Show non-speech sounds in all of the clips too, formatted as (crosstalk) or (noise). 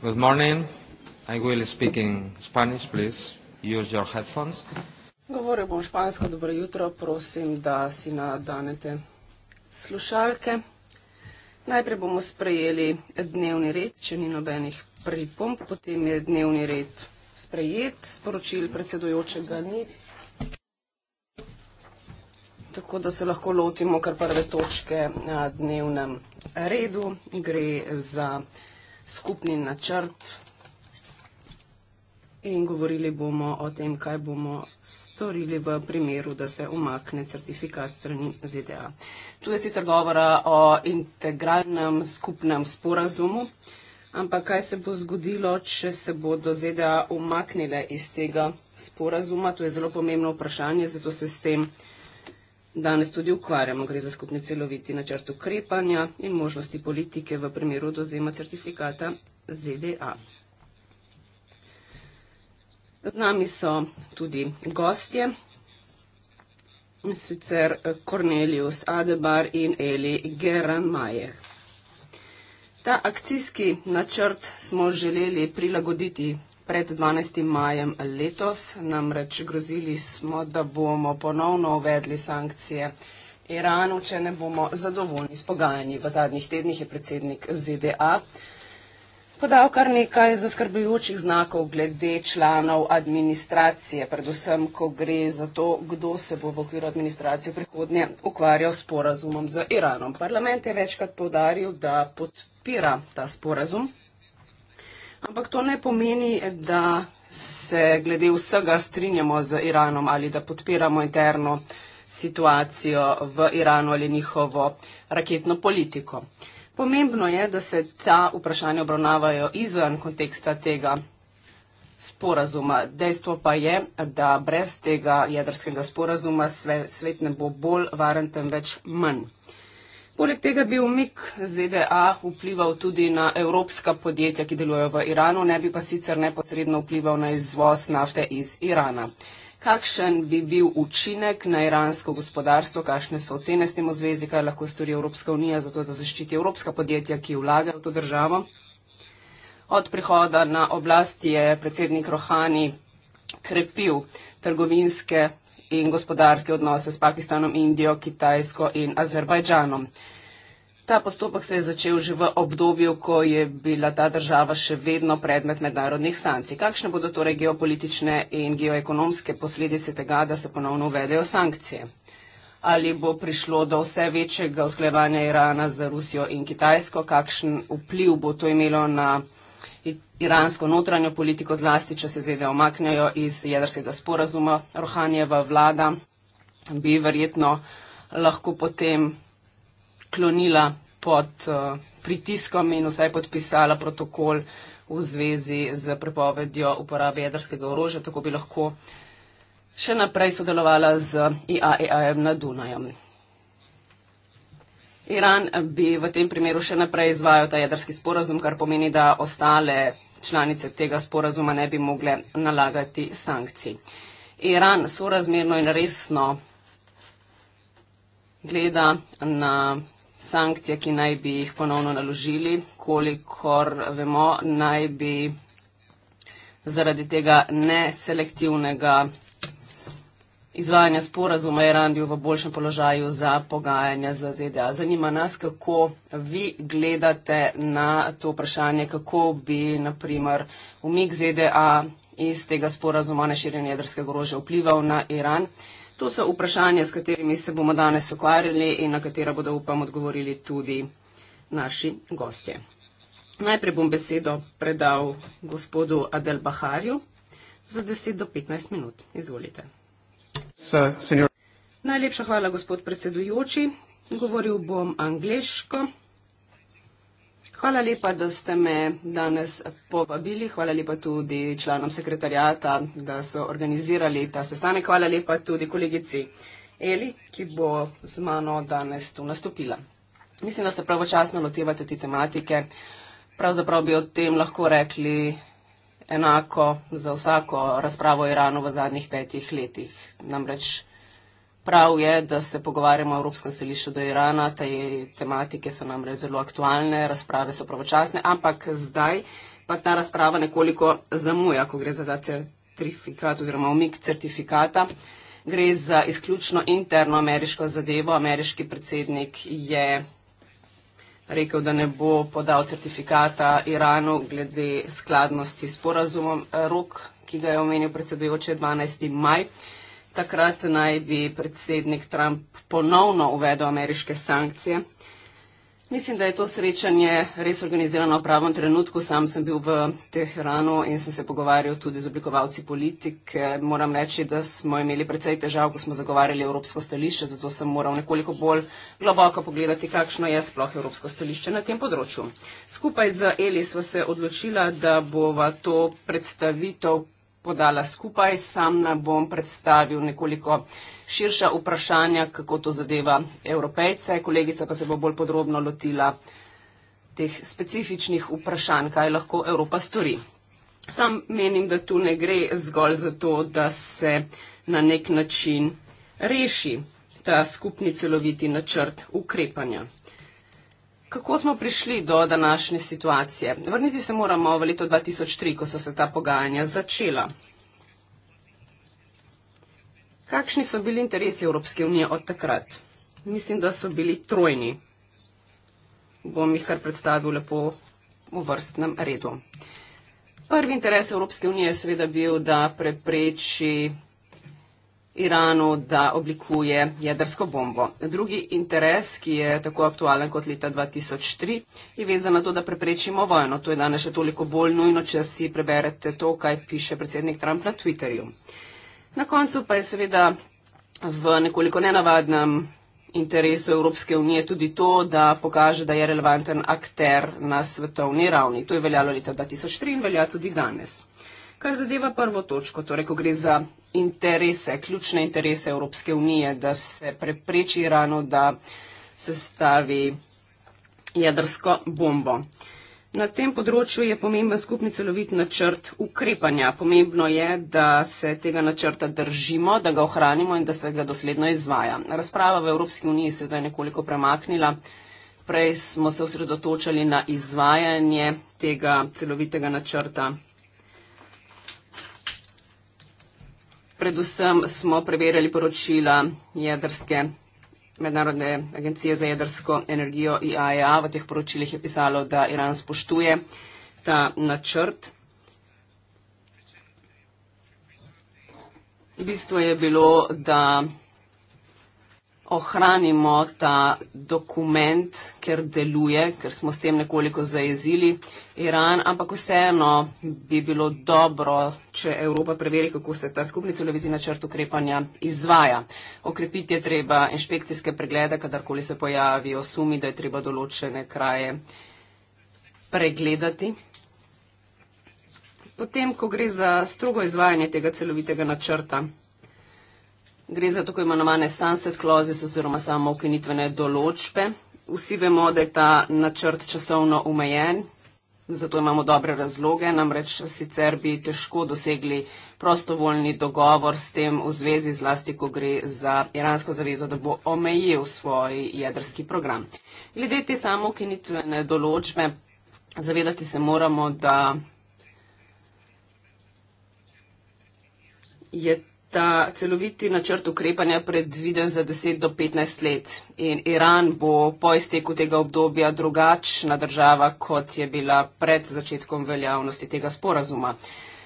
Good morning. I will speak in Spanish, please. Use your headphones. Govoril bom špansko, dobro jutro, prosim, da si nadanete slušalke. Najprej bomo sprejeli dnevni red, če ni nobenih pripomp, potem je dnevni red sprejet, sporočil predsedujočega ni. Tako da se lahko lotimo kar prve točke na dnevnem redu. Gre za skupni načrt in govorili bomo o tem, kaj bomo storili v primeru, da se umakne certifikat strani ZDA. Tu je sicer govora o integralnem skupnem sporazumu, ampak kaj se bo zgodilo, če se bodo ZDA umaknile iz tega sporazuma, to je zelo pomembno vprašanje, zato se s tem danes tudi ukvarjamo. Gre za skupni celoviti načrt ukrepanja in možnosti politike v primeru dozema certifikata ZDA. Z nami so tudi gostje, sicer eh, Cornelius Adebar in Eli Geramajer. Ta akcijski načrt smo želeli prilagoditi pred 12. majem letos. Namreč grozili smo, da bomo ponovno uvedli sankcije Iranu, če ne bomo zadovoljni s pogajanji. V zadnjih tednih je predsednik ZDA podal kar nekaj zaskrbljujočih znakov glede članov administracije, predvsem, ko gre za to, kdo se bo v okviru administracije prihodnje ukvarjal s porazumom z Iranom. Parlament je večkrat povdaril, da podpira ta sporazum. Ampak to ne pomeni, da se glede vsega strinjamo z Iranom ali da podpiramo interno situacijo v Iranu ali njihovo raketno politiko. Pomembno je, da se ta vprašanja obravnavajo izven konteksta tega sporazuma. Dejstvo pa je, da brez tega jedrskega sporazuma svet ne bo bolj varen, temveč manj. Poleg tega bi umik ZDA vplival tudi na evropska podjetja, ki delujejo v Iranu, ne bi pa sicer neposredno vplival na izvoz nafte iz Irana. Kakšen bi bil učinek na iransko gospodarstvo, kakšne so ocene s tem v zvezi, kaj lahko stori Evropska unija za to, da zaščiti evropska podjetja, ki vlagajo v to državo? Od prihoda na oblast je predsednik Rohani krepil trgovinske in gospodarske odnose s Pakistanom, Indijo, Kitajsko in Azerbajdžanom. Ta postopek se je začel že v obdobju, ko je bila ta država še vedno predmet mednarodnih sankcij. Kakšne bodo torej geopolitične in geoekonomske posledice tega, da se ponovno uvedejo sankcije? Ali bo prišlo do vse večjega usklevanja Irana z Rusijo in Kitajsko? Kakšen vpliv bo to imelo na iransko notranjo politiko, zlasti če se ZDA omaknjajo iz jedrskega sporazuma, Rohanjeva vlada bi verjetno lahko potem klonila pod eh, pritiskom in vsaj podpisala protokol v zvezi z prepovedjo uporabe jedrskega orožja, tako bi lahko še naprej sodelovala z IAEA-jem na Dunajem. Iran bi v tem primeru še naprej izvajal ta jedrski sporazum, kar pomeni, da ostale članice tega sporazuma ne bi mogle nalagati sankcij. Iran sorazmerno in resno gleda na sankcije, ki naj bi jih ponovno naložili, kolikor vemo, naj bi zaradi tega neselektivnega izvajanja sporazuma Iran bil v boljšem položaju za pogajanja z ZDA. Zanima nas, kako vi gledate na to vprašanje, kako bi, naprimer, umik ZDA iz tega sporazuma na širjenje jedrskega orožja vplival na Iran. To so vprašanja, s katerimi se bomo danes ukvarjali in na katera bodo, upam, odgovorili tudi naši gostje. Najprej bom besedo predal gospodu Adel Baharju za 10 do 15 minut. Izvolite senior... Najlepša hvala, gospod predsedujoči. Govoril bom angliško. Hvala lepa, da ste me danes povabili. Hvala lepa tudi članom sekretarjata, da so organizirali ta sestanek. Hvala lepa tudi kolegici Eli, ki bo z mano danes tu nastopila. Mislim, da se pravočasno lotevate te tematike. Pravzaprav bi o tem lahko rekli enako za vsako razpravo o Iranu v zadnjih petih letih. Namreč prav je, da se pogovarjamo o evropskem stališču do Irana, te tematike so namreč zelo aktualne, razprave so pravočasne, ampak zdaj pa ta razprava nekoliko zamuja, ko gre za ta certifikat oziroma omik certifikata. Gre za izključno interno ameriško zadevo. Ameriški predsednik je rekel, da ne bo podal certifikata Iranu glede skladnosti s porazumom eh, rok, ki ga je omenil predsedujoče 12. maj. Takrat naj bi predsednik Trump ponovno uvedel ameriške sankcije Mislim, da je to srečanje res organizirano v pravem trenutku. Sam sem bil v Teheranu in sem se pogovarjal tudi z oblikovalci politik. Moram reči, da smo imeli precej težav, ko smo zagovarjali evropsko stališče, zato sem moral nekoliko bolj globoko pogledati, kakšno je sploh evropsko stališče na tem področju. Skupaj z Eli smo se odločila, da bova to predstavitev podala skupaj. Sam nam bom predstavil nekoliko širša vprašanja, kako to zadeva evropejce. Kolegica pa se bo bolj podrobno lotila teh specifičnih vprašanj, kaj lahko Evropa stori. Sam menim, da tu ne gre zgolj za to, da se na nek način reši ta skupni celoviti načrt ukrepanja. Kako smo prišli do današnje situacije? Vrniti se moramo v leto 2003, ko so se ta pogajanja začela. Kakšni so bili interesi Evropske unije od takrat? Mislim, da so bili trojni. Bom jih kar predstavil lepo v vrstnem redu. Prvi interes Evropske unije je seveda bil, da prepreči Iranu, da oblikuje jedrsko bombo. Drugi interes, ki je tako aktualen kot leta 2003, je vezan na to, da preprečimo vojno. To je danes še toliko bolj nujno, če si preberete to, kaj piše predsednik Trump na Twitterju. Na koncu pa je seveda v nekoliko nenavadnem interesu Evropske unije tudi to, da pokaže, da je relevanten akter na svetovni ravni. To je veljalo leta 2003 in velja tudi danes. Kar zadeva prvo točko, torej ko gre za interese, ključne interese Evropske unije, da se prepreči Irano, da se stavi jedrsko bombo. Na tem področju je pomemben skupni celovit načrt ukrepanja. Pomembno je, da se tega načrta držimo, da ga ohranimo in da se ga dosledno izvaja. Razprava v Evropski uniji se je zdaj nekoliko premaknila. Prej smo se osredotočali na izvajanje tega celovitega načrta Predvsem smo preverjali poročila jedrske. Mednarodne agencije za jedrsko energijo e IAEA v teh poročilih je pisalo, da Iran spoštuje ta načrt. V bistvo je bilo, da ohranimo ta dokument, ker deluje, ker smo s tem nekoliko zajezili Iran, ampak vseeno bi bilo dobro, če Evropa preveri, kako se ta skupni celoviti načrt ukrepanja izvaja. Okrepiti je treba inšpekcijske preglede, kadarkoli se pojavijo sumi, da je treba določene kraje pregledati. Potem, ko gre za strogo izvajanje tega celovitega načrta, Gre za tako imenovane sunset clauses oziroma samo ukinitvene določbe. Vsi vemo, da je ta načrt časovno omejen. Zato imamo dobre razloge, namreč sicer bi težko dosegli prostovoljni dogovor s tem v zvezi zlasti, ko gre za iransko zavezo, da bo omejil svoj jedrski program. Glede te samokinitvene določbe, zavedati se moramo, da je da celoviti načrt ukrepanja predviden za 10 do 15 let in Iran bo po izteku tega obdobja drugačna država, kot je bila pred začetkom veljavnosti tega sporazuma.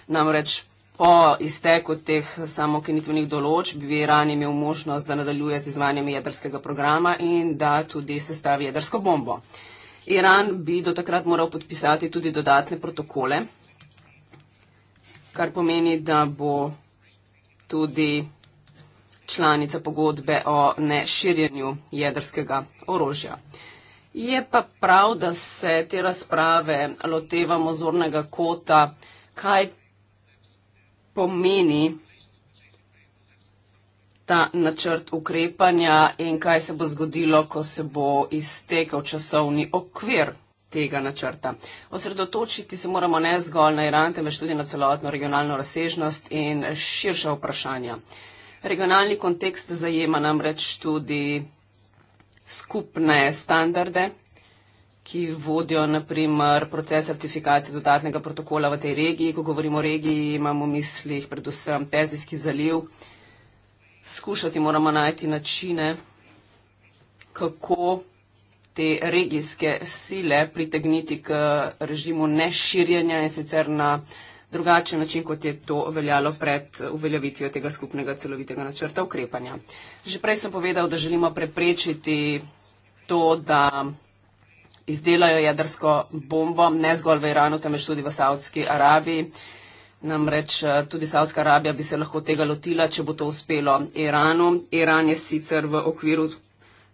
Namreč po izteku teh samokinitvenih določb bi Iran imel možnost, da nadaljuje z izvanjem jedrskega programa in da tudi sestavi jedrsko bombo. Iran bi do takrat moral podpisati tudi dodatne protokole, kar pomeni, da bo tudi članica pogodbe o neširjenju jedrskega orožja. Je pa prav, da se te razprave lotevamo zornega kota, kaj pomeni ta načrt ukrepanja in kaj se bo zgodilo, ko se bo iztekel časovni okvir tega načrta. Osredotočiti se moramo ne zgolj na Iran, temveč tudi na celotno regionalno razsežnost in širša vprašanja. Regionalni kontekst zajema namreč tudi skupne standarde, ki vodijo naprimer proces certifikacije dodatnega protokola v tej regiji. Ko govorimo o regiji, imamo v mislih predvsem Pezijski zaliv. Skušati moramo najti načine, kako te regijske sile pritegniti k režimu neširjenja in sicer na drugačen način, kot je to veljalo pred uveljavitvijo tega skupnega celovitega načrta ukrepanja. Že prej sem povedal, da želimo preprečiti to, da izdelajo jedrsko bombo ne zgolj v Iranu, temveč tudi v Saudski Arabiji. Namreč eh, tudi Saudska Arabija bi se lahko tega lotila, če bo to uspelo Iranu. Iran je sicer v okviru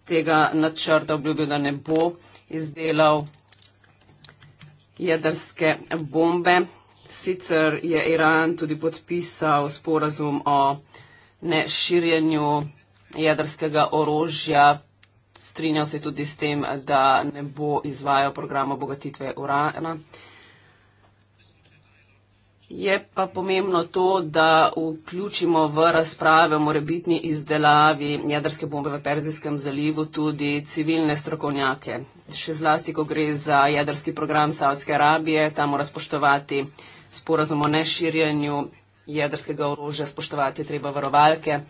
tega načrta obljubil, da ne bo izdelal jedrske bombe. Sicer je Iran tudi podpisal sporazum o neširjenju jedrskega orožja. Strinjal se je tudi s tem, da ne bo izvajal programa obogatitve urana. Je pa pomembno to, da vključimo v razprave o morebitni izdelavi jedrske bombe v Perzijskem zalivu tudi civilne strokovnjake. Še zlasti, ko gre za jedrski program Saudske Arabije, tam mora spoštovati sporazum o neširjenju jedrskega orožja, spoštovati treba varovalke.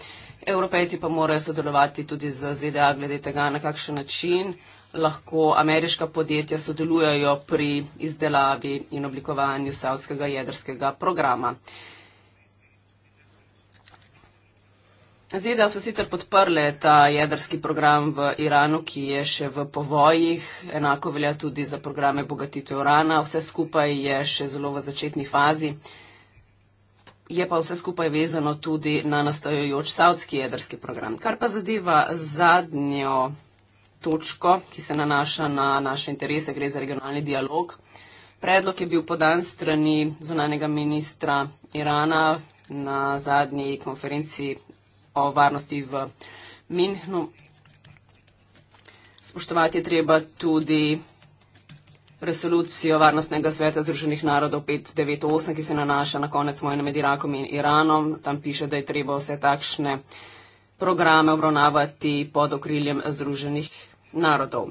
Evropejci pa morajo sodelovati tudi z ZDA glede tega, na kakšen način lahko ameriška podjetja sodelujajo pri izdelavi in oblikovanju savskega jedrskega programa. ZDA so sicer podprle ta jedrski program v Iranu, ki je še v povojih, enako velja tudi za programe bogatitve urana, vse skupaj je še zelo v začetni fazi. Je pa vse skupaj vezano tudi na nastajajoč savdski jedrski program. Kar pa zadeva zadnjo točko, ki se nanaša na naše interese, gre za regionalni dialog. Predlog je bil podan strani zunanega ministra Irana na zadnji konferenci o varnosti v Minhnu. Spoštovati je treba tudi resolucijo Varnostnega sveta Združenih narodov 598, ki se nanaša na konec vojne med Irakom in Iranom. Tam piše, da je treba vse takšne programe obravnavati pod okriljem Združenih narodov.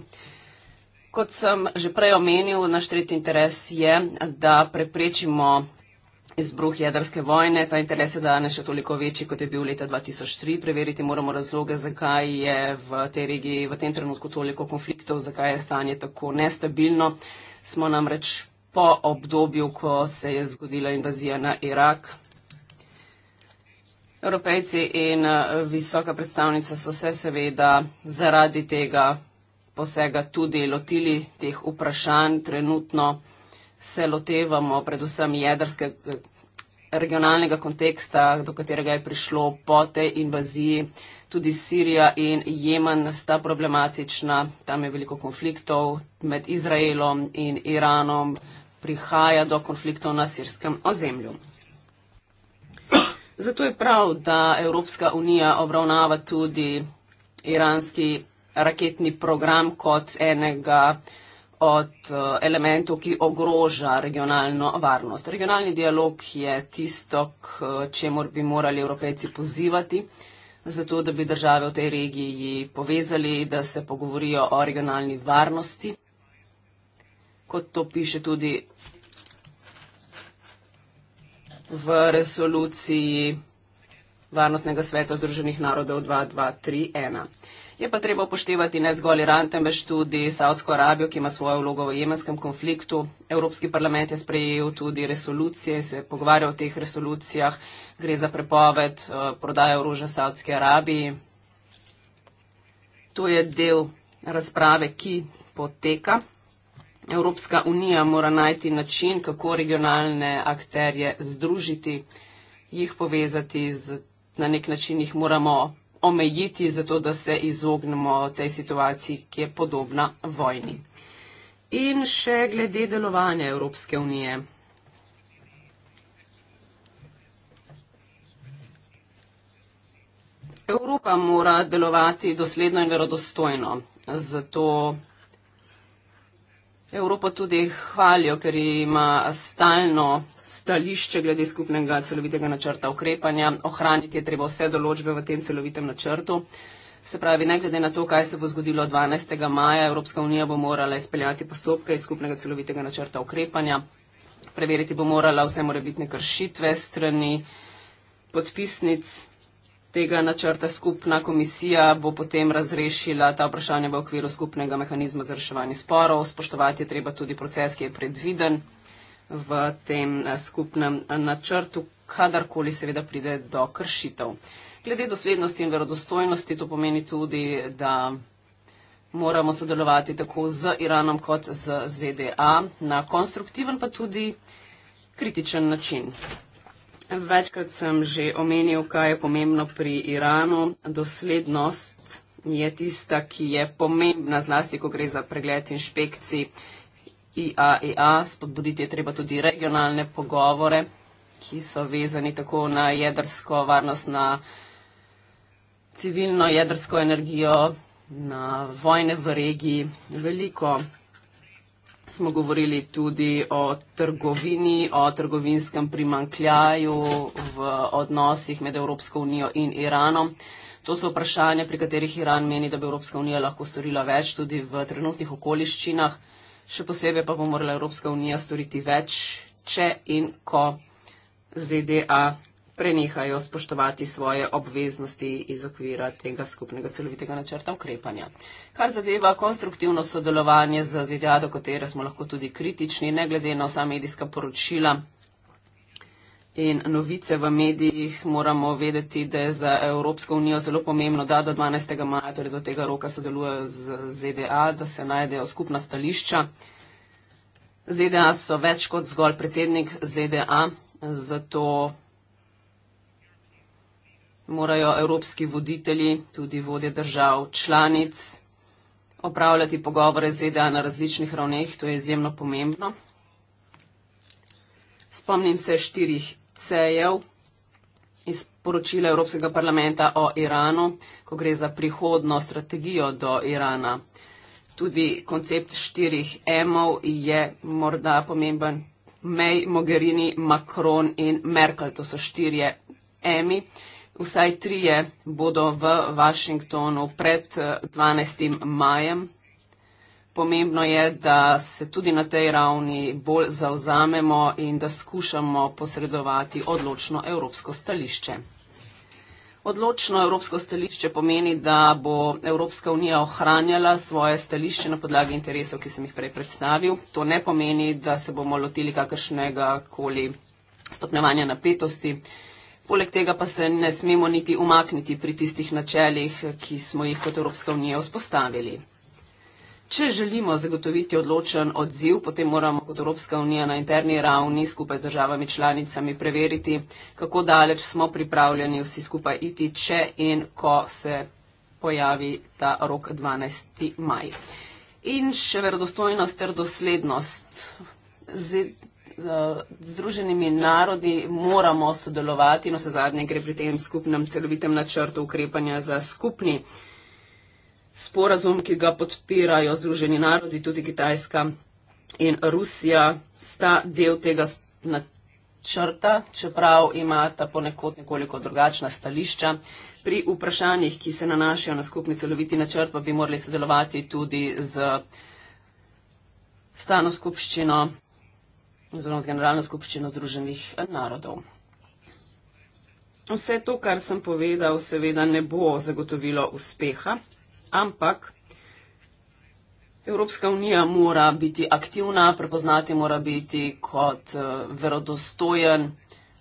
Kot sem že prej omenil, naš tretji interes je, da preprečimo izbruh jedrske vojne. Ta interes je danes še toliko večji, kot je bil leta 2003. Preveriti moramo razloge, zakaj je v tej regiji v tem trenutku toliko konfliktov, zakaj je stanje tako nestabilno. Smo namreč po obdobju, ko se je zgodila invazija na Irak, Evropejci in eh, visoka predstavnica so se seveda zaradi tega posega tudi lotili teh vprašanj. Trenutno se lotevamo predvsem jedrskega eh, regionalnega konteksta, do katerega je prišlo po tej invaziji. Tudi Sirija in Jemen sta problematična, tam je veliko konfliktov med Izraelom in Iranom, prihaja do konfliktov na sirskem ozemlju. Zato je prav, da Evropska unija obravnava tudi iranski raketni program kot enega od eh, elementov, ki ogroža regionalno varnost. Regionalni dialog je tisto, k čemor bi morali evropejci pozivati, zato da bi države v tej regiji povezali, da se pogovorijo o regionalni varnosti, kot to piše tudi v resoluciji Varnostnega sveta Združenih narodov 2231. Je pa treba upoštevati ne zgolj Iran, temveč tudi Saudsko Arabijo, ki ima svojo vlogo v jemenskem konfliktu. Evropski parlament je sprejel tudi resolucije, se pogovarja o teh resolucijah. Gre za prepoved eh, prodaje orožja Saudski Arabiji. To je del razprave, ki poteka. Evropska unija mora najti način, kako regionalne akterje združiti, jih povezati, z, na nek način jih moramo omejiti, zato da se izognemo tej situaciji, ki je podobna vojni. In še glede delovanja Evropske unije. Evropa mora delovati dosledno in verodostojno, zato Evropo tudi hvalijo, ker ima stalno stališče glede skupnega celovitega načrta ukrepanja. Ohraniti je treba vse določbe v tem celovitem načrtu. Se pravi, ne glede na to, kaj se bo zgodilo 12. maja, Evropska unija bo morala izpeljati postopke iz skupnega celovitega načrta ukrepanja. Preveriti bo morala vse morebitne kršitve strani podpisnic tega načrta skupna komisija bo potem razrešila ta vprašanja v okviru skupnega mehanizma za reševanje sporov. Spoštovati je treba tudi proces, ki je predviden v tem eh, skupnem eh, načrtu, kadarkoli seveda pride do kršitev. Glede doslednosti in verodostojnosti to pomeni tudi, da moramo sodelovati tako z Iranom kot z ZDA na konstruktiven pa tudi kritičen način. Večkrat sem že omenil, kaj je pomembno pri Iranu. Doslednost je tista, ki je pomembna, zlasti, ko gre za pregled inšpekcij IAEA. E Spodbuditi je treba tudi regionalne pogovore, ki so vezani tako na jedrsko varnost, na civilno jedrsko energijo, na vojne v regiji. Veliko smo govorili tudi o trgovini, o trgovinskem primankljaju v odnosih med Evropsko unijo in Iranom. To so vprašanja, pri katerih Iran meni, da bi Evropska unija lahko storila več tudi v trenutnih okoliščinah. Še posebej pa bo morala Evropska unija storiti več, če in ko ZDA prenehajo spoštovati svoje obveznosti iz okvira tega skupnega celovitega načrta ukrepanja. Kar zadeva konstruktivno sodelovanje z ZDA, do katere smo lahko tudi kritični, ne glede na vsa medijska poročila in novice v medijih, moramo vedeti, da je za Evropsko unijo zelo pomembno, da do 12. maja, torej do tega roka, sodelujejo z ZDA, da se najdejo skupna stališča. ZDA so več kot zgolj predsednik ZDA, zato morajo evropski voditelji, tudi vodje držav, članic, opravljati pogovore z ZDA na različnih ravneh, to je izjemno pomembno. Spomnim se štirih cejev iz poročila Evropskega parlamenta o Iranu, ko gre za prihodno strategijo do Irana. Tudi koncept štirih M-ov je morda pomemben. May, Mogherini, Macron in Merkel, to so štirje M-i vsaj trije bodo v Washingtonu pred 12. Eh, majem. Pomembno je, da se tudi na tej ravni bolj zauzamemo in da skušamo posredovati odločno evropsko stališče. Odločno evropsko stališče pomeni, da bo Evropska unija ohranjala svoje stališče na podlagi interesov, ki sem jih prej predstavil. To ne pomeni, da se bomo lotili kakršnega koli stopnevanja napetosti. Poleg tega pa se ne smemo niti umakniti pri tistih načelih, ki smo jih kot Evropska unija vzpostavili. Če želimo zagotoviti odločen odziv, potem moramo kot Evropska unija na interni ravni skupaj z državami članicami preveriti, kako daleč smo pripravljeni vsi skupaj iti, če in ko se pojavi ta rok 12. maj. In še verodostojnost ter doslednost. Eh, z Združenimi narodi moramo sodelovati, no se zadnje gre pri tem skupnem celovitem načrtu ukrepanja za skupni sporazum, ki ga podpirajo Združeni narodi, tudi Kitajska in Rusija, sta del tega načrta, čeprav imata ponekod nekoliko drugačna stališča. Pri vprašanjih, ki se nanašajo na skupni celoviti načrt, pa bi morali sodelovati tudi z stano skupščino oziroma z Generalno skupščino Združenih narodov. Vse to, kar sem povedal, seveda ne bo zagotovilo uspeha, ampak Evropska unija mora biti aktivna, prepoznati mora biti kot eh, verodostojen,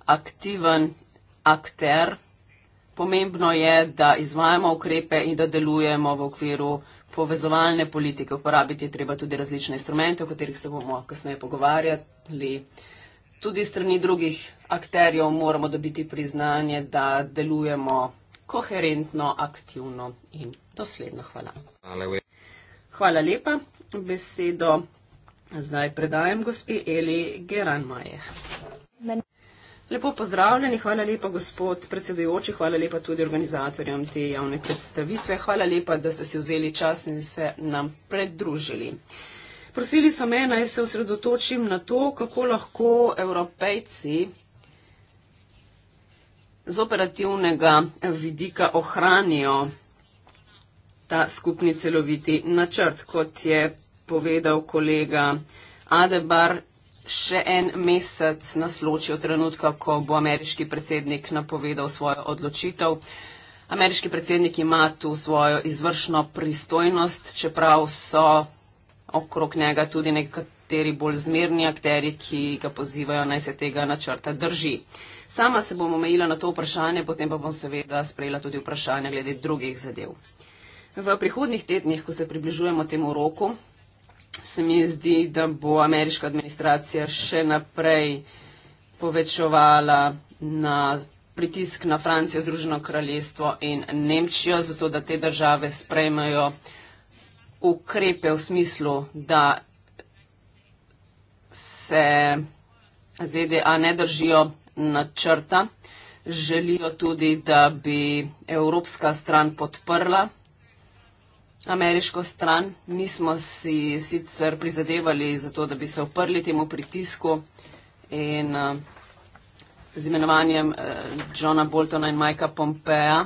aktiven akter. Pomembno je, da izvajamo ukrepe in da delujemo v okviru povezovalne politike, uporabiti je treba tudi različne instrumente, o katerih se bomo kasneje pogovarjali. Tudi strani drugih akterjev moramo dobiti priznanje, da delujemo koherentno, aktivno in dosledno. Hvala. Hvala lepa. Besedo zdaj predajem gospi Eli Geranmajer. Lepo pozdravljeni, hvala lepa gospod predsedujoči, hvala lepa tudi organizatorjem te javne predstavitve, hvala lepa, da ste si vzeli čas in se nam predružili. Prosili so me, naj se osredotočim na to, kako lahko evropejci z operativnega vidika ohranijo ta skupni celoviti načrt, kot je povedal kolega Adebar, še en mesec nas loči od trenutka, ko bo ameriški predsednik napovedal svojo odločitev. Ameriški predsednik ima tu svojo izvršno pristojnost, čeprav so okrog njega tudi nekateri bolj zmerni akteri, ki ga pozivajo naj se tega načrta drži. Sama se bom omejila na to vprašanje, potem pa bom seveda sprejela tudi vprašanje glede drugih zadev. V prihodnih tednih, ko se približujemo temu roku, se mi zdi, da bo ameriška administracija še naprej povečovala na pritisk na Francijo, Združeno kraljestvo in Nemčijo, zato da te države sprejmejo ukrepe v smislu, da se ZDA ne držijo načrta. Želijo tudi, da bi evropska stran podprla ameriško stran. Mi smo si sicer prizadevali za to, da bi se oprli temu pritisku in eh, z imenovanjem eh, Johna Boltona in Majka Pompeja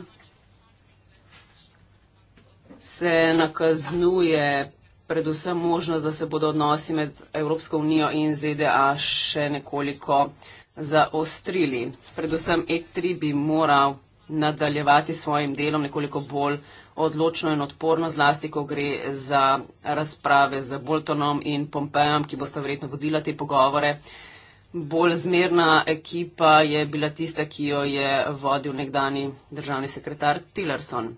se nakaznuje predvsem možnost, da se bodo odnosi med Evropsko unijo in ZDA še nekoliko zaostrili. Predvsem E3 bi moral nadaljevati s svojim delom nekoliko bolj odločno in odporno, zlasti, ko gre za razprave z Boltonom in Pompejem, ki boste verjetno vodila te pogovore. Bolj zmerna ekipa je bila tista, ki jo je vodil nekdani državni sekretar Tillerson.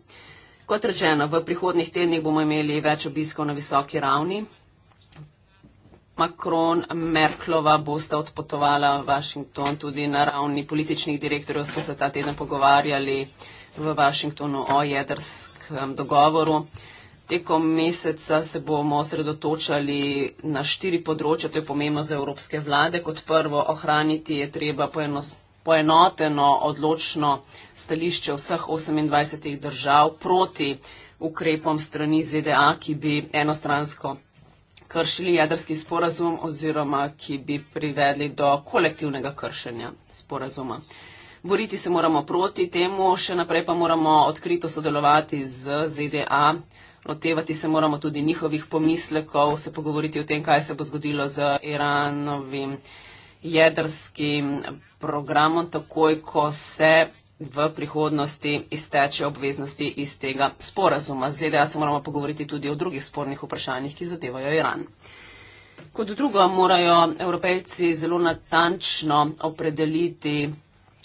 Kot rečeno, v prihodnih tednih bomo imeli več obiskov na visoki ravni. Macron, Merklova boste odpotovala v Washington tudi na ravni političnih direktorjev, so se ta teden pogovarjali v Vašingtonu o jedrskem dogovoru. Tekom meseca se bomo osredotočali na štiri področja, to je pomembno za evropske vlade. Kot prvo, ohraniti je treba poenoteno, odločno stališče vseh 28 držav proti ukrepom strani ZDA, ki bi enostransko kršili jedrski sporazum oziroma ki bi privedli do kolektivnega kršenja sporazuma boriti se moramo proti temu, še naprej pa moramo odkrito sodelovati z ZDA, lotevati se moramo tudi njihovih pomislekov, se pogovoriti o tem, kaj se bo zgodilo z Iranovim jedrskim programom, takoj ko se v prihodnosti izteče obveznosti iz tega sporazuma. Z ZDA se moramo pogovoriti tudi o drugih spornih vprašanjih, ki zadevajo Iran. Kot drugo morajo evropejci zelo natančno opredeliti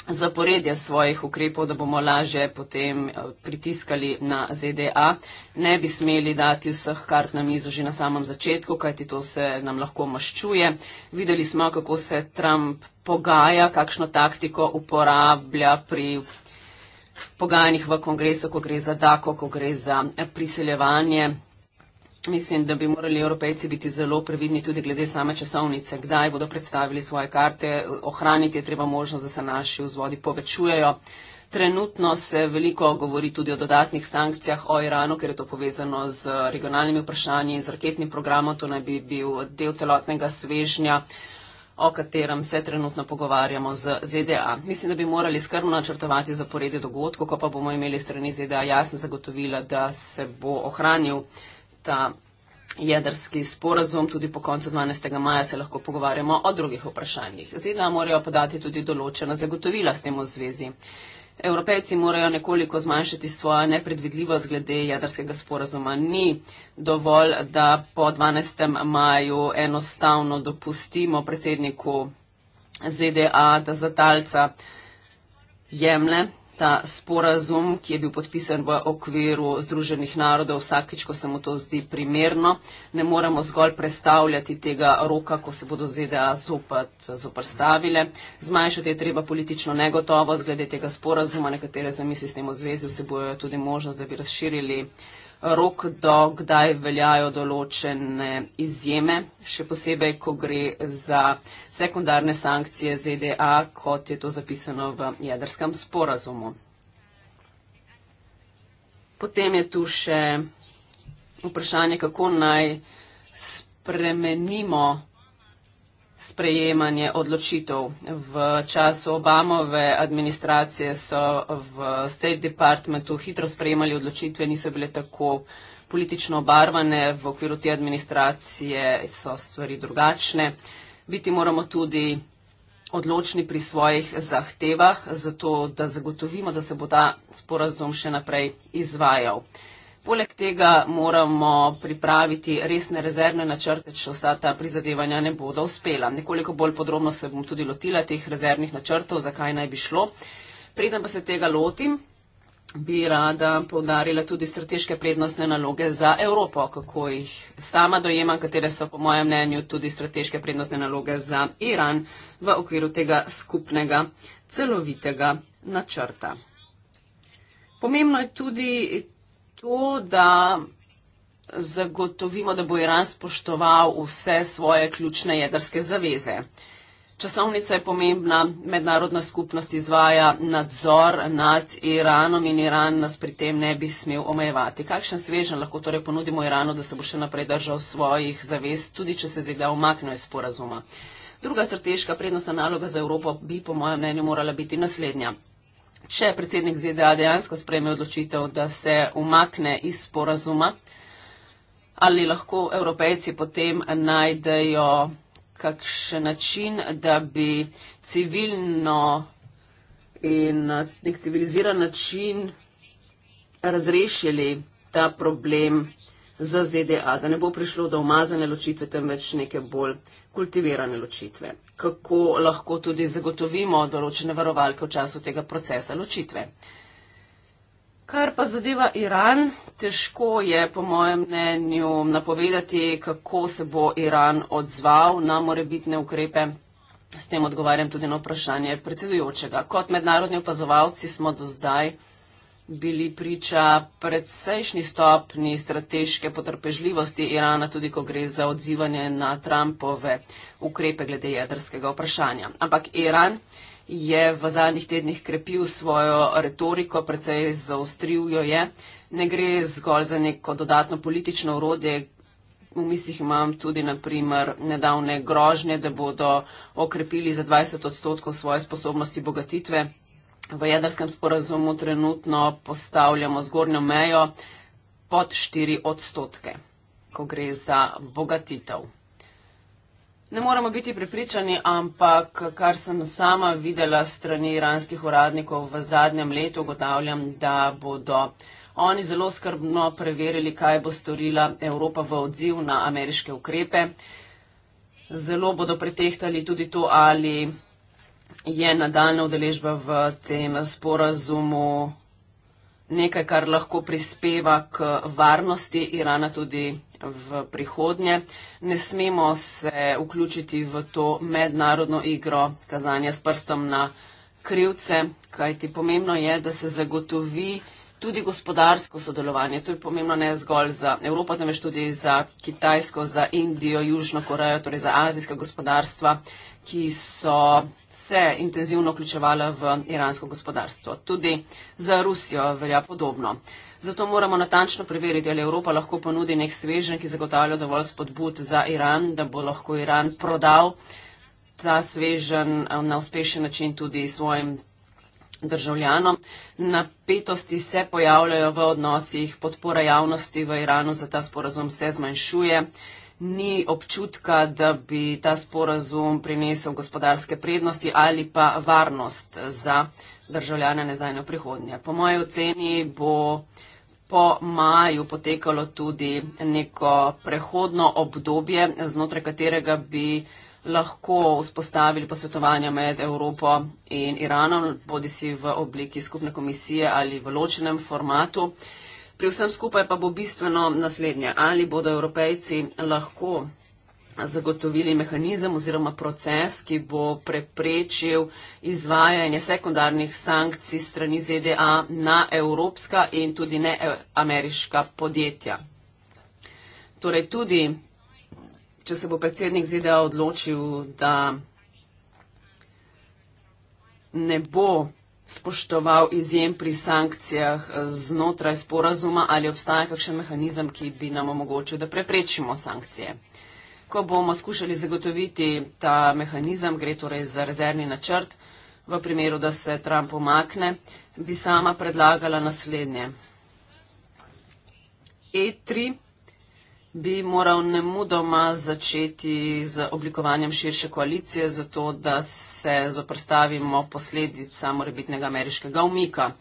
zaporedje svojih ukrepov, da bomo laže potem eh, pritiskali na ZDA. Ne bi smeli dati vseh kart na mizo že na samem začetku, kajti to se nam lahko maščuje. Videli smo, kako se Trump pogaja, kakšno taktiko uporablja pri pogajanjih v kongresu, ko gre za DAKO, ko gre za priseljevanje Mislim, da bi morali evropejci biti zelo previdni tudi glede same časovnice, kdaj bodo predstavili svoje karte, ohraniti je treba možnost, da se naši vzvodi povečujejo. Trenutno se veliko govori tudi o dodatnih sankcijah o Iranu, ker je to povezano z regionalnimi vprašanji in z raketnim programom. To naj bi bil del celotnega svežnja, o katerem se trenutno pogovarjamo z ZDA. Mislim, da bi morali skrbno načrtovati zaporede dogodkov, ko pa bomo imeli strani ZDA jasno zagotovila, da se bo ohranil ta jedrski sporazum, tudi po koncu 12. maja se lahko pogovarjamo o drugih vprašanjih. ZDA morajo podati tudi določena zagotovila s tem v zvezi. Evropejci morajo nekoliko zmanjšati svojo nepredvidljivost glede jedrskega sporazuma. Ni dovolj, da po 12. maju enostavno dopustimo predsedniku ZDA, da zatalca jemle ta sporazum, ki je bil podpisan v okviru Združenih narodov, vsakič, ko se mu to zdi primerno. Ne moramo zgolj predstavljati tega roka, ko se bodo ZDA zopet zoprstavile. Zmanjšati je treba politično negotovost glede tega sporazuma. Nekatere zamisli s tem v zvezi vsebojo tudi možnost, da bi razširili rok, do kdaj veljajo določene izjeme, še posebej, ko gre za sekundarne sankcije ZDA, kot je to zapisano v jedrskem sporazumu. Potem je tu še vprašanje, kako naj spremenimo sprejemanje odločitev. V času Obamove administracije so v State Departmentu hitro sprejemali odločitve, niso bile tako politično obarvane, v okviru te administracije so stvari drugačne. Biti moramo tudi odločni pri svojih zahtevah, zato da zagotovimo, da se bo ta sporazum še naprej izvajal. Poleg tega moramo pripraviti resne rezervne načrte, če vsa ta prizadevanja ne bodo uspela. Nekoliko bolj podrobno se bom tudi lotila teh rezervnih načrtov, zakaj naj bi šlo. Preden pa se tega lotim, bi rada povdarila tudi strateške prednostne naloge za Evropo, kako jih sama dojemam, katere so po mojem mnenju tudi strateške prednostne naloge za Iran v okviru tega skupnega celovitega načrta. Pomembno je tudi to, da zagotovimo, da bo Iran spoštoval vse svoje ključne jedrske zaveze. Časovnica je pomembna, mednarodna skupnost izvaja nadzor nad Iranom in Iran nas pri tem ne bi smel omejevati. Kakšen svežen lahko torej ponudimo Iranu, da se bo še naprej držal svojih zavez, tudi če se zida omakne iz sporazuma. Druga strateška prednostna naloga za Evropo bi po mojem mnenju morala biti naslednja če predsednik ZDA dejansko spreme odločitev, da se umakne iz sporazuma, ali lahko evropejci potem najdejo kakšen način, da bi civilno in nek civiliziran način razrešili ta problem z ZDA, da ne bo prišlo do umazane ločitve, temveč neke bolj kultivirane ločitve kako lahko tudi zagotovimo določene varovalke v času tega procesa ločitve. Kar pa zadeva Iran, težko je po mojem mnenju napovedati, kako se bo Iran odzval na morebitne ukrepe. S tem odgovarjam tudi na vprašanje predsedujočega. Kot mednarodni opazovalci smo do zdaj bili priča predsejšnji stopni strateške potrpežljivosti Irana, tudi ko gre za odzivanje na Trumpove ukrepe glede jedrskega vprašanja. Ampak Iran je v zadnjih tednih krepil svojo retoriko, predvsej zaostril jo je. Ne gre zgolj za neko dodatno politično urode, v mislih imam tudi naprimer nedavne grožnje, da bodo okrepili za 20 odstotkov svoje sposobnosti bogatitve v jedrskem sporazumu trenutno postavljamo zgornjo mejo pod 4 odstotke, ko gre za bogatitev. Ne moramo biti prepričani, ampak kar sem sama videla strani iranskih uradnikov v zadnjem letu, ugotavljam, da bodo oni zelo skrbno preverili, kaj bo storila Evropa v odziv na ameriške ukrepe. Zelo bodo pretehtali tudi to, ali je nadaljna udeležba v tem sporazumu nekaj, kar lahko prispeva k varnosti Irana tudi v prihodnje. Ne smemo se vključiti v to mednarodno igro kazanja s prstom na krivce, kajti pomembno je, da se zagotovi tudi gospodarsko sodelovanje. To je pomembno ne zgolj za Evropo, temveč tudi za Kitajsko, za Indijo, Južno Korejo, torej za azijska gospodarstva, ki so se intenzivno vključevala v iransko gospodarstvo. Tudi za Rusijo velja podobno. Zato moramo natančno preveriti, ali Evropa lahko ponudi nek svežen, ki zagotavlja dovolj spodbud za Iran, da bo lahko Iran prodal ta svežen eh, na uspešen način tudi svojim državljanom. Napetosti se pojavljajo v odnosih, podpora javnosti v Iranu za ta sporazum se zmanjšuje ni občutka, da bi ta sporazum prinesel gospodarske prednosti ali pa varnost za državljane nezdajno prihodnje. Po moje oceni bo po maju potekalo tudi neko prehodno obdobje, znotraj katerega bi lahko vzpostavili posvetovanja med Evropo in Iranom, bodi si v obliki skupne komisije ali v ločenem formatu. Pri vsem skupaj pa bo bistveno naslednje, ali bodo evropejci lahko zagotovili mehanizem oziroma proces, ki bo preprečil izvajanje sekundarnih sankcij strani ZDA na evropska in tudi ne ameriška podjetja. Torej tudi, če se bo predsednik ZDA odločil, da ne bo spoštoval izjem pri sankcijah eh, znotraj sporazuma ali obstaja kakšen mehanizem, ki bi nam omogočil, da preprečimo sankcije. Ko bomo skušali zagotoviti ta mehanizem, gre torej za rezervni načrt, v primeru, da se Trump omakne, bi sama predlagala naslednje. E3 bi moral ne mudoma začeti z oblikovanjem širše koalicije, zato da se zoprstavimo posledica morebitnega ameriškega umika.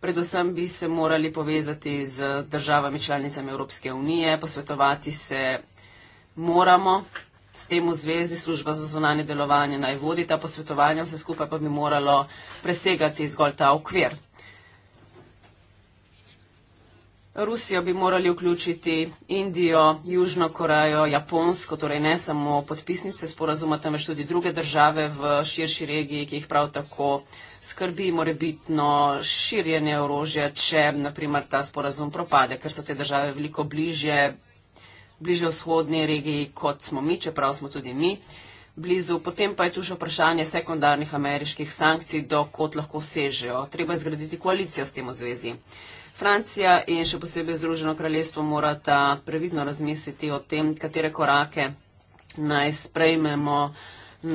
Predvsem bi se morali povezati z državami članicami Evropske unije, posvetovati se moramo. S tem v zvezi služba za zunanje delovanje naj vodi ta posvetovanja, vse skupaj pa bi moralo presegati zgolj ta okvir. Rusijo bi morali vključiti Indijo, Južno Korejo, Japonsko, torej ne samo podpisnice sporazuma, temveč tudi druge države v širši regiji, ki jih prav tako skrbi morebitno širjenje orožja, če naprimer ta sporazum propade, ker so te države veliko bliže, bliže vzhodni regiji, kot smo mi, čeprav smo tudi mi blizu. Potem pa je tu še vprašanje sekundarnih ameriških sankcij, dokot lahko sežejo. Treba je zgraditi koalicijo s tem v zvezi. Francija in še posebej Združeno kraljestvo morata previdno razmisliti o tem, katere korake naj sprejmemo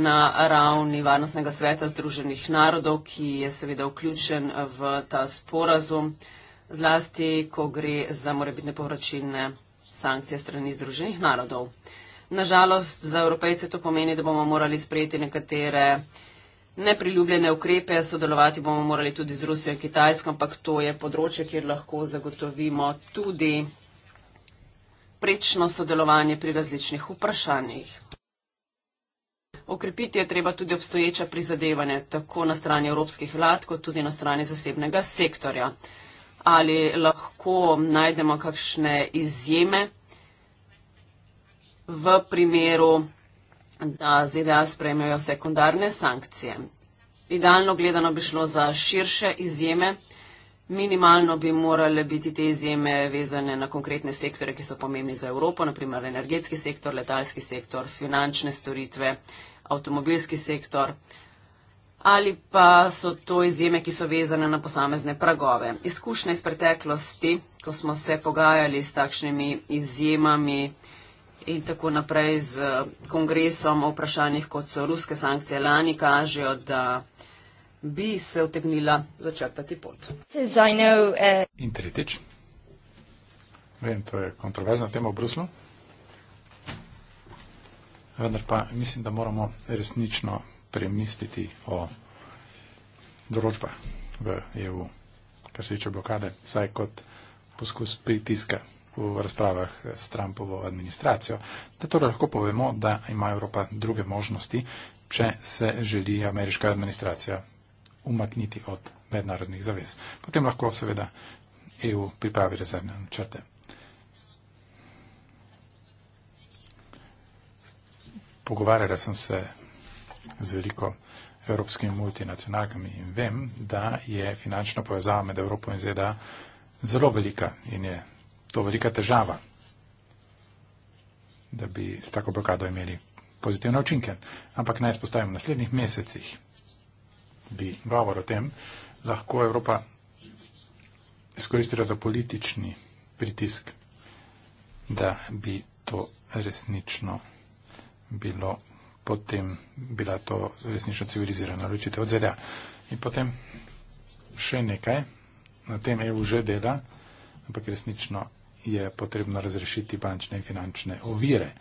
na ravni Varnostnega sveta Združenih narodov, ki je seveda vključen v ta sporazum, zlasti, ko gre za morebitne povračilne sankcije strani Združenih narodov. Nažalost, za evropejce to pomeni, da bomo morali sprejeti nekatere uh, nepriljubljene ukrepe, sodelovati bomo morali tudi z Rusijo in Kitajsko, ampak to je področje, kjer lahko zagotovimo tudi prečno sodelovanje pri različnih vprašanjih. Okrepiti je treba tudi obstoječa prizadevanje, tako na strani evropskih vlad, kot tudi na strani zasebnega sektorja. Ali lahko najdemo kakšne izjeme v primeru da ZDA sprejmejo sekundarne sankcije. Idealno gledano bi šlo za širše izjeme. Minimalno bi morale biti te izjeme vezane na konkretne sektore, ki so pomembni za Evropo, naprimer energetski sektor, letalski sektor, finančne storitve, avtomobilski sektor. Ali pa so to izjeme, ki so vezane na posamezne pragove. Izkušnja iz preteklosti, ko smo se pogajali s takšnimi izjemami, in tako naprej z eh, kongresom o vprašanjih, kot so ruske sankcije lani, kažejo, da bi se utegnila začrtati pot. Know, uh... In tretjič, vem, to je kontroverzna tema v Bruslu, vendar pa mislim, da moramo resnično premisliti o določbah v EU, kar se tiče blokade, saj kot poskus pritiska v razpravah s Trumpovo administracijo, da torej lahko povemo, da ima Evropa druge možnosti, če se želi ameriška administracija umakniti od mednarodnih zavez. Potem lahko seveda EU pripravi rezervne črte. Pogovarjala sem se z veliko evropskimi multinacionalkami in vem, da je finančna povezava med Evropo in ZDA zelo velika in je to velika težava, da bi s tako blokado imeli pozitivne učinke. Ampak naj spostavim, v naslednjih mesecih bi govor o tem lahko Evropa izkoristila za politični pritisk, da bi to resnično bilo potem bila to resnično civilizirana ločitev od ZDA. In potem še nekaj, na tem EU že dela, ampak resnično je potrebno razrešiti bančne in finančne ovire,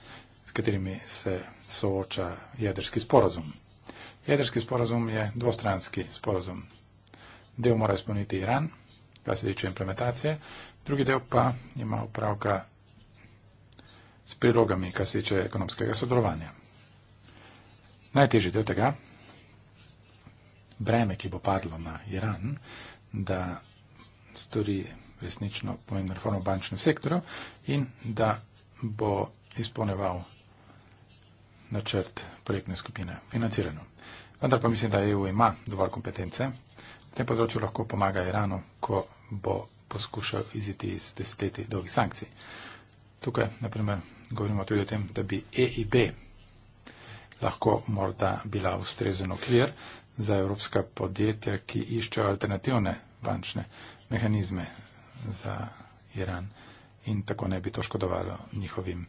s katerimi se sooča jedrski sporozum. Jedrski sporozum je dvostranski sporozum. Del mora izpolniti Iran, kar se tiče implementacije, drugi del pa ima upravka s prilogami, kar se tiče ekonomskega sodelovanja. Najtežji del tega, breme, ki bo padlo na Iran, da stori resnično pomembno reformo bančnem sektorju in da bo izpolneval načrt projektne skupine financirano. Vendar pa mislim, da EU ima dovolj kompetence, na tem področju lahko pomaga Iranu, ko bo poskušal iziti iz desetletij dolgih sankcij. Tukaj, naprimer, govorimo tudi o tem, da bi EIB lahko morda bila ustrezen okvir za evropska podjetja, ki iščejo alternativne bančne mehanizme za Iran in tako ne bi to škodovalo njihovim,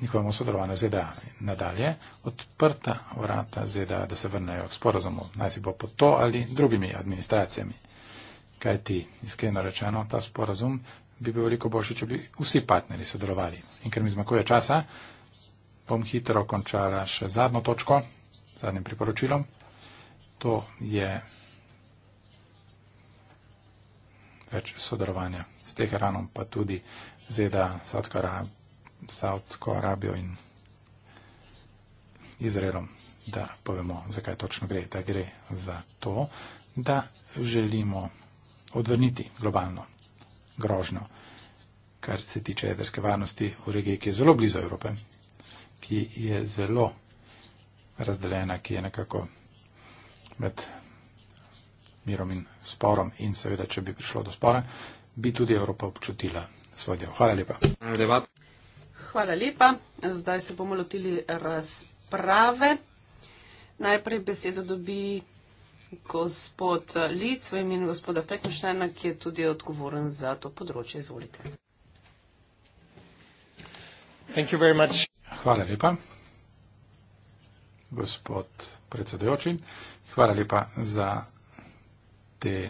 njihovemu sodelovanju ZDA. E Nadalje, odprta vrata ZDA, e da se vrnejo k sporazumu, naj si bo po to ali drugimi administracijami. Kaj ti, iskreno rečeno, ta sporazum bi bil veliko boljši, če bi vsi partneri sodelovali. In ker mi zmakuje časa, bom hitro končala še zadnjo točko, zadnjim priporočilom. To je več sodelovanja s Teheranom, pa tudi ZDA, Saudsko, Arab Saudsko Arabijo in Izraelom, da povemo, zakaj točno gre. Da gre za to, da želimo odvrniti globalno grožno, kar se tiče jedrske varnosti v regiji, ki je zelo blizu Evrope, ki je zelo razdeljena, ki je nekako med mirom in sporom in seveda, če bi prišlo do spora, bi tudi Evropa občutila svoj del. Hvala lepa. Hvala lepa. Zdaj se bomo lotili razprave. Najprej besedo dobi gospod Lic v imenu gospoda Fekenštajna, ki je tudi odgovoren za to področje. Izvolite. Hvala lepa, gospod predsedojoči. Hvala lepa za te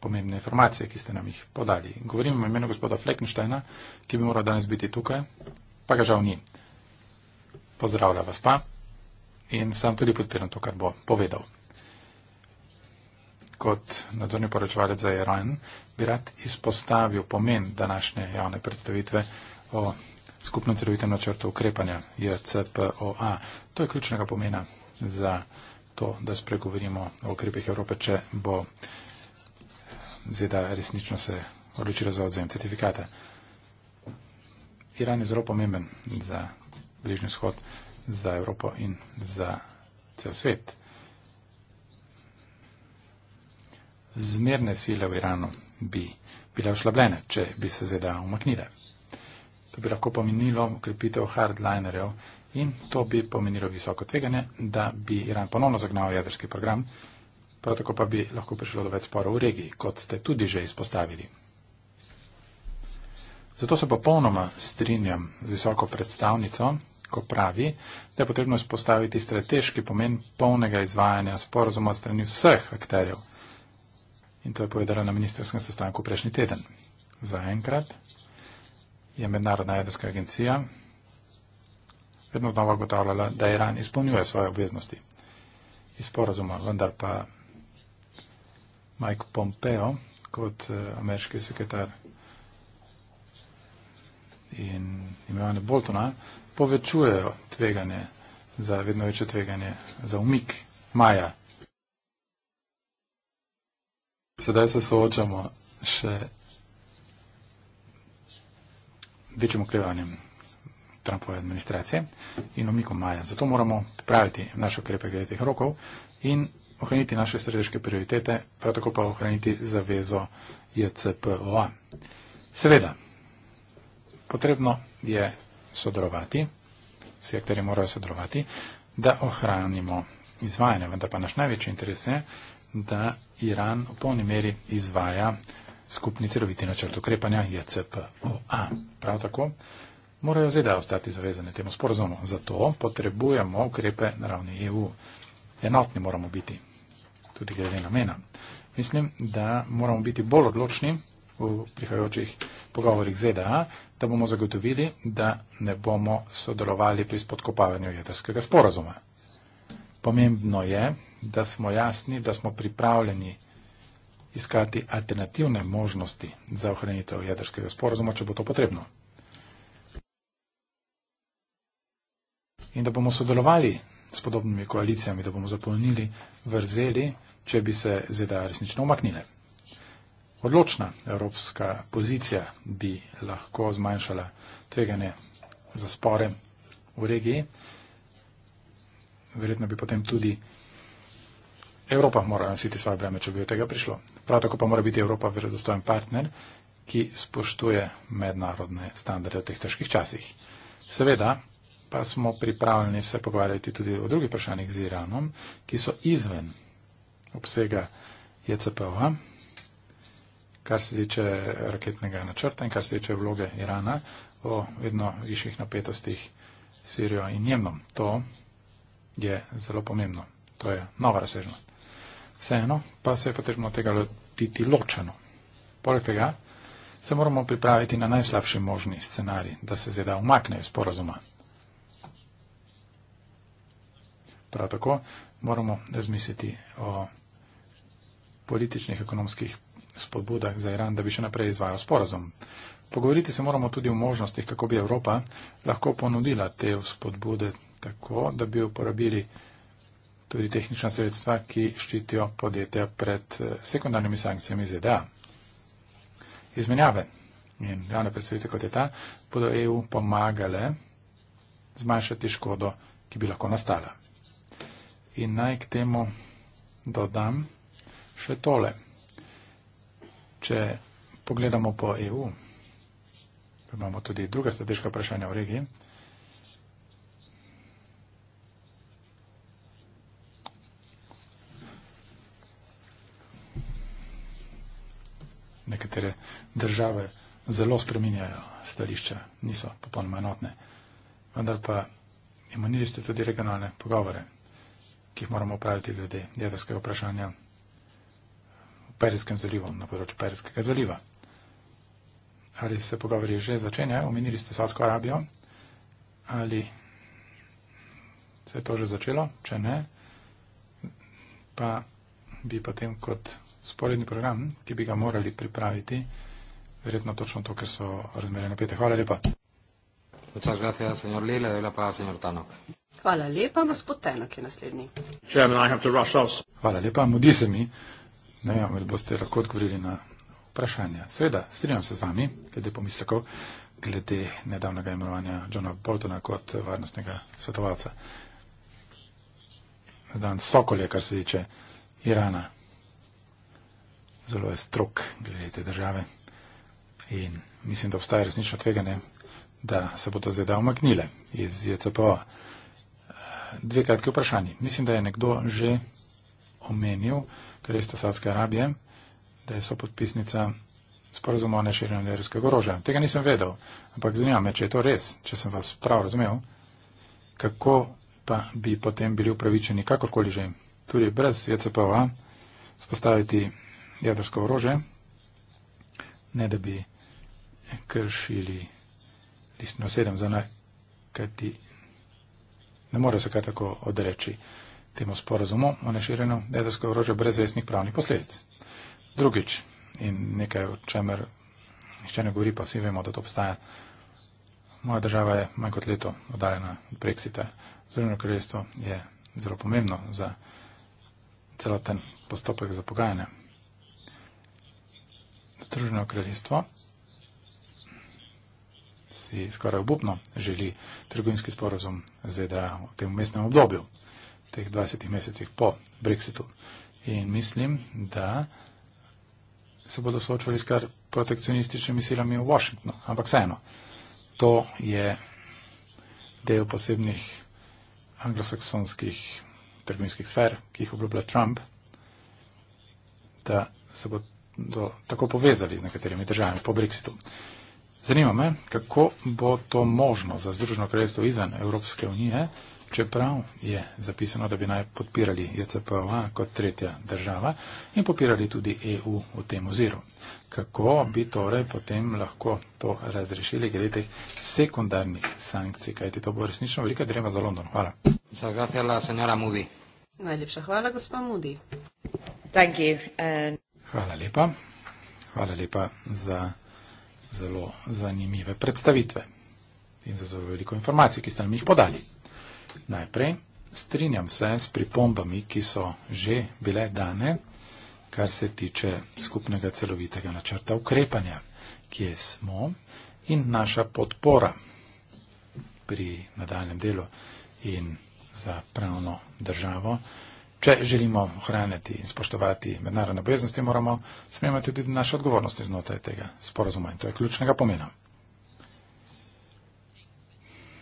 pomembne informacije, ki ste nam jih podali. Govorim o imenu gospoda Fleckensteina, ki bi moral danes biti tukaj, pa ga žal ni. Pozdravlja vas pa in sam tudi podpiram to, kar bo povedal. Kot nadzorni poročevalec za Iran bi rad izpostavil pomen današnje javne predstavitve o skupnem celovitem načrtu ukrepanja JCPOA. To je ključnega pomena za to, da spregovorimo o ukrepih Evrope, če bo ZDA resnično se odločila za odzem certifikata. Iran je zelo pomemben za Bližnji vzhod, za Evropo in za cel svet. Zmerne sile v Iranu bi bile oslabljene, če bi se ZDA umaknile. To bi lahko pomenilo ukrepitev hardlinerjev, in to bi pomenilo visoko tveganje, da bi Iran ponovno zagnal jedrski program, prav tako pa bi lahko prišlo do več sporov v regiji, kot ste tudi že izpostavili. Zato se popolnoma strinjam z visoko predstavnico, ko pravi, da je potrebno izpostaviti strateški pomen polnega izvajanja sporozuma od strani vseh akterjev. In to je povedala na ministerskem sestanku prejšnji teden. Zaenkrat je Mednarodna jedrska agencija vedno znova gotavljala, da Iran izpolnjuje svoje obveznosti iz sporazuma, vendar pa Mike Pompeo kot eh, ameriški sekretar in imenovane Boltona povečujejo tveganje za vedno večje tveganje za umik Maja. Sedaj se soočamo še večjim oklevanjem Trumpove administracije in omiko Maja. Zato moramo praviti naše ukrepe glede teh rokov in ohraniti naše strateške prioritete, prav tako pa ohraniti zavezo JCPOA. Seveda, potrebno je sodelovati, vsi akteri morajo sodelovati, da ohranimo izvajanje, vendar pa naš največji interes je, da Iran v polni meri izvaja skupni celoviti načrt ukrepanja JCPOA. Prav tako morajo ZDA ostati zavezane temu sporozumu. Zato potrebujemo ukrepe na ravni EU. Enotni moramo biti, tudi glede namena. Mislim, da moramo biti bolj odločni v prihajajočih pogovorih ZDA, da bomo zagotovili, da ne bomo sodelovali pri spodkopavanju jedrskega sporozuma. Pomembno je, da smo jasni, da smo pripravljeni iskati alternativne možnosti za ohranitev jedrskega sporozuma, če bo to potrebno. in da bomo sodelovali s podobnimi koalicijami, da bomo zapolnili vrzeli, če bi se ZDA resnično omaknile. Odločna evropska pozicija bi lahko zmanjšala tveganje za spore v regiji. Verjetno bi potem tudi Evropa morala nositi svoje breme, če bi od tega prišlo. Prav tako pa mora biti Evropa verodostojen partner, ki spoštuje mednarodne standarde v teh težkih časih. Seveda, pa smo pripravljeni se pogovarjati tudi o drugih vprašanjih z Iranom, ki so izven obsega JCPOA, kar se tiče raketnega načrta in kar se tiče vloge Irana o vedno višjih napetostih Sirijo in Jemnom. To je zelo pomembno. To je nova razsežnost. Vseeno pa se je potrebno tega lotiti ločeno. Poleg tega se moramo pripraviti na najslabši možni scenarij, da se zeda umaknejo iz porazuma. prav tako moramo razmisliti o političnih, ekonomskih spodbudah za Iran, da bi še naprej izvajal sporazum. Pogovoriti se moramo tudi o možnostih, kako bi Evropa lahko ponudila te spodbude tako, da bi uporabili tudi tehnična sredstva, ki štitijo podjetja pred eh, sekundarnimi sankcijami ZDA. Izmenjave in javne predstavitve kot je ta bodo EU pomagale zmanjšati škodo, ki bi lahko nastala. In naj k temu dodam še tole. Če pogledamo po EU, imamo tudi druga strateška vprašanja v regiji, nekatere države zelo spreminjajo stališča, niso popolnoma enotne, vendar pa imunili ste tudi regionalne pogovore ki jih moramo upraviti glede jedrskega vprašanja v Perijskem zalivu, na področju Perijskega zaliva. Ali se pogovori že začenjajo, omenili ste Saudsko Arabijo, ali se je to že začelo, če ne, pa bi potem kot sporedni program, ki bi ga morali pripraviti, verjetno točno to, ker so razmere napete. Hvala lepa. Muchas gracias, señor Lee. Le doy la palabra al señor Tanok. Hvala lepa, gospod Tenak je naslednji. Hvala lepa, mudi se mi. Ne vem, ali boste lahko odgovorili na vprašanje. Seveda, strinjam se z vami, glede pomislekov, glede nedavnega imenovanja Johna Boltona kot varnostnega svetovalca. Zdan Sokol je, kar se tiče Irana, zelo je strok glede te države in mislim, da obstaja resnično tveganje, da se bodo zveda omaknile iz JCPO dve kratki vprašanji. Mislim, da je nekdo že omenil, kraljestvo Saudske Arabije, da je so podpisnica sporozuma o neširjenju jedrskega orožja. Tega nisem vedel, ampak zanima me, če je to res, če sem vas prav razumel, kako pa bi potem bili upravičeni, kakorkoli že, tudi brez JCPOA, spostaviti jedrsko orožje, ne da bi kršili listno sedem za naj. Ne more se kaj tako odreči temu sporazumu o neširjenju jedrskega orožja brez resnih pravnih posledic. Drugič, in nekaj, o čemer nišče ne govori, pa vsi vemo, da to obstaja. Moja država je manj kot leto oddaljena od Brexita. Združeno kraljestvo je zelo pomembno za celoten postopek za pogajanje. Združeno kraljestvo si skoraj obupno želi trgovinski sporozum ZDA v tem umestnem obdobju, teh 20 mesecih po Brexitu. In mislim, da se bodo soočali s kar protekcionističnimi silami v Washingtonu. Ampak vseeno, to je del posebnih anglosaksonskih trgovinskih sfer, ki jih obljublja Trump, da se bodo tako povezali z nekaterimi državami po Brexitu. Zanima me, kako bo to možno za Združeno kraljestvo izven Evropske unije, čeprav je zapisano, da bi naj podpirali JCPOA kot tretja država in podpirali tudi EU v tem oziru. Kako bi torej potem lahko to razrešili glede teh sekundarnih sankcij, kajti to bo resnično velika drema za London. Hvala. Najlepša hvala, gospa Mudi. Hvala lepa. Hvala lepa za zelo zanimive predstavitve in za zelo veliko informacij, ki ste nam jih podali. Najprej strinjam se s pripombami, ki so že bile dane, kar se tiče skupnega celovitega načrta ukrepanja, kje smo in naša podpora pri nadaljem delu in za pravno državo. Če želimo ohraniti in spoštovati mednarodne obveznosti, moramo sprejemati tudi naše odgovornosti znotraj tega sporozuma in to je ključnega pomena.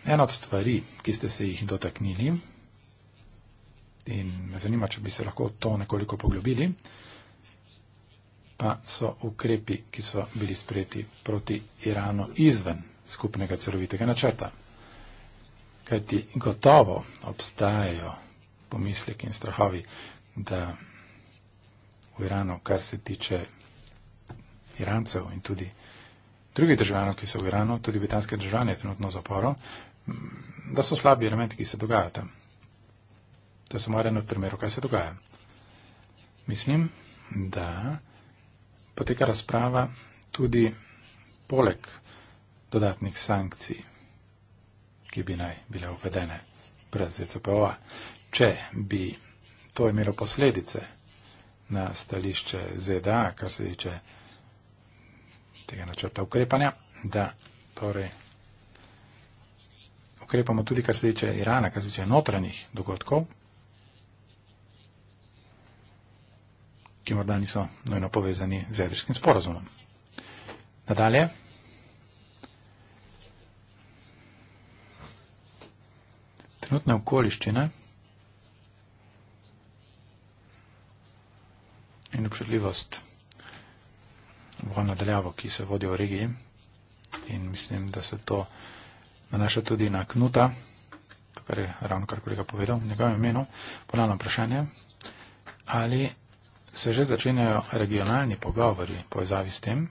Ena od stvari, ki ste se jih dotaknili in me zanima, če bi se lahko to nekoliko poglobili, pa so ukrepi, ki so bili sprejeti proti Iranu izven skupnega celovitega načrta. Kajti gotovo obstajajo pomisleki in strahovi, da v Iranu, kar se tiče Irancev in tudi drugih državljanov, ki so v Iranu, tudi britanske državljane trenutno v zaporu, da so slabi elementi, ki se dogajajo tam. To je samo eno od primerov, kaj se dogaja. Mislim, da poteka razprava tudi poleg dodatnih sankcij, ki bi naj bile uvedene brez ZCPO-a, če bi to imelo posledice na stališče ZDA, kar se tiče tega načrta ukrepanja, da torej ukrepamo tudi, kar se tiče Irana, kar se tiče notranjih dogodkov, ki morda niso nojno povezani z jedrskim sporozumom. Nadalje, trenutne okoliščine, in občutljivost v nadaljavo, ki se vodi v regiji. In mislim, da se to nanaša tudi na Knuta, to, kar je ravno kar kolega povedal, njegovo imeno. Ponavno vprašanje, ali se že začenjajo regionalni pogovori povezavi s tem?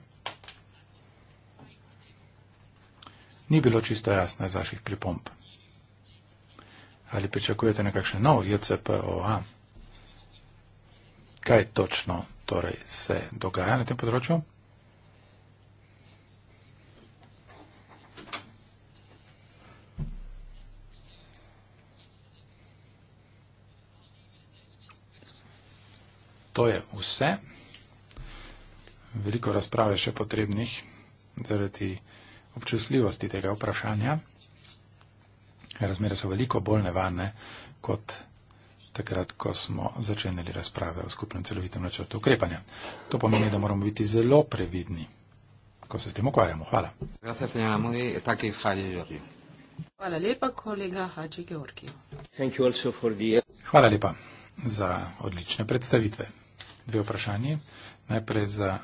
Ni bilo čisto jasno iz vaših pripomp. Ali pričakujete nekakšen nov JCPOA? kaj točno torej se dogaja na tem področju. To je vse. Veliko razprave še potrebnih zaradi občutljivosti tega vprašanja. Razmere so veliko bolj nevarne kot takrat, ko smo začenjali razprave o skupnem celovitem načrtu ukrepanja. To pomeni, da moramo biti zelo previdni, ko se s tem ukvarjamo. Hvala. Hvala lepa, kolega Hači Georgij. Hvala lepa za odlične predstavitve. Dve vprašanje. Najprej za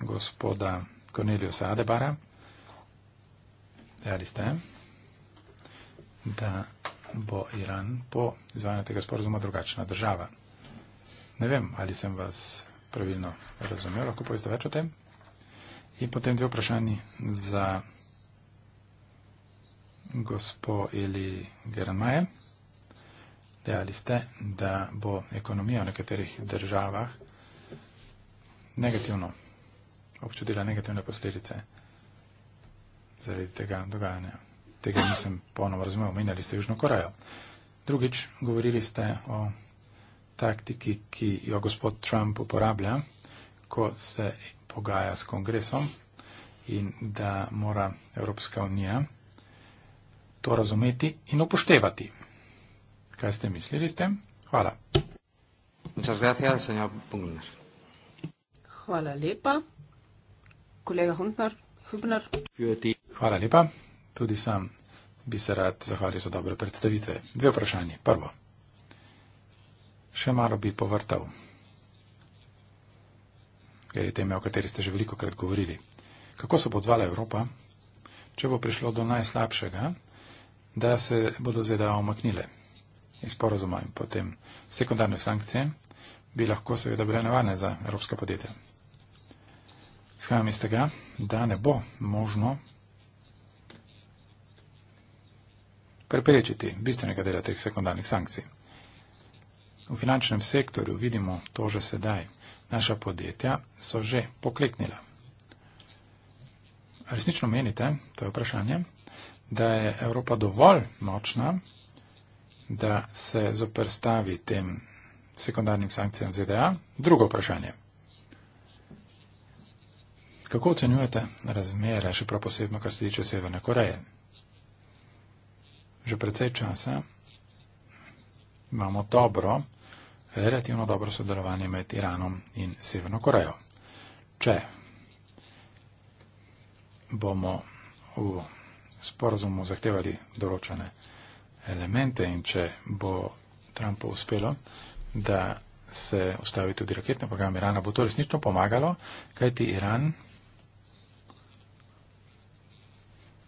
gospoda Corneliusa Adebara. Dejali ste, da bo Iran po izvajanju tega sporozuma drugačna država. Ne vem, ali sem vas pravilno razumel, lahko poveste več o tem. In potem dve vprašanji za gospo Eli Geranmaje. Dejali ste, da bo ekonomija v nekaterih državah negativno občudila negativne posledice zaradi tega dogajanja tega nisem ponovno razumel, omenjali ste Južno Korejo. Drugič, govorili ste o taktiki, ki jo gospod Trump uporablja, ko se pogaja s kongresom in da mora Evropska unija to razumeti in upoštevati. Kaj ste mislili s tem? Hvala. Hvala lepa, kolega Huntner. Hübner. Hvala lepa. Tudi sam bi se rad zahvalil za dobre predstavitve. Dve vprašanje. Prvo. Še malo bi povrtal. Glede teme, o kateri ste že veliko krat govorili. Kako se bo odvala Evropa, če bo prišlo do najslabšega, da se bodo zeda omaknile iz porazuma in potem sekundarne sankcije bi lahko seveda bile nevarne za evropska podjetja. Shajam iz tega, da ne bo možno preprečiti bistvenega dela teh sekundarnih sankcij. V finančnem sektorju vidimo to že sedaj. Naša podjetja so že pokleknila. Resnično menite, to je vprašanje, da je Evropa dovolj močna, da se zoprstavi tem sekundarnim sankcijam ZDA? Drugo vprašanje. Kako ocenjujete razmere, še prav posebno, kar se tiče Severne Koreje? že precej časa imamo dobro, relativno dobro sodelovanje med Iranom in Severno Korejo. Če bomo v sporozumu zahtevali določene elemente in če bo Trumpu uspelo, da se ustavi tudi raketni program Irana, bo to resnično pomagalo, kajti Iran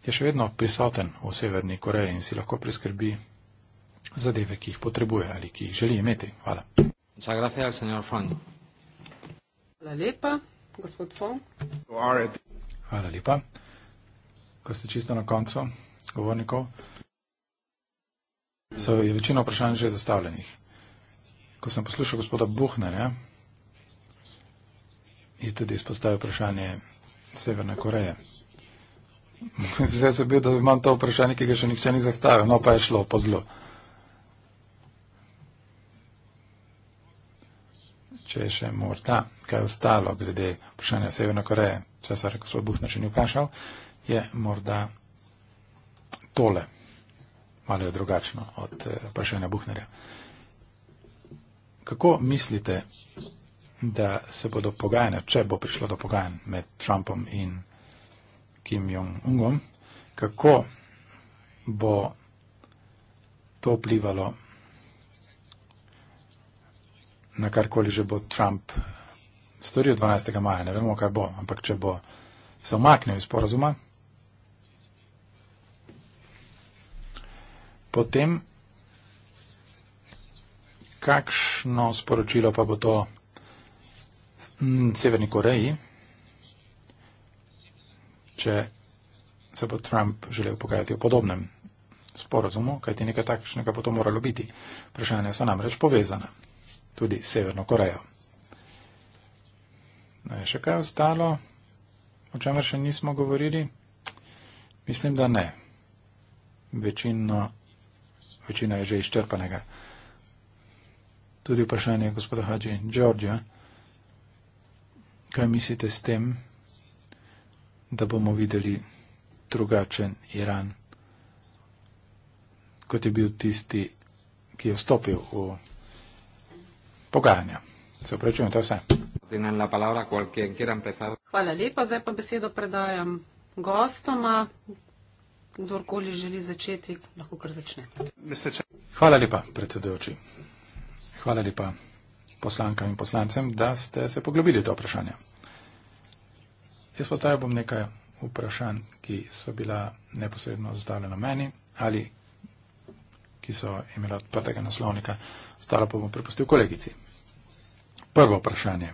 je še vedno prisoten v Severni Koreji in si lahko priskrbi zadeve, ki jih potrebuje ali ki jih želi imeti. Hvala. Hvala lepa, gospod Fong. Hvala lepa, ko ste čisto na koncu govornikov. So je večina vprašanj že zastavljenih. Ko sem poslušal gospoda Buhnerja, je tudi izpostavil vprašanje Severne Koreje. (laughs) Zdaj se bil, da imam to vprašanje, ki ga še nihče ni zahtavil, no pa je šlo po zlu. Če je še morda kaj ostalo glede vprašanja Severne Koreje, česar je gospod Buhner še ni vprašal, je morda tole, malo je drugačno od eh, vprašanja Buhnerja. Kako mislite, da se bodo pogajanja, če bo prišlo do pogajanj med Trumpom in Trumpom, Kim Jong-ungom, kako bo to vplivalo na karkoli že bo Trump storil 12. maja. Ne vemo, kaj bo, ampak če bo se omaknil iz porazuma, potem kakšno sporočilo pa bo to Severni Koreji, če se bo Trump želel pogajati o podobnem sporozumu, kajti nekaj takšnega bo to moralo biti. Vprašanja so namreč povezana, tudi s Severno Korejo. No, je še kaj ostalo, o čemer še nismo govorili? Mislim, da ne. Večino, večina je že izčrpanega. Tudi vprašanje gospoda Hadži Džordža. Kaj mislite s tem, da bomo videli drugačen Iran, kot je bil tisti, ki je vstopil v pogajanja. Se upravičujem, to je vse. Hvala lepa, zdaj pa besedo predajam gostoma. Kdorkoli želi začeti, lahko kar začne. Hvala lepa, predsedujoči. Hvala lepa poslankam in poslancem, da ste se poglobili v to vprašanje. Jaz postavil bom nekaj vprašanj, ki so bila neposredno zastavljena meni ali ki so imela odprtega naslovnika, ostalo pa bom prepustil kolegici. Prvo vprašanje.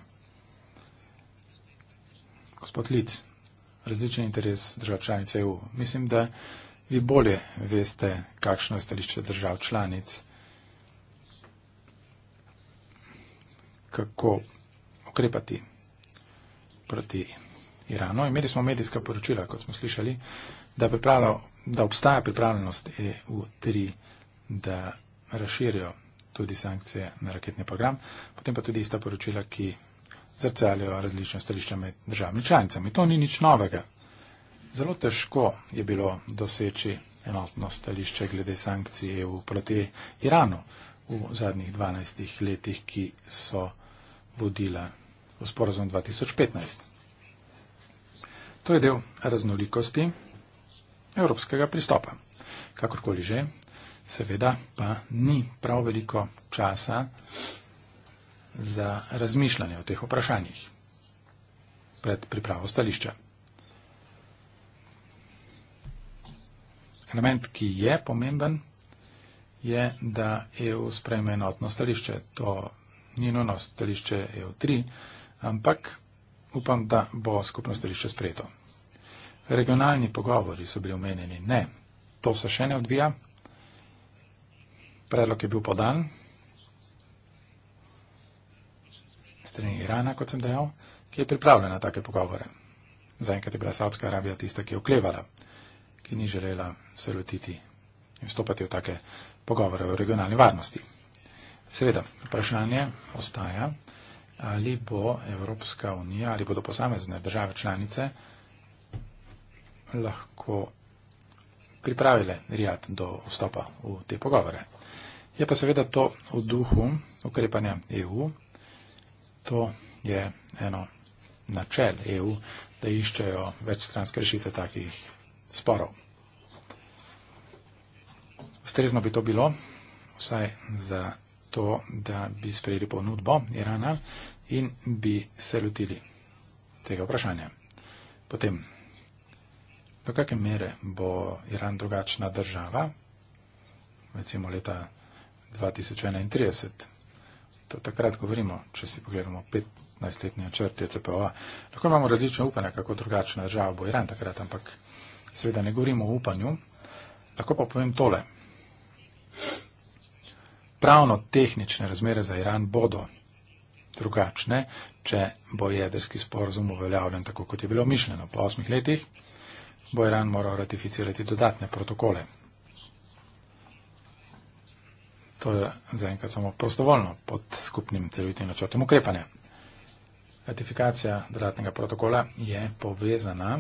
Gospod Lic, različen interes držav članic EU. Mislim, da vi bolje veste, kakšno je stališče držav članic, kako ukrepati proti Irano. Imeli smo medijska poročila, kot smo slišali, da, da obstaja pripravljenost EU3, da razširijo tudi sankcije na raketni program, potem pa tudi ista poročila, ki zrcalijo različne stališča med državami članicami. To ni nič novega. Zelo težko je bilo doseči enotno stališče glede sankcij EU proti Iranu v zadnjih 12 letih, ki so vodila v sporozum 2015. To je del raznolikosti evropskega pristopa. Kakorkoli že, seveda pa ni prav veliko časa za razmišljanje o teh vprašanjih pred pripravo stališča. Element, ki je pomemben, je, da EU sprejme enotno stališče. To ni nujno stališče EU3, ampak Upam, da bo skupno stališče sprejeto. Regionalni pogovori so bili omenjeni. Ne, to se še ne odvija. Predlog je bil podan strani Irana, kot sem dejal, ki je pripravljena na take pogovore. Zaenkrat je bila Saudska Arabija tista, ki je oklevala, ki ni želela se lotiti in vstopati v take pogovore o regionalni varnosti. Seveda, vprašanje ostaja ali bo Evropska unija ali bodo posamezne države članice lahko pripravile Rijad do vstopa v te pogovore. Je pa seveda to v duhu ukrepanja EU, to je eno načel EU, da iščejo večstranske rešitve takih sporov. Ustrezno bi to bilo, vsaj za to, da bi sprejeli ponudbo Irana in bi se lotili tega vprašanja. Potem, do kakšne mere bo Iran drugačna država, recimo leta 2031, to takrat govorimo, če si pogledamo 15-letni načrt ECPOA, lahko imamo različne upanja, kako drugačna država bo Iran takrat, ampak seveda ne govorimo o upanju, lahko pa povem tole pravno-tehnične razmere za Iran bodo drugačne, če bo jedrski sporozum uveljavljen tako, kot je bilo mišljeno. Po osmih letih bo Iran moral ratificirati dodatne protokole. To je zaenkrat samo prostovoljno pod skupnim celovitim načrtom ukrepanja. Ratifikacija dodatnega protokola je povezana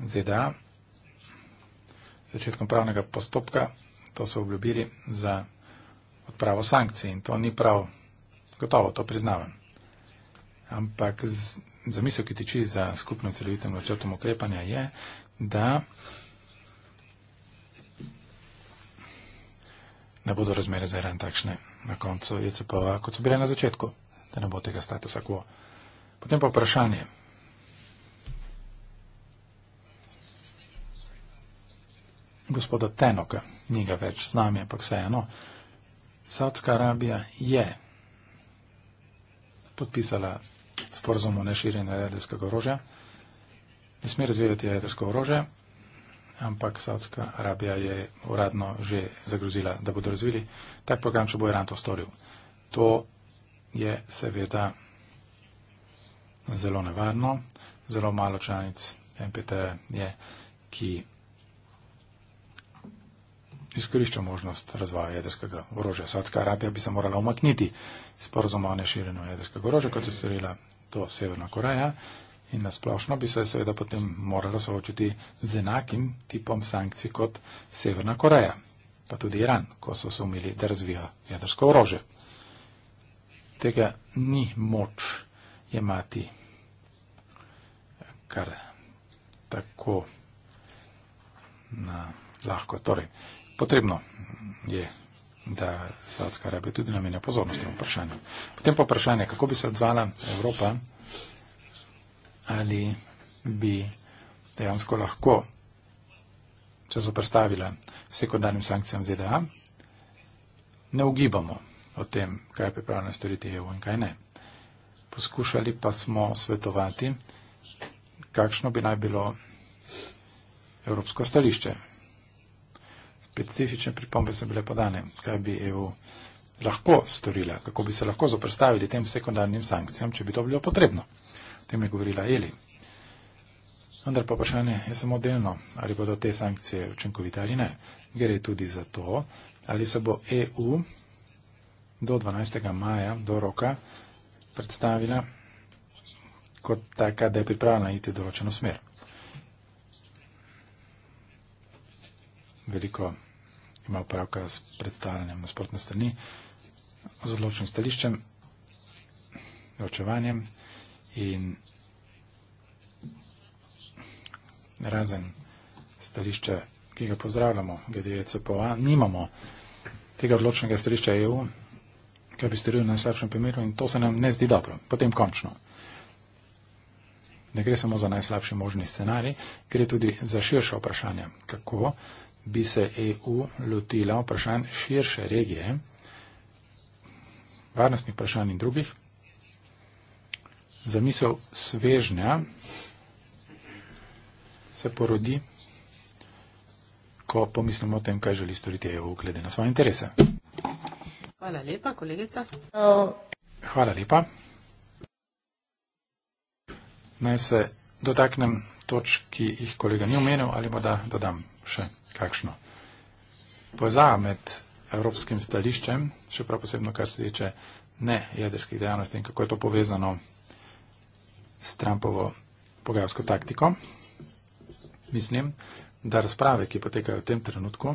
ZDA e z začetkom pravnega postopka, to so obljubili za pravo sankcije in to ni prav. Gotovo, to priznavam. Ampak zamisel, ki tiči za skupno celovitem načrtom ukrepanja, je, da ne bodo razmere za Iran takšne na koncu e JCP-a, kot so bile na začetku, da ne bo tega statusa quo. Potem pa vprašanje. Gospoda Tenoka, njega več z nami, ampak vseeno. Saudska Arabija je podpisala sporozum o neširjenju jedrskega orožja. Ne sme razvijati jedrsko orožje, ampak Saudska Arabija je uradno že zagrozila, da bodo razvili tak program, če bo Iran to storil. To je seveda zelo nevarno. Zelo malo članic NPT je, ki izkorišča možnost razvoja jedrskega orožja. Sadska Arabija bi se morala omakniti iz porozuma o neširjenju jedrskega orožja, kot je storila to Severna Koreja. In nasplošno bi se seveda potem morala soočiti z enakim tipom sankcij kot Severna Koreja, pa tudi Iran, ko so se umili, da razvija jedrsko orožje. Tega ni moč jemati kar tako na lahko. Torej, Potrebno je, da Saudska Arabija tudi namenja pozornost temu vprašanju. Potem pa vprašanje, kako bi se odzvala Evropa, ali bi dejansko lahko se zoprstavila sekundarnim sankcijam ZDA. Ne ugibamo o tem, kaj je pripravljeno storiti EU in kaj ne. Poskušali pa smo svetovati, kakšno bi naj bilo evropsko stališče specifične pripombe so bile podane, kaj bi EU lahko storila, kako bi se lahko zoprstavili tem sekundarnim sankcijam, če bi to bilo potrebno. O tem je govorila Eli. Vendar pa vprašanje je samo delno, ali bodo te sankcije učinkovite ali ne. Gre tudi za to, ali se bo EU do 12. maja, do roka, predstavila kot taka, da je pripravljena iti v določeno smer. Veliko ima opravka s predstavljanjem nasprotne strani, z odločnim stališčem, ročevanjem in razen stališča, ki ga pozdravljamo, glede e CPOA, nimamo tega odločnega stališča EU, kar bi storil na najslabšem primeru in to se nam ne zdi dobro. Potem končno. Ne gre samo za najslabši možni scenarij, gre tudi za širše vprašanje, kako bi se EU lotila vprašanj širše regije, varnostnih vprašanj in drugih. Zamisel svežnja se porodi, ko pomislimo o tem, kaj želi storiti EU glede na svoje interese. Hvala lepa, kolegica. Hvala lepa. Naj se dotaknem točk, ki jih kolega ni omenil ali morda dodam še kakšno. Povezava med evropskim stališčem, še prav posebno, kar se tiče ne jedrskih dejavnosti in kako je to povezano s Trumpovo pogajalsko taktiko. Mislim, da razprave, ki potekajo v tem trenutku,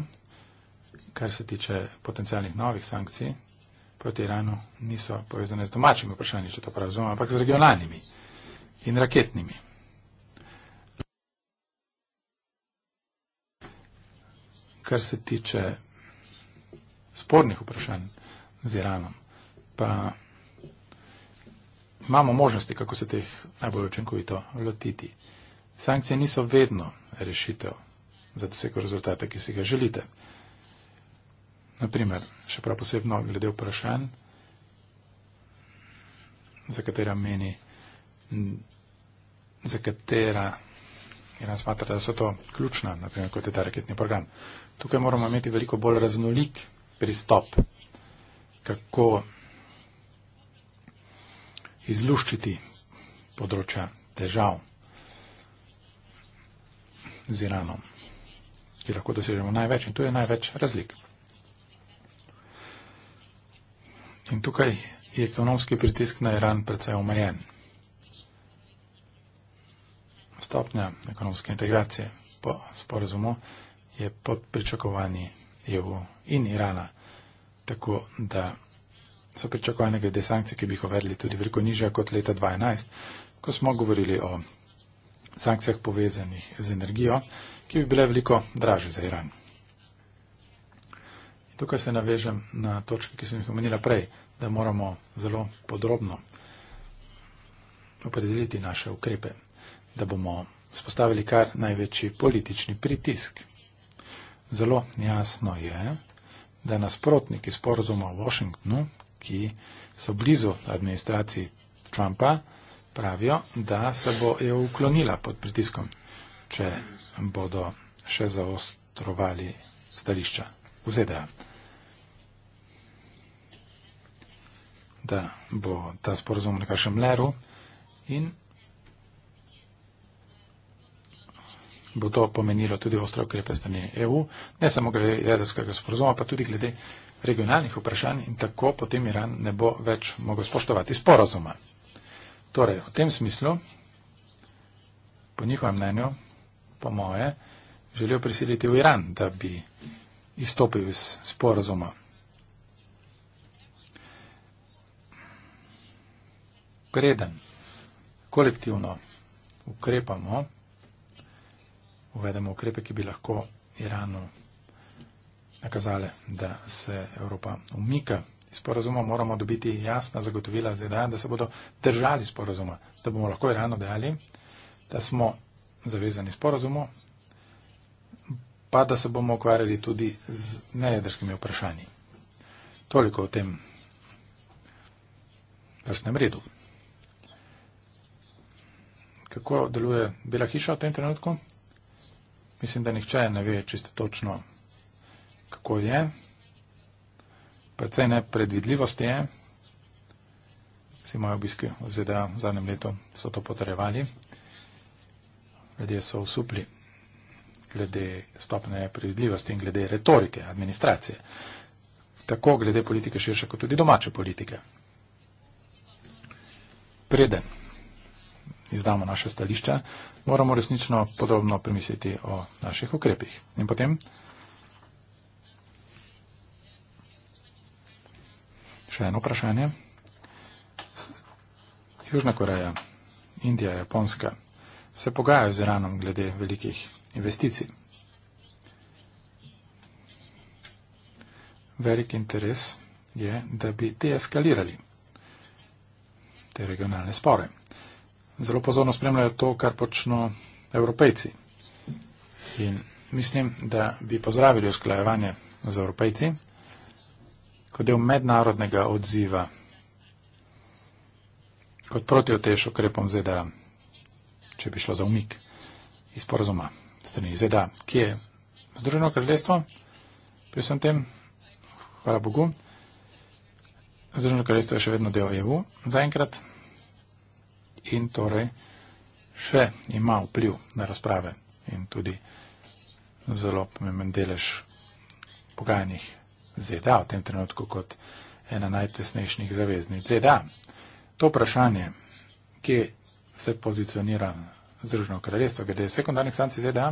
kar se tiče potencijalnih novih sankcij proti Iranu, niso povezane z domačimi vprašanji, če to prav razumem, ampak z regionalnimi in raketnimi. kar se tiče spornih vprašanj z Iranom, pa imamo možnosti, kako se teh najbolj učinkovito lotiti. Sankcije niso vedno rešitev za dosego rezultata, ki si ga želite. Naprimer, še prav posebno glede vprašanj, za katera meni, za katera Iran smatra, da so to ključna, naprimer kot je ta raketni program. Tukaj moramo imeti veliko bolj raznolik pristop, kako izluščiti področja težav z Iranom, ki lahko dosežemo največ in tu je največ razlik. In tukaj je ekonomski pritisk na Iran predvsej omejen. Stopnja ekonomske integracije po sporazumu je pod pričakovanji EU in Irana. Tako da so pričakovane glede sankcij, ki bi jih uvedli tudi veliko nižja kot leta 2012, ko smo govorili o sankcijah povezanih z energijo, ki bi bile veliko draže za Iran. In tukaj se navežem na točke, ki sem jih omenila prej, da moramo zelo podrobno opredeliti naše ukrepe, da bomo spostavili kar največji politični pritisk Zelo jasno je, da nasprotniki sporozuma v Washingtonu, ki so blizu administraciji Trumpa, pravijo, da se bo EU uklonila pod pritiskom, če bodo še zaostrovali stališča v ZDA. Da bo ta sporozum nekakšen mleru in bo to pomenilo tudi ostre ukrepe strani EU, ne samo glede jedrskega sporozuma, pa tudi glede regionalnih vprašanj in tako potem Iran ne bo več mogel spoštovati sporozuma. Torej, v tem smislu, po njihovem mnenju, po moje, želijo prisiliti v Iran, da bi izstopil iz sporozuma. Preden kolektivno ukrepamo, uvedemo ukrepe, ki bi lahko Iranu nakazale, da se Evropa umika iz sporazuma, moramo dobiti jasna zagotovila ZDA, da se bodo držali sporazuma, da bomo lahko Iranu dejali, da smo zavezani sporazumu, pa da se bomo ukvarjali tudi z nejedrskimi vprašanji. Toliko o tem vrstnem redu. Kako deluje Bela hiša v tem trenutku? Mislim, da nihče ne ve čisto točno, kako je. Predvsej nepredvidljivosti je. Vsi moji obiski v ZDA v zadnjem letu so to potrjevali. Ljudje so usupli glede stopne predvidljivosti in glede retorike administracije. Tako glede politike širše kot tudi domače politike. Preden izdamo naše stališče, moramo resnično podrobno premisliti o naših ukrepih. In potem še eno vprašanje. Južna Koreja, Indija, Japonska se pogajajo z Iranom glede velikih investicij. Velik interes je, da bi deeskalirali te regionalne spore zelo pozorno spremljajo to, kar počno evropejci. In mislim, da bi pozdravili usklajevanje z evropejci kot del mednarodnega odziva, kot protiotež okrepom ZDA, če bi šlo za umik iz porozuma strani ZDA, ki je Združeno kraljestvo, pri vsem tem, hvala Bogu, Združeno kraljestvo je še vedno del EU, zaenkrat in torej še ima vpliv na razprave in tudi zelo pomemben delež pogajanjih ZDA v tem trenutku kot ena najtesnejših zaveznic ZDA. To vprašanje, kje se pozicionira Združeno kraljestvo glede sekundarnih sankcij ZDA,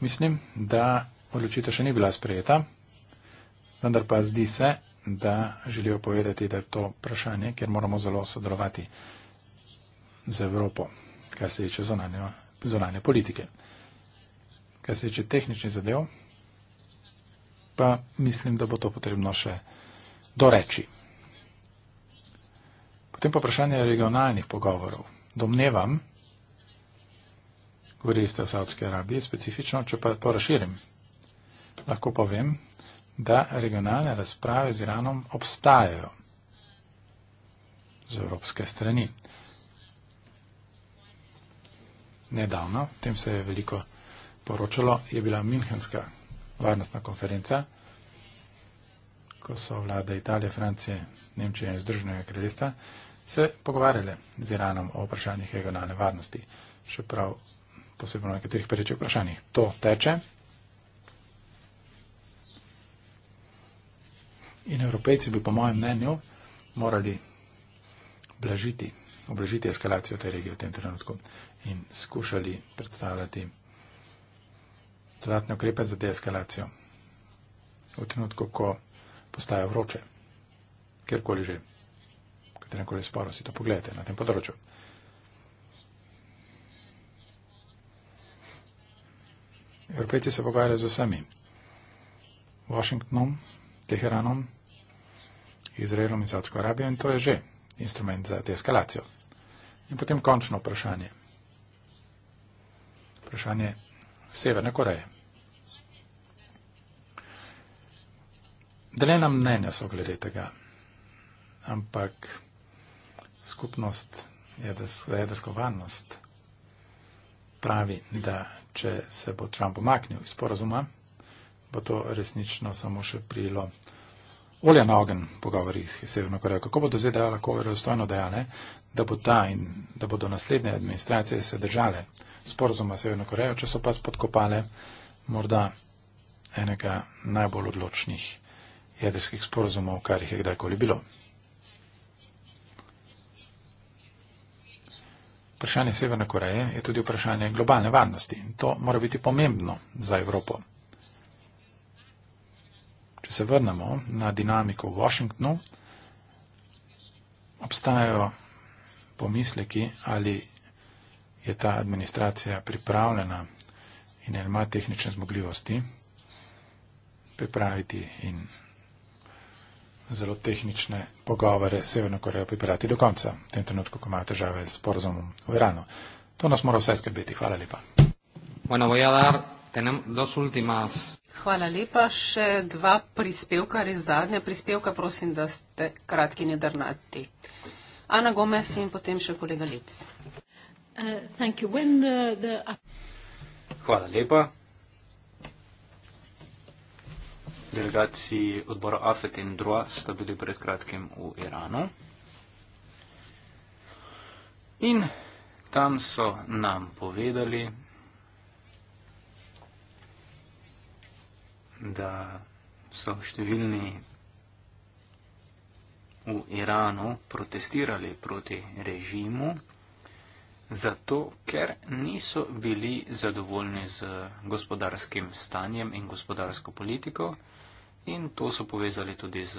mislim, da odločitev še ni bila sprejeta, vendar pa zdi se, da želijo povedati, da je to vprašanje, ker moramo zelo sodelovati z Evropo, kar se tiče zonanje, zonanje politike. Kar se tiče tehničnih zadev, pa mislim, da bo to potrebno še doreči. Potem pa vprašanje regionalnih pogovorov. Domnevam, govorili ste o Saudski Arabiji specifično, če pa to razširim, lahko povem, da regionalne razprave z Iranom obstajajo z evropske strani. Nedavno, v tem se je veliko poročalo, je bila Münchenska varnostna konferenca, ko so vlade Italije, Francije, Nemčije in Združenega kraljestva se pogovarjale z Iranom o vprašanjih regionalne varnosti, še prav posebno na nekaterih perečih vprašanjih. To teče. In evropejci bi, po mojem mnenju, morali blažiti, oblažiti eskalacijo te regije v tem trenutku in skušali predstavljati dodatne ukrepe za deeskalacijo v trenutku, ko postaje vroče, kjerkoli že, katerenkoli sporo si to pogledate na tem področju. Evropejci se pogovarjajo z vsemi. Washingtonom, Teheranom, Izraelom in Saudsko Arabijo in to je že instrument za deeskalacijo. In potem končno vprašanje. Vprašanje Severne Koreje. Deljena mnenja so glede tega, ampak skupnost za jedrsko varnost pravi, da če se bo Trump omaknil iz porazuma, bo to resnično samo še prilo. Olja na ogen pogovorih s Severno Korejo. Kako bodo ZDA lahko verostojno dejale, da bo ta in da bodo naslednje administracije se držale sporozuma Severno Korejo, če so pa spodkopale morda enega najbolj odločnih jedrskih sporozumov, kar jih je kdajkoli bilo. Vprašanje Severne Koreje je tudi vprašanje globalne varnosti. To mora biti pomembno za Evropo se vrnemo na dinamiko v Washingtonu, obstajajo pomisleki, ali je ta administracija pripravljena in ima tehnične zmogljivosti pripraviti in zelo tehnične pogovore s Severno Korejo pripraviti do konca, v tem trenutku, ko imajo težave s porozumom v Iranu. To nas mora vse skrbeti. Hvala lepa. Bueno, voy a dar, tenemos dos últimas. Hvala lepa. Še dva prispevka, res zadnja prispevka. Prosim, da ste kratki nedrnati. Ana Gomez in potem še kolega Lec. Uh, uh, Hvala lepa. Delegaciji odbora AFET in DROA sta bili pred kratkim v Iranu. In tam so nam povedali, da so številni v Iranu protestirali proti režimu, zato ker niso bili zadovoljni z gospodarskim stanjem in gospodarsko politiko in to so povezali tudi z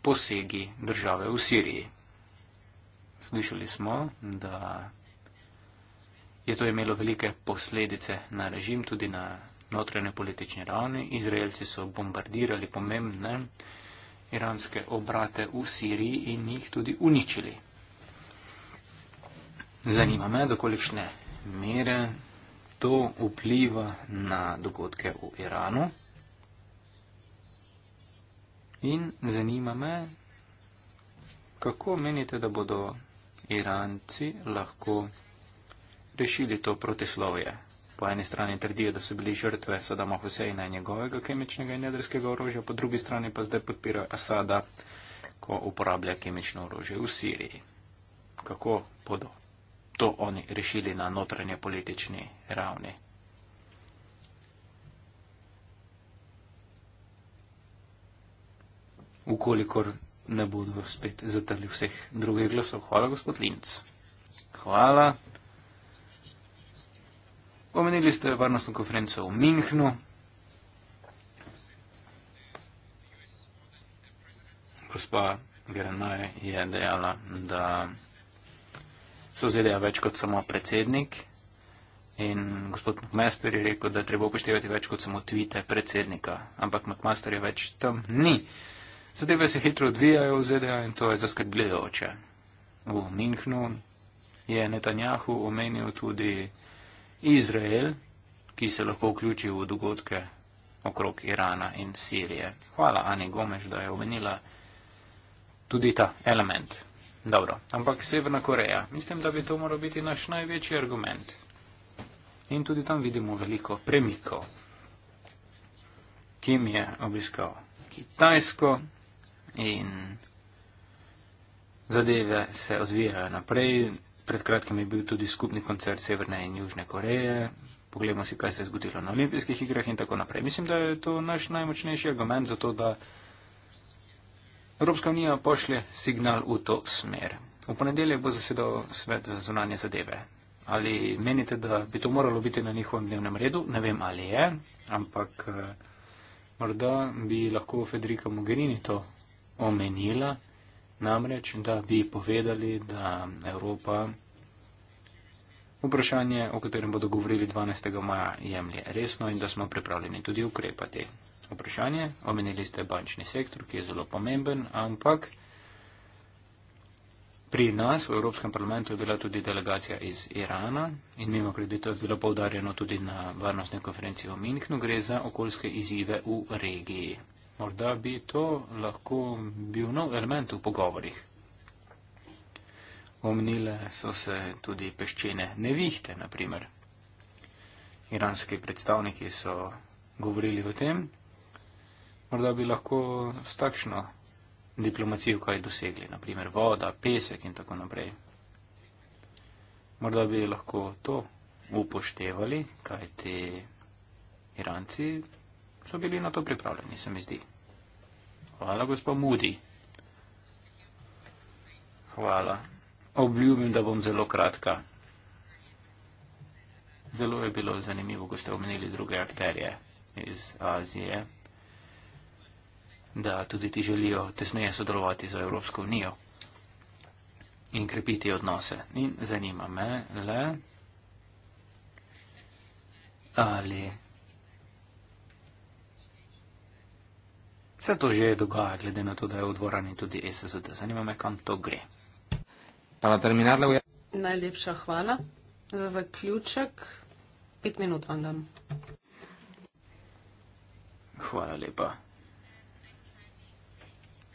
posegi države v Siriji. Slišali smo, da je to imelo velike posledice na režim, tudi na notranje politične ravni. Izraelci so bombardirali pomembne iranske obrate v Siriji in jih tudi uničili. Zanima me, dokolikšne mere to vpliva na dogodke v Iranu. In zanima me, kako menite, da bodo Iranci lahko rešili to protislovje. Po eni strani trdijo, da so bili žrtve Sadama Huseina in njegovega kemičnega in jedrskega orožja, po drugi strani pa zdaj podpirajo Asada, ko uporablja kemično orožje v Siriji. Kako bodo to oni rešili na notranje politični ravni? Ukolikor ne bodo spet zatrli vseh drugih glasov. Hvala, gospod Linc. Hvala. Omenili ste varnostno konferenco v Minhnu, gospa Grenaj je dejala, da so zelja več kot samo predsednik in gospod McMaster je rekel, da je treba upoštevati več kot samo tvite predsednika, ampak McMaster je več tam ni. Zadeve se hitro odvijajo v ZDA in to je zaskrbljujoče. V Minhnu je Netanjahu omenil tudi Izrael, ki se lahko vključi v dogodke okrog Irana in Sirije. Hvala Ani Gomeš, da je omenila tudi ta element. Dobro, ampak Severna Koreja, mislim, da bi to moral biti naš največji argument. In tudi tam vidimo veliko premikov. Kim je obiskal Kitajsko in zadeve se odvijajo naprej, pred kratkim je bil tudi skupni koncert Severne in Južne Koreje. Poglejmo si, kaj se je zgodilo na olimpijskih igrah in tako naprej. Mislim, da je to naš najmočnejši argument za to, da Evropska unija pošlje signal v to smer. V ponedeljek bo zasedal svet za zunanje zadeve. Ali menite, da bi to moralo biti na njihovem dnevnem redu? Ne vem, ali je, ampak eh, morda bi lahko Federika Mogherini to omenila. Namreč, da bi povedali, da Evropa vprašanje, o katerem bodo govorili 12. maja, jemlje resno in da smo pripravljeni tudi ukrepati. Vprašanje, omenili ste bančni sektor, ki je zelo pomemben, ampak pri nas v Evropskem parlamentu je bila tudi delegacija iz Irana in mimo kredito je bilo poudarjeno tudi na varnostne konferenci v Minhnu, gre za okoljske izzive v regiji. Morda bi to lahko bil nov element v pogovorih. Omnile so se tudi peščene nevihte, naprimer. Iranski predstavniki so govorili o tem, morda bi lahko s takšno diplomacijo kaj dosegli, naprimer voda, pesek in tako naprej. Morda bi lahko to upoštevali, kaj ti Iranci so bili na to pripravljeni, se mi zdi. Hvala, gospod Mudi. Hvala. Obljubim, da bom zelo kratka. Zelo je bilo zanimivo, ko ste omenili druge akterje iz Azije, da tudi ti želijo tesneje sodelovati z Evropsko unijo in krepiti odnose. In zanima me le, ali Vse to že dogaja, glede na to, da je v dvorani tudi SSD. Zanima me, kam to gre. Pa terminar, da je. Najlepša hvala. Za zaključek, pet minut vam dam. Hvala lepa.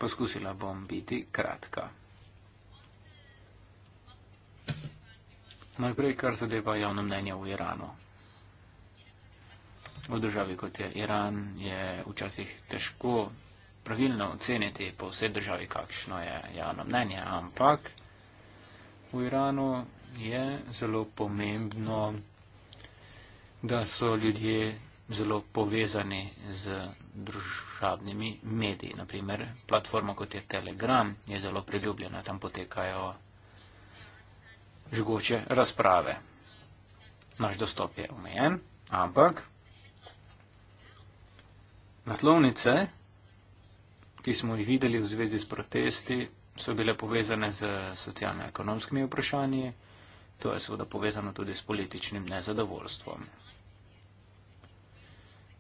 Poskusila bom biti kratka. Najprej, kar zadeva javno mnenje v Iranu v državi kot je Iran, je včasih težko pravilno oceniti po vsej državi, kakšno je javno mnenje, ampak v Iranu je zelo pomembno, da so ljudje zelo povezani z družabnimi mediji. Naprimer, platforma kot je Telegram je zelo priljubljena, tam potekajo žgoče razprave. Naš dostop je omejen, ampak Naslovnice, ki smo jih videli v zvezi s protesti, so bile povezane z socialno-ekonomskimi vprašanji, to je seveda povezano tudi s političnim nezadovoljstvom.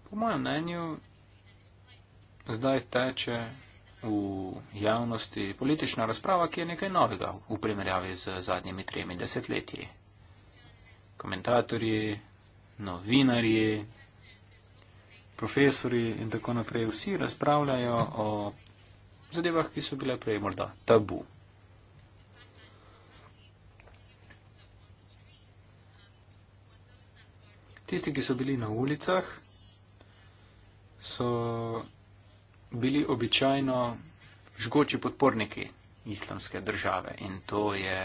Po mojem mnenju, zdaj teče v javnosti politična razprava, ki je nekaj novega v primerjavi z zadnjimi tremi desetletji. Komentatorji, novinarji, profesori in tako naprej vsi razpravljajo o zadevah, ki so bile prej morda tabu. Tisti, ki so bili na ulicah, so bili običajno žgoči podporniki islamske države in to je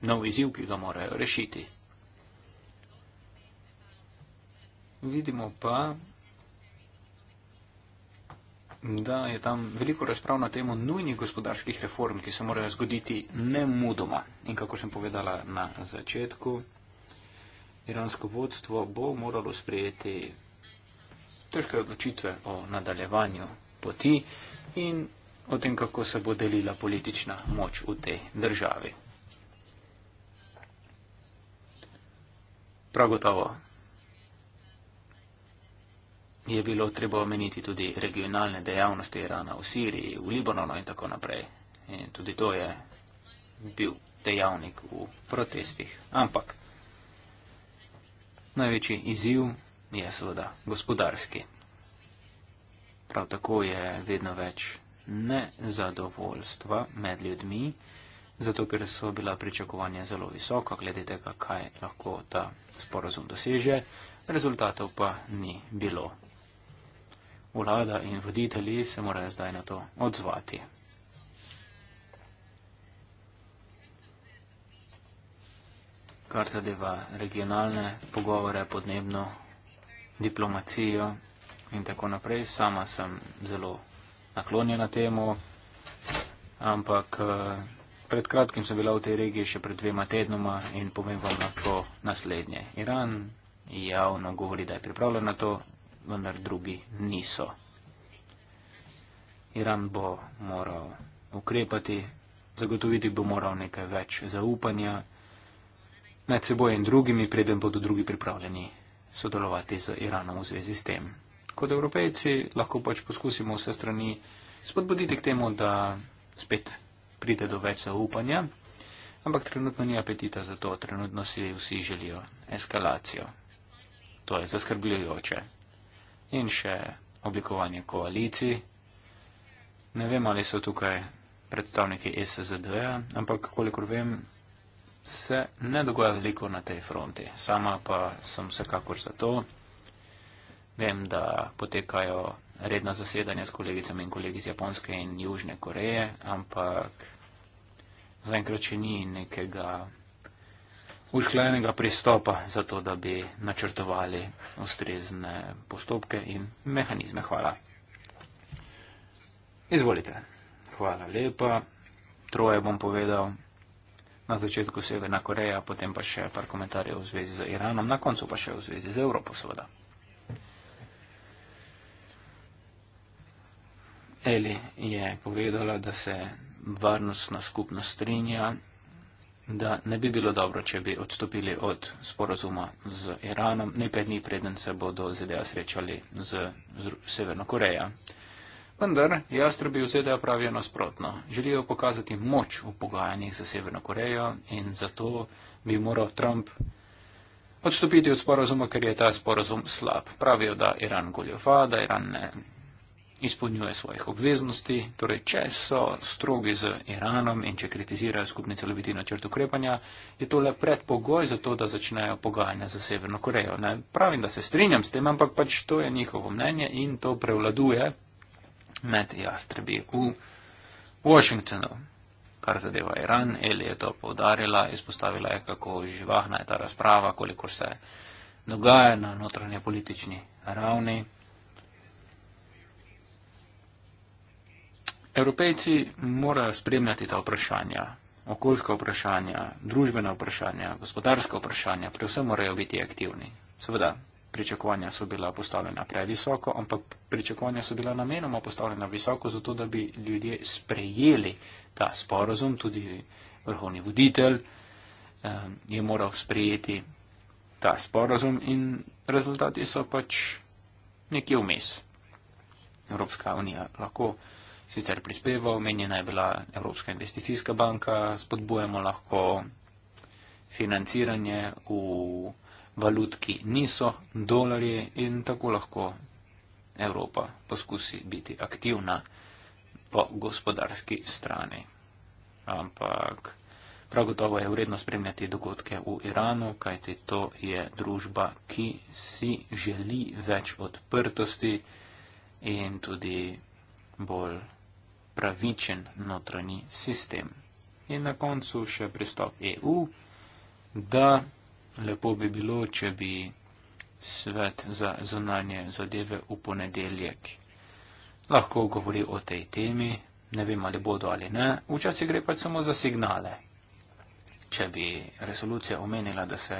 nov izziv, ki ga morajo rešiti. Vidimo pa, Da je tam veliko razprav na temo nujnih gospodarskih reform, ki se morajo zgoditi ne mudoma. In kako sem povedala na začetku, iransko vodstvo bo moralo sprejeti težke odločitve o nadaljevanju poti in o tem, kako se bo delila politična moč v tej državi. Prav gotovo je bilo treba omeniti tudi regionalne dejavnosti Irana v Siriji, v Libanonu in tako naprej. In tudi to je bil dejavnik v protestih. Ampak največji izziv je seveda gospodarski. Prav tako je vedno več nezadovoljstva med ljudmi, zato ker so bila pričakovanja zelo visoka glede tega, kaj lahko ta sporozum doseže, rezultatov pa ni bilo vlada in voditelji se morajo zdaj na to odzvati. Kar zadeva regionalne pogovore, podnebno diplomacijo in tako naprej. Sama sem zelo naklonjena temu, ampak eh, pred kratkim sem bila v tej regiji še pred dvema tednoma in povem vam lahko naslednje. Iran javno govori, da je pripravljen na to, vendar drugi niso. Iran bo moral ukrepati, zagotoviti bo moral nekaj več zaupanja med seboj in drugimi, preden bodo drugi pripravljeni sodelovati z Iranom v zvezi s tem. Kot evropejci lahko pač poskusimo vse strani spodbuditi k temu, da spet pride do več zaupanja, ampak trenutno ni apetita za to, trenutno si vsi želijo eskalacijo. To je zaskrbljujoče in še oblikovanje koalicij. Ne vem, ali so tukaj predstavniki SZD-ja, ampak kolikor vem, se ne dogaja veliko na tej fronti. Sama pa sem vsekakor za to. Vem, da potekajo redna zasedanja s kolegicami in kolegi iz Japonske in Južne Koreje, ampak zaenkrat še ni nekega usklajenega pristopa za to, da bi načrtovali ustrezne postopke in mehanizme. Hvala. Izvolite. Hvala lepa. Troje bom povedal. Na začetku Severna Koreja, potem pa še par komentarjev v zvezi z Iranom, na koncu pa še v zvezi z Evropo, seveda. Eli je povedala, da se varnostna skupnost strinja da ne bi bilo dobro, če bi odstopili od sporazuma z Iranom nekaj dni preden se bodo ZDA srečali z, z Severno Korejo. Vendar jastrbi v ZDA pravijo nasprotno. Želijo pokazati moč v pogajanjih za Severno Korejo in zato bi moral Trump odstopiti od sporazuma, ker je ta sporazum slab. Pravijo, da Iran goljofa, da Iran ne, izpolnjuje svojih obveznosti, torej če so strogi z Iranom in če kritizirajo skupni celoviti načrt ukrepanja, je to le predpogoj za to, da začnejo pogajanja za Severno Korejo. Ne? Pravim, da se strinjam s tem, ampak pač to je njihovo mnenje in to prevladuje med jastrebi v Washingtonu. Kar zadeva Iran, Eli je to povdarjala, izpostavila je, kako živahna je ta razprava, koliko se dogaja na notranje politični ravni. Evropejci morajo spremljati ta vprašanja, okoljska vprašanja, družbena vprašanja, gospodarska vprašanja, predvsem morajo biti aktivni. Seveda, pričakovanja so bila postavljena previsoko, ampak pričakovanja so bila namenoma postavljena visoko, zato da bi ljudje sprejeli ta sporozum, tudi vrhovni voditelj eh, je moral sprejeti ta sporozum in rezultati so pač nekje vmes. Evropska unija lahko sicer prispeval, omenjena je bila Evropska investicijska banka, spodbujamo lahko financiranje v valut, ki niso dolarje in tako lahko Evropa poskusi biti aktivna po gospodarski strani. Ampak prav gotovo je vredno spremljati dogodke v Iranu, kajti to je družba, ki si želi več odprtosti in tudi bolj pravičen notranji sistem. In na koncu še pristop EU, da lepo bi bilo, če bi svet za zunanje zadeve v ponedeljek lahko govoril o tej temi, ne vem ali bodo ali ne, včasih gre pač samo za signale. Če bi resolucija omenila, da se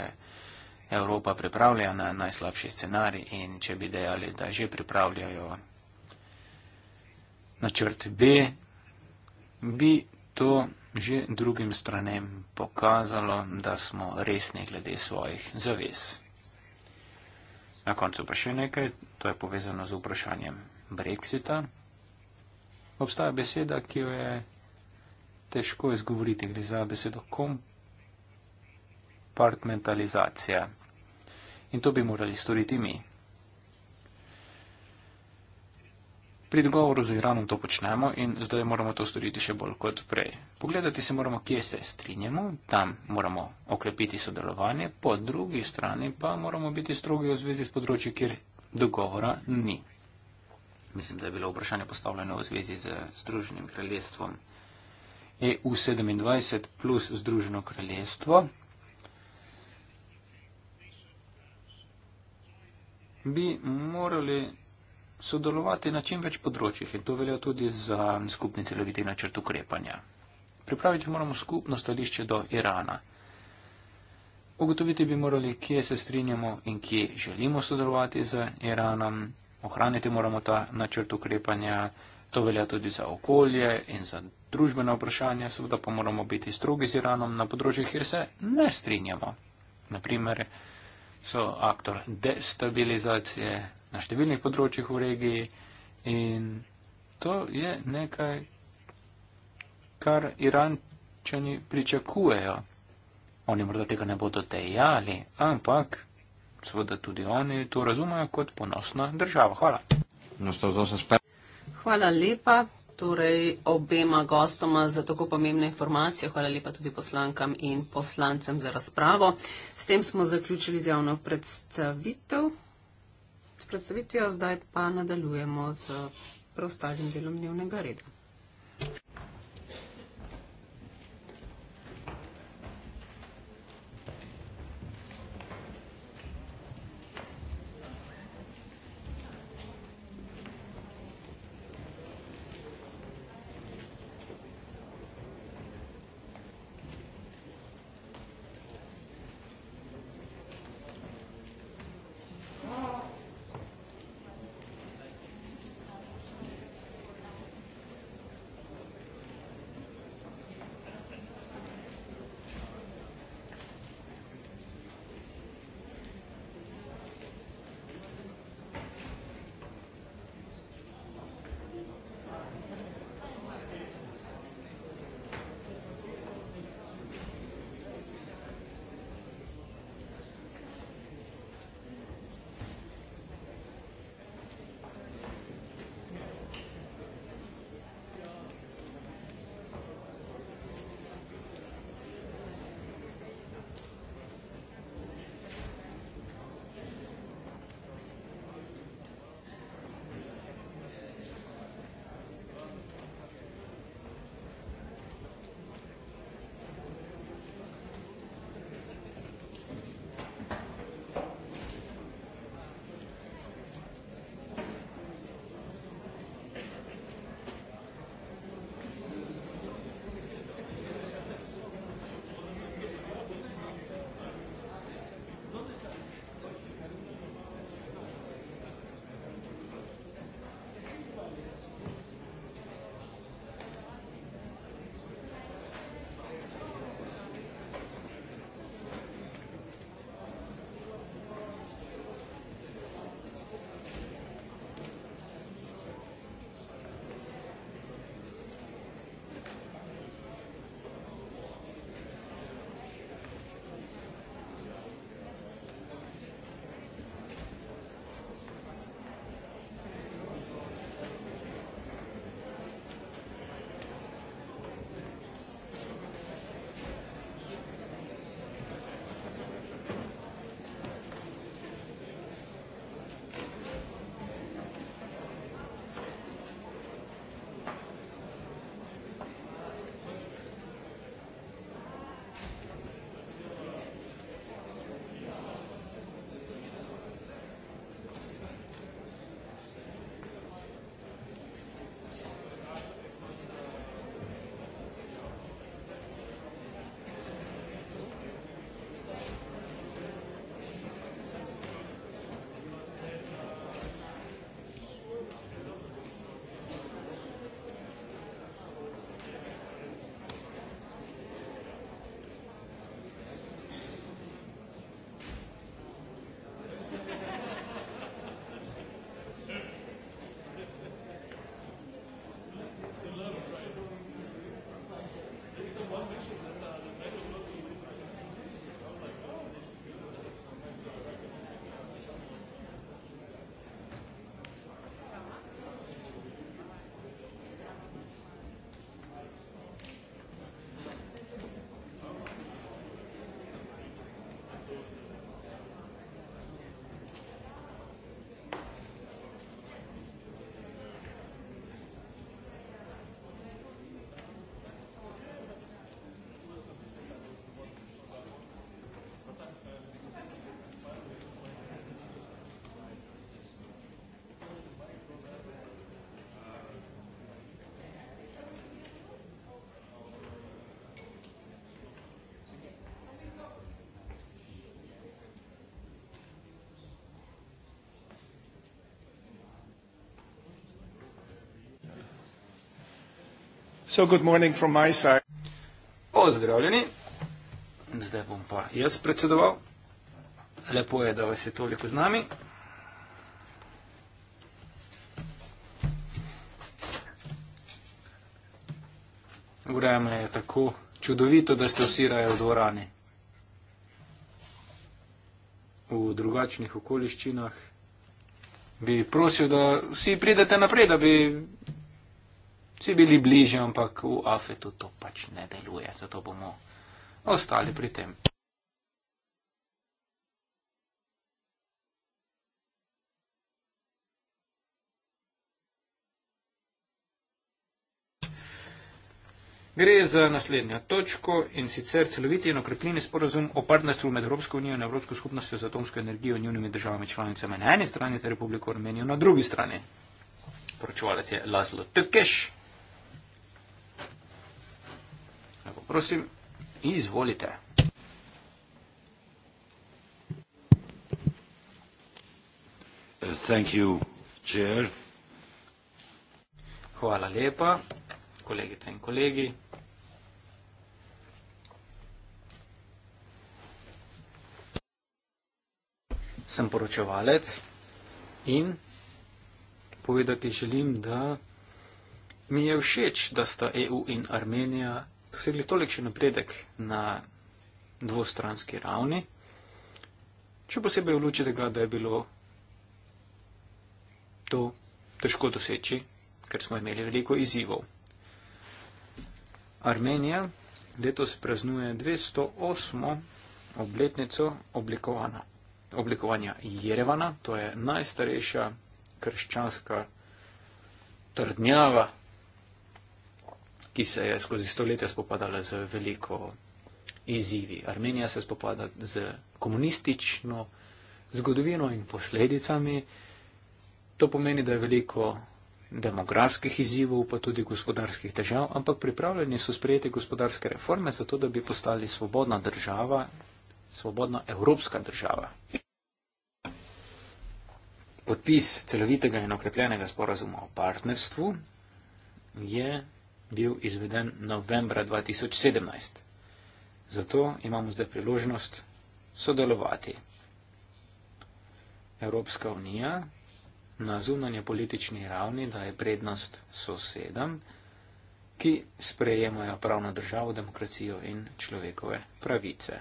Evropa pripravlja na najslabši scenarij in če bi dejali, da že pripravljajo načrt B, bi to že drugim stranem pokazalo, da smo resni glede svojih zavez. Na koncu pa še nekaj, to je povezano z vprašanjem Brexita. Obstaja beseda, ki jo je težko izgovoriti, gre za besedo kompartmentalizacija. In to bi morali storiti mi. Pri dogovoru z Iranom to počnemo in zdaj moramo to storiti še bolj kot prej. Pogledati se moramo, kje se strinjamo, tam moramo okrepiti sodelovanje, po drugi strani pa moramo biti strogi v zvezi s področji, kjer dogovora ni. Mislim, da je bilo vprašanje postavljeno v zvezi z Združenim kraljestvom EU27 plus Združeno kraljestvo. Bi morali sodelovati na čim več področjih in to velja tudi za skupni celoviti načrt ukrepanja. Pripraviti moramo skupno stališče do Irana. Ugotoviti bi morali, kje se strinjamo in kje želimo sodelovati z Iranom. Ohraniti moramo ta načrt ukrepanja. To velja tudi za okolje in za družbena vprašanja. Seveda pa moramo biti strogi z Iranom na področjih, kjer se ne strinjamo. Naprimer, so aktor destabilizacije, na številnih področjih v regiji in to je nekaj, kar Irančani pričakujejo. Oni morda tega ne bodo dejali, ampak seveda tudi oni to razumejo kot ponosna država. Hvala. Hvala lepa torej obema gostoma za tako pomembne informacije. Hvala lepa tudi poslankam in poslancem za razpravo. S tem smo zaključili z javno predstavitev predstavitvijo, zdaj pa nadaljujemo z preostalim delom dnevnega reda. So good morning from my side. Pozdravljeni, zdaj bom pa jaz predsedoval. Lepo je, da vas je toliko z nami. Vreme je tako čudovito, da ste vsi raje v dvorani. V drugačnih okoliščinah bi prosil, da vsi pridete naprej, da bi Vsi bili bliže, ampak v Afetu to pač ne deluje, zato bomo ostali pri tem. Gre za naslednjo točko in sicer celoviti in okrepljeni sporozum o partnerstvu med Evropsko unijo in Evropsko skupnostjo za atomsko energijo in njunimi državami članicami na eni strani ter Republiko Armenijo na drugi strani. Poročevalec je Laszlo Tekeš. prosim, izvolite. Thank you, chair. Hvala lepa, kolegice in kolegi. Sem poročevalec in povedati želim, da mi je všeč, da sta EU in Armenija dosegli tolikšen napredek na dvostranski ravni, še posebej v luči tega, da je bilo to težko doseči, ker smo imeli veliko izzivov. Armenija letos praznuje 208. obletnico oblikovanja Jerevana, to je najstarejša krščanska trdnjava ki se je skozi stoletja spopadala z veliko izzivi. Armenija se spopada z komunistično zgodovino in posledicami. To pomeni, da je veliko demografskih izzivov, pa tudi gospodarskih težav, ampak pripravljeni so sprejeti gospodarske reforme, zato da bi postali svobodna država, svobodna evropska država. Podpis celovitega in okrepljenega sporazuma o partnerstvu je bil izveden novembra 2017. Zato imamo zdaj priložnost sodelovati. Evropska unija na zunanje politični ravni daje prednost sosedam, ki sprejemajo pravno državo, demokracijo in človekove pravice.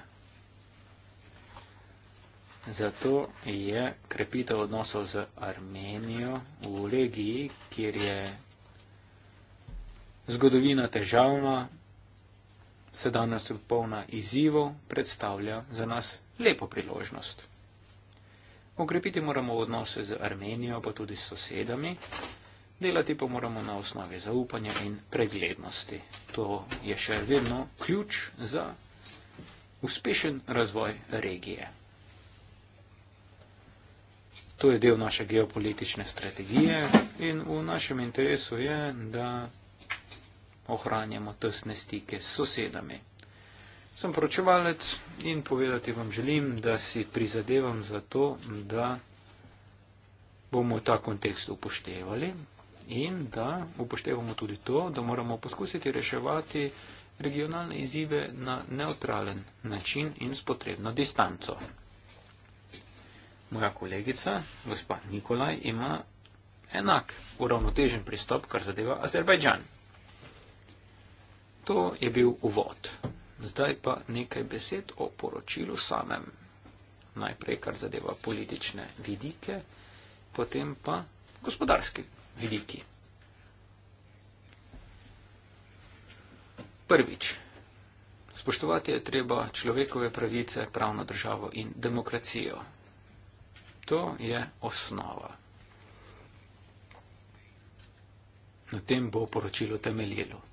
Zato je krepitev odnosov z Armenijo v regiji, kjer je zgodovina težavna, sedanjost polna izzivov, predstavlja za nas lepo priložnost. Okrepiti moramo odnose z Armenijo, pa tudi s sosedami, delati pa moramo na osnovi zaupanja in preglednosti. To je še vedno ključ za uspešen razvoj regije. To je del naše geopolitične strategije in v našem interesu je, da ohranjamo tesne stike s sosedami. Sem poročevalec in povedati vam želim, da si prizadevam za to, da bomo ta kontekst upoštevali in da upoštevamo tudi to, da moramo poskusiti reševati regionalne izzive na neutralen način in s potrebno distanco. Moja kolegica, gospod Nikolaj, ima enak uravnotežen pristop, kar zadeva Azerbajdžan. To je bil uvod. Zdaj pa nekaj besed o poročilu samem. Najprej, kar zadeva politične vidike, potem pa gospodarski vidiki. Prvič. Spoštovati je treba človekove pravice, pravno državo in demokracijo. To je osnova. Na tem bo poročilo temeljilo.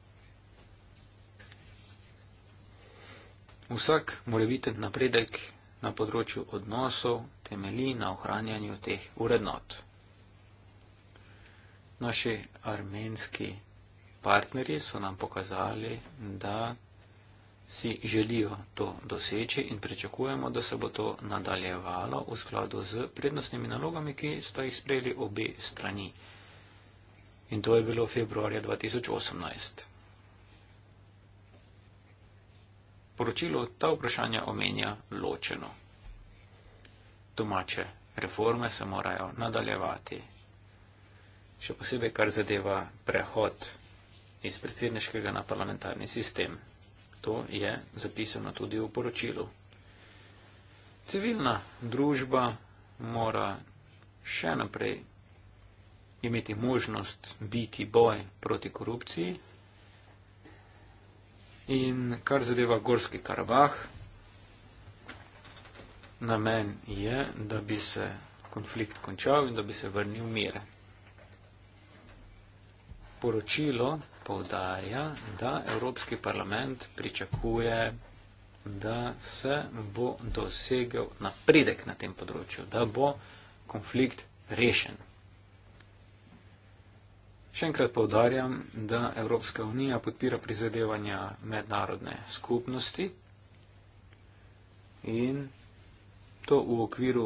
Vsak moreviten napredek na področju odnosov temeli na ohranjanju teh urednot. Naši armenski partnerji so nam pokazali, da si želijo to doseči in pričakujemo, da se bo to nadaljevalo v skladu z prednostnimi nalogami, ki sta jih sprejeli obe strani. In to je bilo februarja 2018. poročilo ta vprašanja omenja ločeno. Domače reforme se morajo nadaljevati. Še posebej, kar zadeva prehod iz predsedniškega na parlamentarni sistem. To je zapisano tudi v poročilu. Civilna družba mora še naprej imeti možnost biti boj proti korupciji, In kar zadeva Gorski Karabah, namen je, da bi se konflikt končal in da bi se vrnil mir. Poročilo povdarja, da Evropski parlament pričakuje, da se bo dosegel napredek na tem področju, da bo konflikt rešen. Še enkrat povdarjam, da Evropska unija podpira prizadevanja mednarodne skupnosti in to v okviru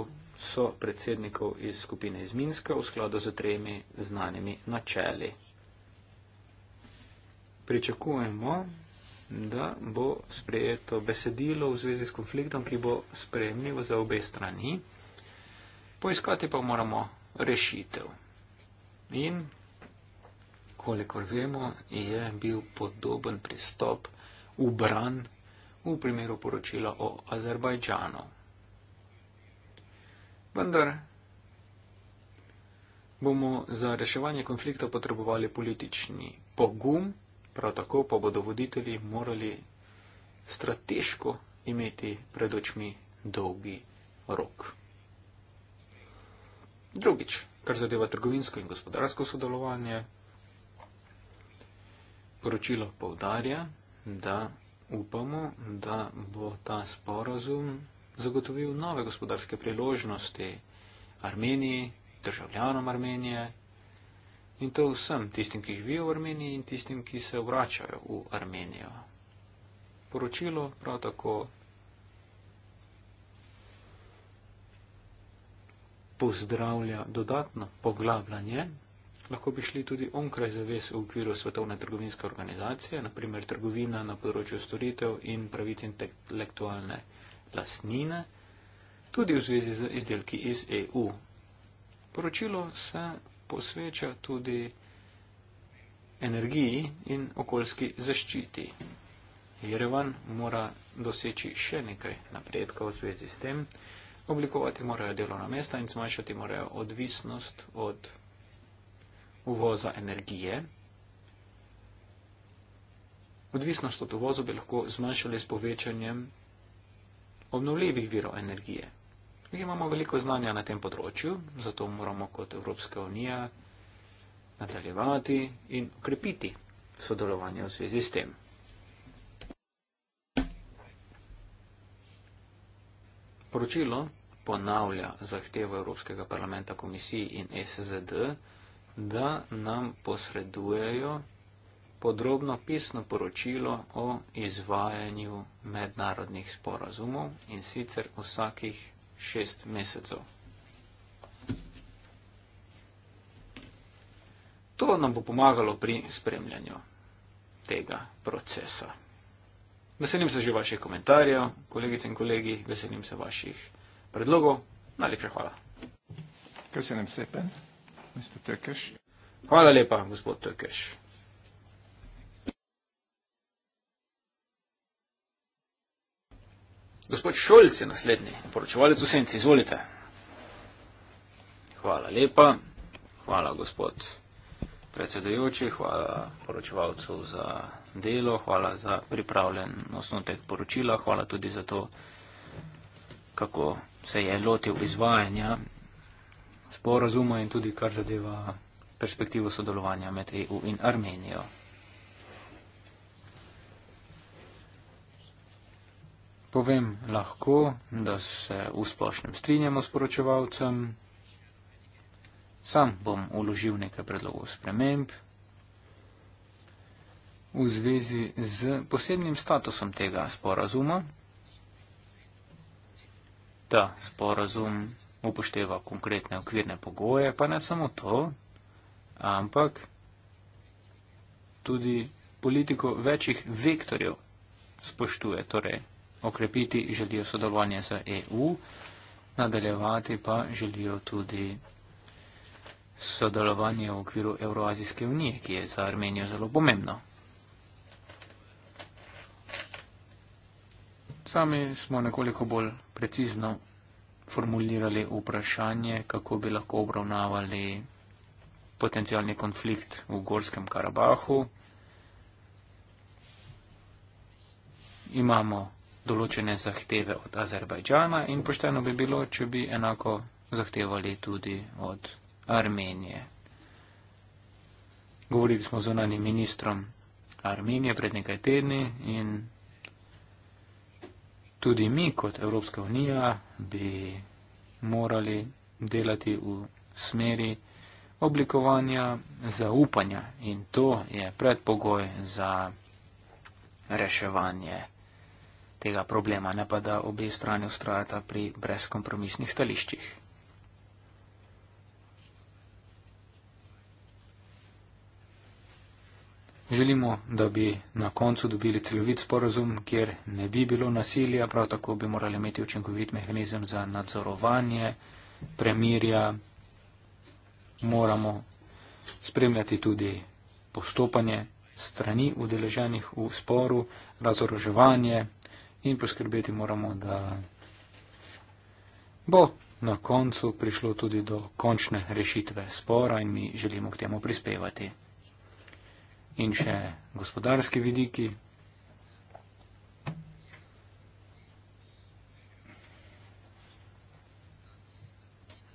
so predsednikov iz skupine iz Minska v skladu z tremi znanimi načeli. Pričakujemo, da bo sprejeto besedilo v zvezi s konfliktom, ki bo sprejemljivo za obe strani. Poiskati pa moramo rešitev. In kolikor vemo, je bil podoben pristop ubran v primeru poročila o Azerbajdžanu. Vendar bomo za reševanje konflikta potrebovali politični pogum, prav tako pa bodo voditelji morali strateško imeti pred očmi dolgi rok. Drugič, kar zadeva trgovinsko in gospodarsko sodelovanje, poročilo povdarja, da upamo, da bo ta sporozum zagotovil nove gospodarske priložnosti Armeniji, državljanom Armenije in to vsem tistim, ki živijo v Armeniji in tistim, ki se vračajo v Armenijo. Poročilo prav tako pozdravlja dodatno poglabljanje lahko bi šli tudi onkraj zavez v okviru svetovne trgovinske organizacije, naprimer trgovina na področju storitev in pravit intelektualne lasnine, tudi v zvezi z izdelki iz EU. Poročilo se posveča tudi energiji in okoljski zaščiti. Jerevan mora doseči še nekaj napredka v zvezi s tem, oblikovati morajo delovna mesta in zmanjšati morajo odvisnost od uvoza energije. Odvisnost od uvoza bi lahko zmanjšali s povečanjem obnovljivih virov energije. Mi imamo veliko znanja na tem področju, zato moramo kot Evropska unija nadaljevati in ukrepiti sodelovanje v zvezi s tem. Poročilo ponavlja zahtevo Evropskega parlamenta, komisiji in SZD da nam posredujejo podrobno pisno poročilo o izvajanju mednarodnih sporazumov in sicer vsakih šest mesecev. To nam bo pomagalo pri spremljanju tega procesa. Veselim se že vaših komentarjev, kolegice in kolegi, veselim se vaših predlogov. Najlepša hvala. Köszönöm szépen! Mr. Tökes. Hvala lepa, gospod Tökes. Gospod Šolc je naslednji, poročevalec v senci, izvolite. Hvala lepa, hvala gospod predsedajoči, hvala poročevalcu za delo, hvala za pripravljen osnotek poročila, hvala tudi za to, kako se je lotil izvajanja sporazuma in tudi kar zadeva perspektivo sodelovanja med EU in Armenijo. Povem lahko, da se v splošnem strinjamo s poročevalcem. Sam bom uložil nekaj predlogov sprememb v zvezi z posebnim statusom tega sporazuma. Ta sporazum upošteva konkretne okvirne pogoje, pa ne samo to, ampak tudi politiko večjih vektorjev spoštuje. Torej, okrepiti želijo sodelovanje z EU, nadaljevati pa želijo tudi sodelovanje v okviru Euroazijske unije, ki je za Armenijo zelo pomembno. Sami smo nekoliko bolj precizno formulirali vprašanje, kako bi lahko obravnavali potencijalni konflikt v Gorskem Karabahu. Imamo določene zahteve od Azerbajdžana in pošteno bi bilo, če bi enako zahtevali tudi od Armenije. Govorili smo z onanim ministrom Armenije pred nekaj tedni in tudi mi kot Evropska unija bi morali delati v smeri oblikovanja zaupanja in to je predpogoj za reševanje tega problema, ne pa da obe strani ustrajata pri brezkompromisnih stališčih. Želimo, da bi na koncu dobili celovit sporozum, kjer ne bi bilo nasilja, prav tako bi morali imeti učinkovit mehanizem za nadzorovanje, premirja. Moramo spremljati tudi postopanje strani udeleženih v sporu, razoroževanje in poskrbeti moramo, da bo na koncu prišlo tudi do končne rešitve spora in mi želimo k temu prispevati in še gospodarski vidiki.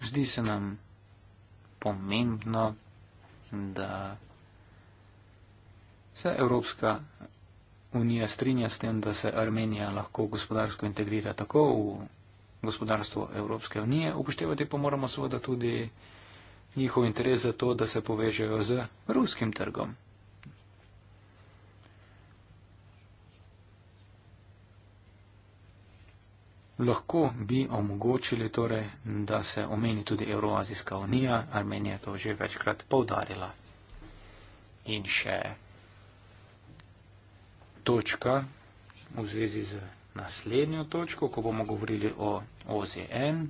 Zdi se nam pomembno, da se Evropska unija strinja s tem, da se Armenija lahko gospodarsko integrira tako v gospodarstvo Evropske unije. Upoštevati pa moramo seveda tudi njihov interes za to, da se povežejo z ruskim trgom. Lahko bi omogočili torej, da se omeni tudi Evroazijska unija, Armenija to že večkrat povdarila. In še točka v zvezi z naslednjo točko, ko bomo govorili o OZN.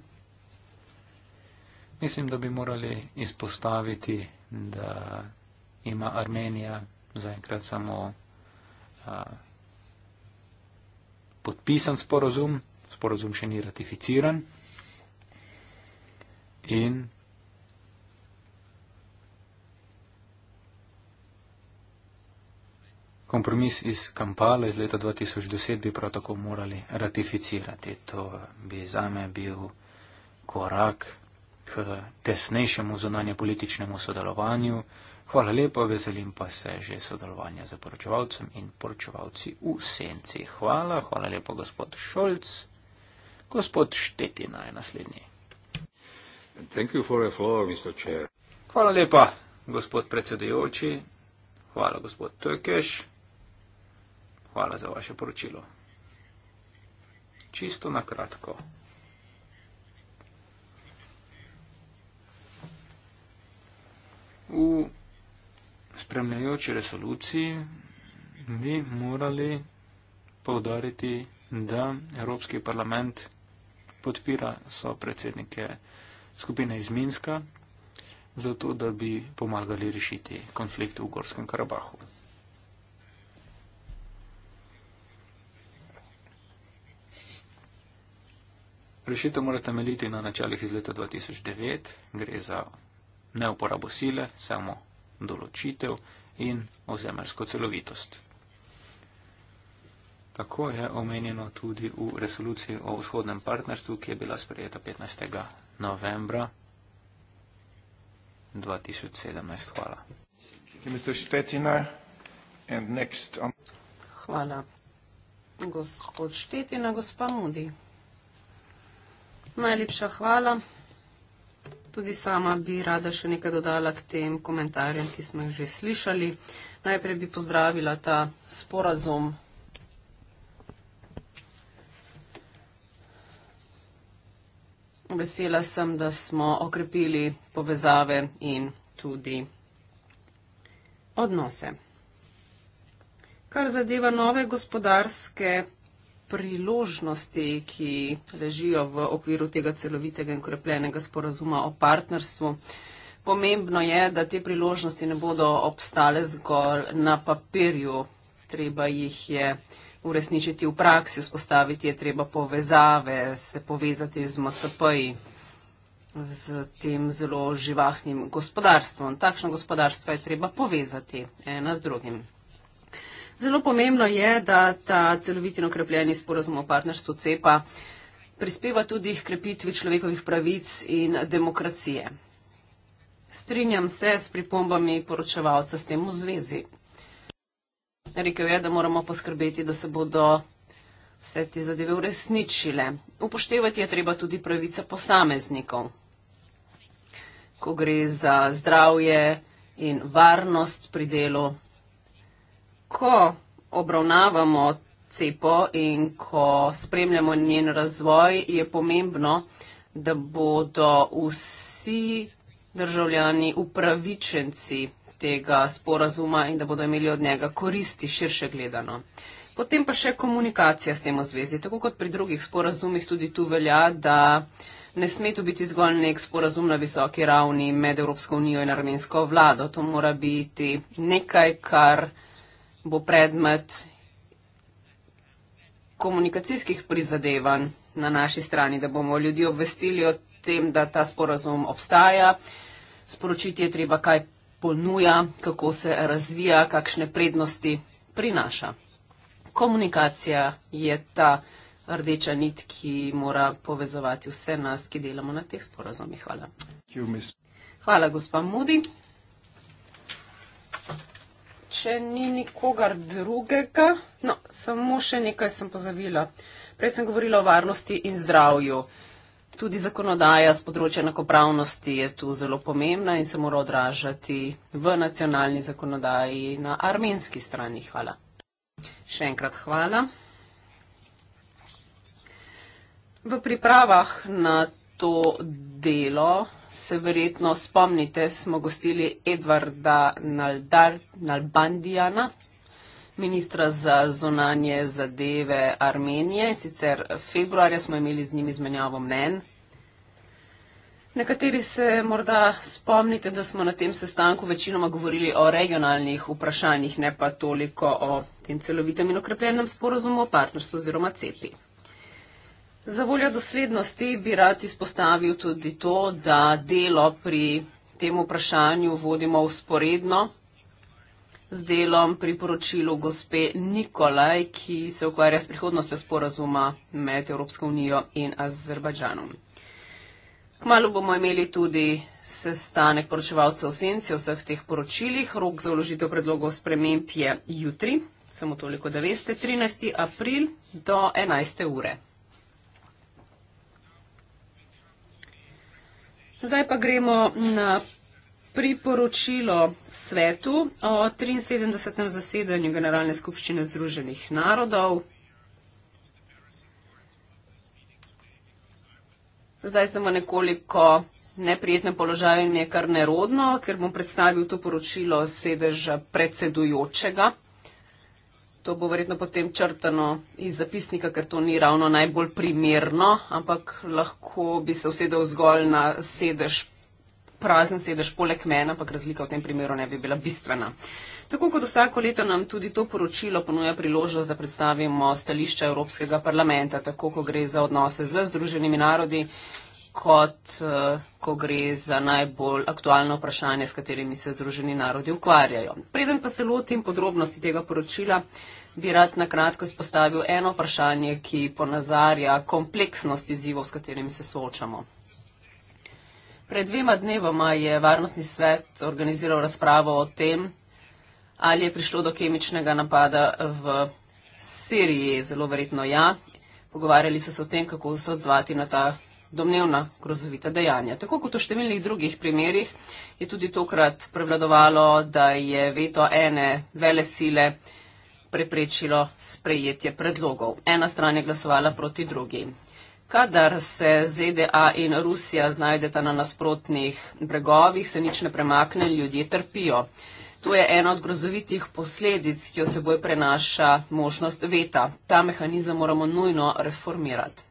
Mislim, da bi morali izpostaviti, da ima Armenija zaenkrat samo a, podpisan sporozum sporozum še ni ratificiran in Kompromis iz Kampala iz leta 2010 bi prav tako morali ratificirati. To bi zame bil korak k tesnejšemu zunanje političnemu sodelovanju. Hvala lepa, veselim pa se že sodelovanja za poročevalcem in poročevalci v senci. Hvala, hvala lepa, gospod Šolc. Gospod Štetina je naslednji. Floor, hvala lepa, gospod predsedujoči, hvala gospod Tökeš, hvala za vaše poročilo. Čisto na kratko. V spremljajoči resoluciji bi morali povdariti, da Evropski parlament podpira, so predsednike skupine iz Minska, zato da bi pomagali rešiti konflikt v Gorskem Karabahu. Rešitev mora temeljiti na načelih iz leta 2009, gre za neuporabo sile, samo določitev in ozemersko celovitost. Tako je omenjeno tudi v resoluciji o vzhodnem partnerstvu, ki je bila sprejeta 15. novembra 2017. Hvala. Hvala. Gospod Štetina, gospa Mudi. Najlepša hvala. Tudi sama bi rada še nekaj dodala k tem komentarjem, ki smo jih že slišali. Najprej bi pozdravila ta sporazum Vesela sem, da smo okrepili povezave in tudi odnose. Kar zadeva nove gospodarske priložnosti, ki ležijo v okviru tega celovitega in ukrepljenega sporazuma o partnerstvu, pomembno je, da te priložnosti ne bodo obstale zgolj na papirju. Treba jih je uresničiti v praksi, vzpostaviti je treba povezave, se povezati z MSP-ji, z tem zelo živahnim gospodarstvom. Takšno gospodarstvo je treba povezati ena z drugim. Zelo pomembno je, da ta celovit in okrepljeni sporozum o partnerstvu CEPA prispeva tudi k krepitvi človekovih pravic in demokracije. Strinjam se s pripombami poročevalca s tem v zvezi. Rekel je, da moramo poskrbeti, da se bodo vse te zadeve uresničile. Upoštevati je treba tudi pravice posameznikov. Ko gre za zdravje in varnost pri delu, ko obravnavamo cepo in ko spremljamo njen razvoj, je pomembno, da bodo vsi državljani upravičenci tega sporazuma in da bodo imeli od njega koristi širše gledano. Potem pa še komunikacija s tem v zvezi. Tako kot pri drugih sporazumih tudi tu velja, da ne sme to biti zgolj nek sporazum na visoki ravni med Evropsko unijo in armensko vlado. To mora biti nekaj, kar bo predmet komunikacijskih prizadevanj na naši strani, da bomo ljudi obvestili o tem, da ta sporazum obstaja. Sporočiti je treba, kaj ponuja, kako se razvija, kakšne prednosti prinaša. Komunikacija je ta rdeča nit, ki mora povezovati vse nas, ki delamo na teh sporazumih. Hvala. Hvala, gospa Mudi. Če ni nikogar drugega, no, samo še nekaj sem pozavila. Prej sem govorila o varnosti in zdravju. Tudi zakonodaja z področja enakopravnosti je tu zelo pomembna in se mora odražati v nacionalni zakonodaji na armenski strani. Hvala. Še enkrat hvala. V pripravah na to delo se verjetno spomnite, smo gostili Edvarda Nalbandijana, ministra za zonanje zadeve Armenije. Sicer februarja smo imeli z njim izmenjavo mnen. Nekateri se morda spomnite, da smo na tem sestanku večinoma govorili o regionalnih vprašanjih, ne pa toliko o tem celovitem in okrepljenem sporozumu o partnerstvu oziroma cepi. Za voljo doslednosti bi rad izpostavil tudi to, da delo pri tem vprašanju vodimo usporedno z delom pri poročilu gospe Nikolaj, ki se ukvarja s prihodnostjo sporazuma med Evropsko unijo in Azerbajdžanom. Kmalo bomo imeli tudi sestanek poročevalcev senci o vseh teh poročilih. Rok za uložitev predlogov sprememb je jutri, samo toliko, da veste, 13. april do 11. ure. Zdaj pa gremo na priporočilo svetu o 73. zasedanju Generalne skupščine Združenih narodov. Zdaj sem v nekoliko neprijetnem položaju in mi je kar nerodno, ker bom predstavil to poročilo sedeža predsedujočega. To bo verjetno potem črtano iz zapisnika, ker to ni ravno najbolj primerno, ampak lahko bi se usedel zgolj na sedež prazen sedež poleg mene, ampak razlika v tem primeru ne bi bila bistvena. Tako kot vsako leto nam tudi to poročilo ponuja priložnost, da predstavimo stališča Evropskega parlamenta, tako ko gre za odnose z Združenimi narodi, kot eh, ko gre za najbolj aktualno vprašanje, s katerimi se Združeni narodi ukvarjajo. Preden pa se lotim podrobnosti tega poročila, bi rad na kratko izpostavil eno vprašanje, ki ponazarja kompleksnost izzivov, s katerimi se soočamo. Pred dvema dnevoma je Varnostni svet organiziral razpravo o tem, ali je prišlo do kemičnega napada v Siriji. Zelo verjetno ja. Pogovarjali so se o tem, kako se odzvati na ta domnevna grozovita dejanja. Tako kot v številnih drugih primerjih je tudi tokrat prevladovalo, da je veto ene vele sile preprečilo sprejetje predlogov. Ena stran je glasovala proti drugim. Kadar se ZDA in Rusija znajdeta na nasprotnih bregovih, se nič ne premakne, ljudje trpijo. To je ena od grozovitih posledic, ki jo seboj prenaša možnost veta. Ta mehanizem moramo nujno reformirati.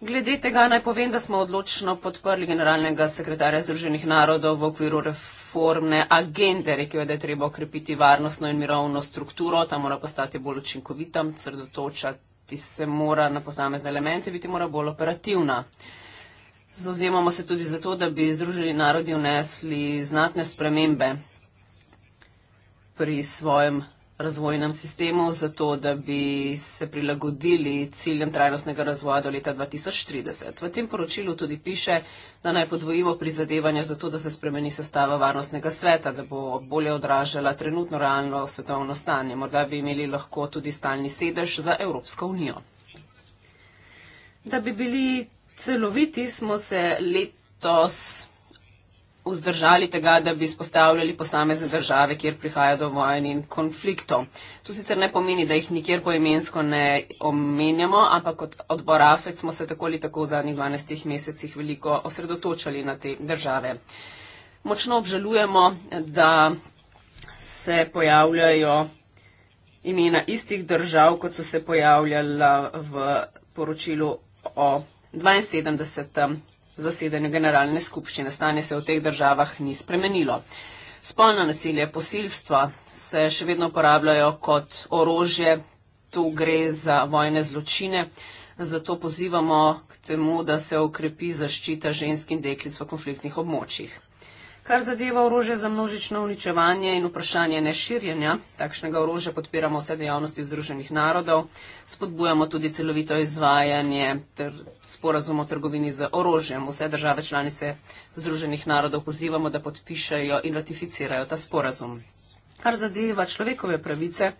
Glede tega naj povem, da smo odločno podprli generalnega sekretarja Združenih narodov v okviru reformne agende, rekel je, da je treba okrepiti varnostno in mirovno strukturo, ta mora postati bolj učinkovita, srdotočati ki se mora na posamezne elemente, biti mora bolj operativna. Zauzemamo se tudi za to, da bi Združeni narodi vnesli znatne spremembe pri svojem razvojnem sistemu, zato da bi se prilagodili ciljem trajnostnega razvoja do leta 2030. V tem poročilu tudi piše, da naj podvojimo prizadevanja za to, da se spremeni sestava varnostnega sveta, da bo bolje odražala trenutno realno svetovno stanje. Morda bi imeli lahko tudi stalni sedež za Evropsko unijo. Da bi bili celoviti, smo se letos vzdržali tega, da bi spostavljali posamezne države, kjer prihaja do vojn in konfliktov. To sicer ne pomeni, da jih nikjer poimensko ne omenjamo, ampak kot odbor AFED smo se tako ali tako v zadnjih 12 mesecih veliko osredotočali na te države. Močno obžalujemo, da se pojavljajo imena istih držav, kot so se pojavljala v poročilu o 72 zasedanju generalne skupščine. Stanje se v teh državah ni spremenilo. Spolno nasilje, posilstva se še vedno uporabljajo kot orožje, tu gre za vojne zločine, zato pozivamo k temu, da se okrepi zaščita ženskih in deklic v konfliktnih območjih. Kar zadeva orože za množično uničevanje in vprašanje neširjenja, takšnega orože podpiramo vse dejavnosti Združenih narodov, spodbujamo tudi celovito izvajanje ter sporazum o trgovini z orožjem. Vse države članice Združenih narodov pozivamo, da podpišajo in ratificirajo ta sporazum. Kar zadeva človekove pravice,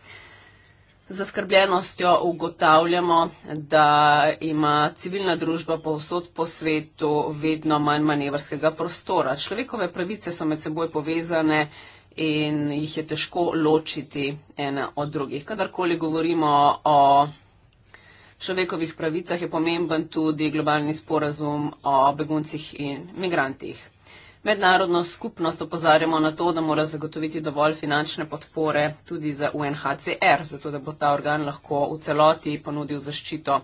zaskrbljenostjo ugotavljamo, da ima civilna družba povsod po svetu vedno manj manevrskega prostora. Človekove pravice so med seboj povezane in jih je težko ločiti ene od drugih. Kadarkoli govorimo o človekovih pravicah, je pomemben tudi globalni sporazum o beguncih in migrantih. Mednarodno skupnost opozarjamo na to, da mora zagotoviti dovolj finančne podpore tudi za UNHCR, zato da bo ta organ lahko v celoti ponudil zaščito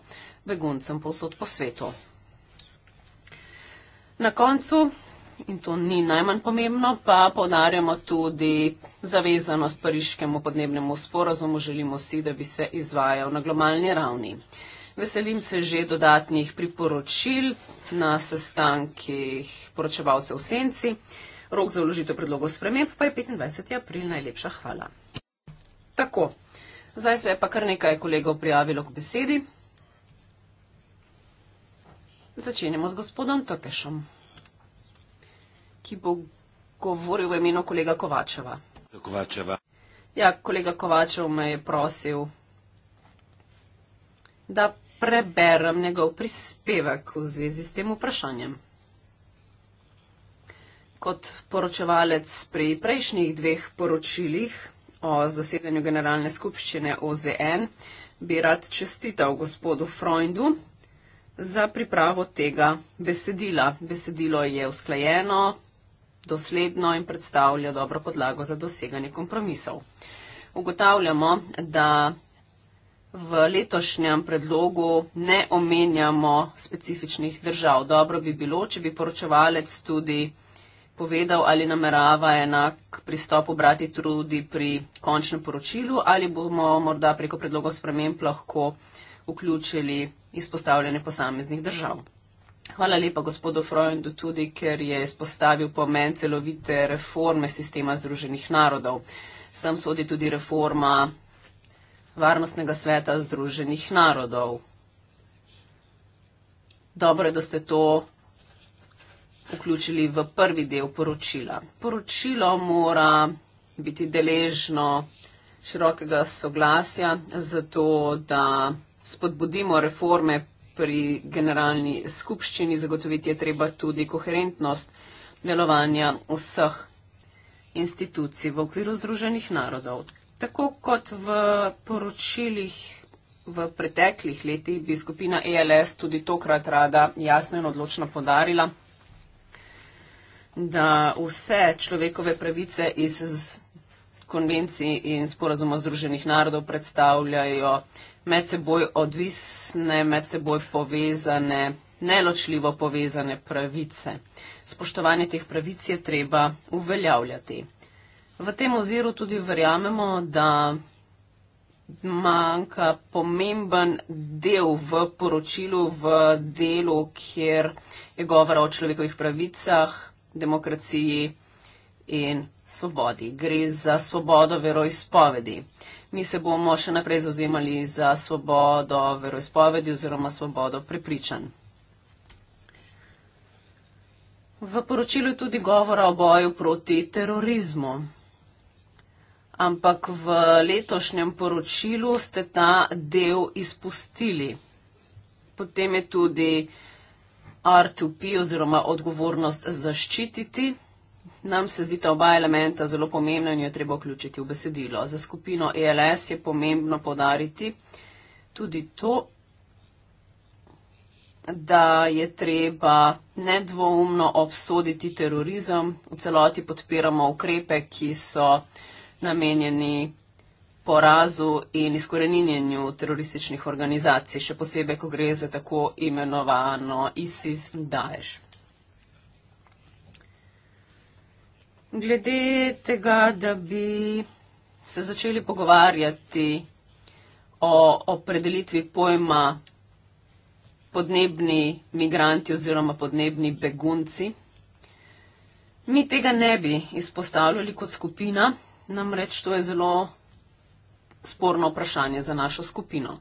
beguncem povsod po svetu. Na koncu, in to ni najmanj pomembno, pa povdarjamo tudi zavezanost pariškemu podnebnemu sporazumu. Želimo si, da bi se izvajal na globalni ravni. Veselim se že dodatnih priporočil na sestankih poročevalcev v Senci. Rok za vložitev predlogov sprememb pa je 25. april. Najlepša hvala. Tako, zdaj se je pa kar nekaj kolegov prijavilo k besedi. Začenjamo z gospodom Tokešom, ki bo govoril v imenu kolega Kovačeva. Kovačeva. Ja, kolega Kovačev me je prosil, da preberem njegov prispevek v zvezi s tem vprašanjem. Kot poročevalec pri prejšnjih dveh poročilih o zasedanju Generalne skupščine OZN bi rad čestital gospodu Freundu za pripravo tega besedila. Besedilo je usklajeno, dosledno in predstavlja dobro podlago za doseganje kompromisov. Ugotavljamo, da v letošnjem predlogu ne omenjamo specifičnih držav. Dobro bi bilo, če bi poročevalec tudi povedal, ali namerava enak pristop obrati trudi pri končnem poročilu, ali bomo morda preko predlogov sprememb lahko vključili izpostavljanje posameznih držav. Hvala lepa gospodu Freundu tudi, ker je izpostavil pomen celovite reforme sistema Združenih narodov. Sem sodi tudi reforma Varnostnega sveta Združenih narodov. Dobro je, da ste to vključili v prvi del poročila. Poročilo mora biti deležno širokega soglasja, zato da spodbudimo reforme pri generalni skupščini, zagotoviti je treba tudi koherentnost delovanja vseh institucij v okviru Združenih narodov. Tako kot v poročilih v preteklih letih, bi skupina ELS tudi tokrat rada jasno in odločno podarila, da vse človekove pravice iz konvencij in sporazuma Združenih narodov predstavljajo med seboj odvisne, med seboj povezane, neločljivo povezane pravice. Spoštovanje teh pravic je treba uveljavljati. V tem oziru tudi verjamemo, da manjka pomemben del v poročilu, v delu, kjer je govora o človekovih pravicah, demokraciji in svobodi. Gre za svobodo veroizpovedi. Mi se bomo še naprej zauzemali za svobodo veroizpovedi oziroma svobodo prepričanj. V poročilu je tudi govora o boju proti terorizmu ampak v letošnjem poročilu ste ta del izpustili. Potem je tudi R2P oziroma odgovornost zaščititi. Nam se zdi ta oba elementa zelo pomembna in jo je treba vključiti v besedilo. Za skupino ELS je pomembno podariti tudi to, da je treba nedvoumno obsoditi terorizem. V celoti podpiramo ukrepe, ki so namenjeni porazu in izkoreninjenju terorističnih organizacij, še posebej, ko gre za tako imenovano ISIS-DAEŠ. Glede tega, da bi se začeli pogovarjati o opredelitvi pojma podnebni migranti oziroma podnebni begunci, mi tega ne bi izpostavljali kot skupina, namreč to je zelo sporno vprašanje za našo skupino.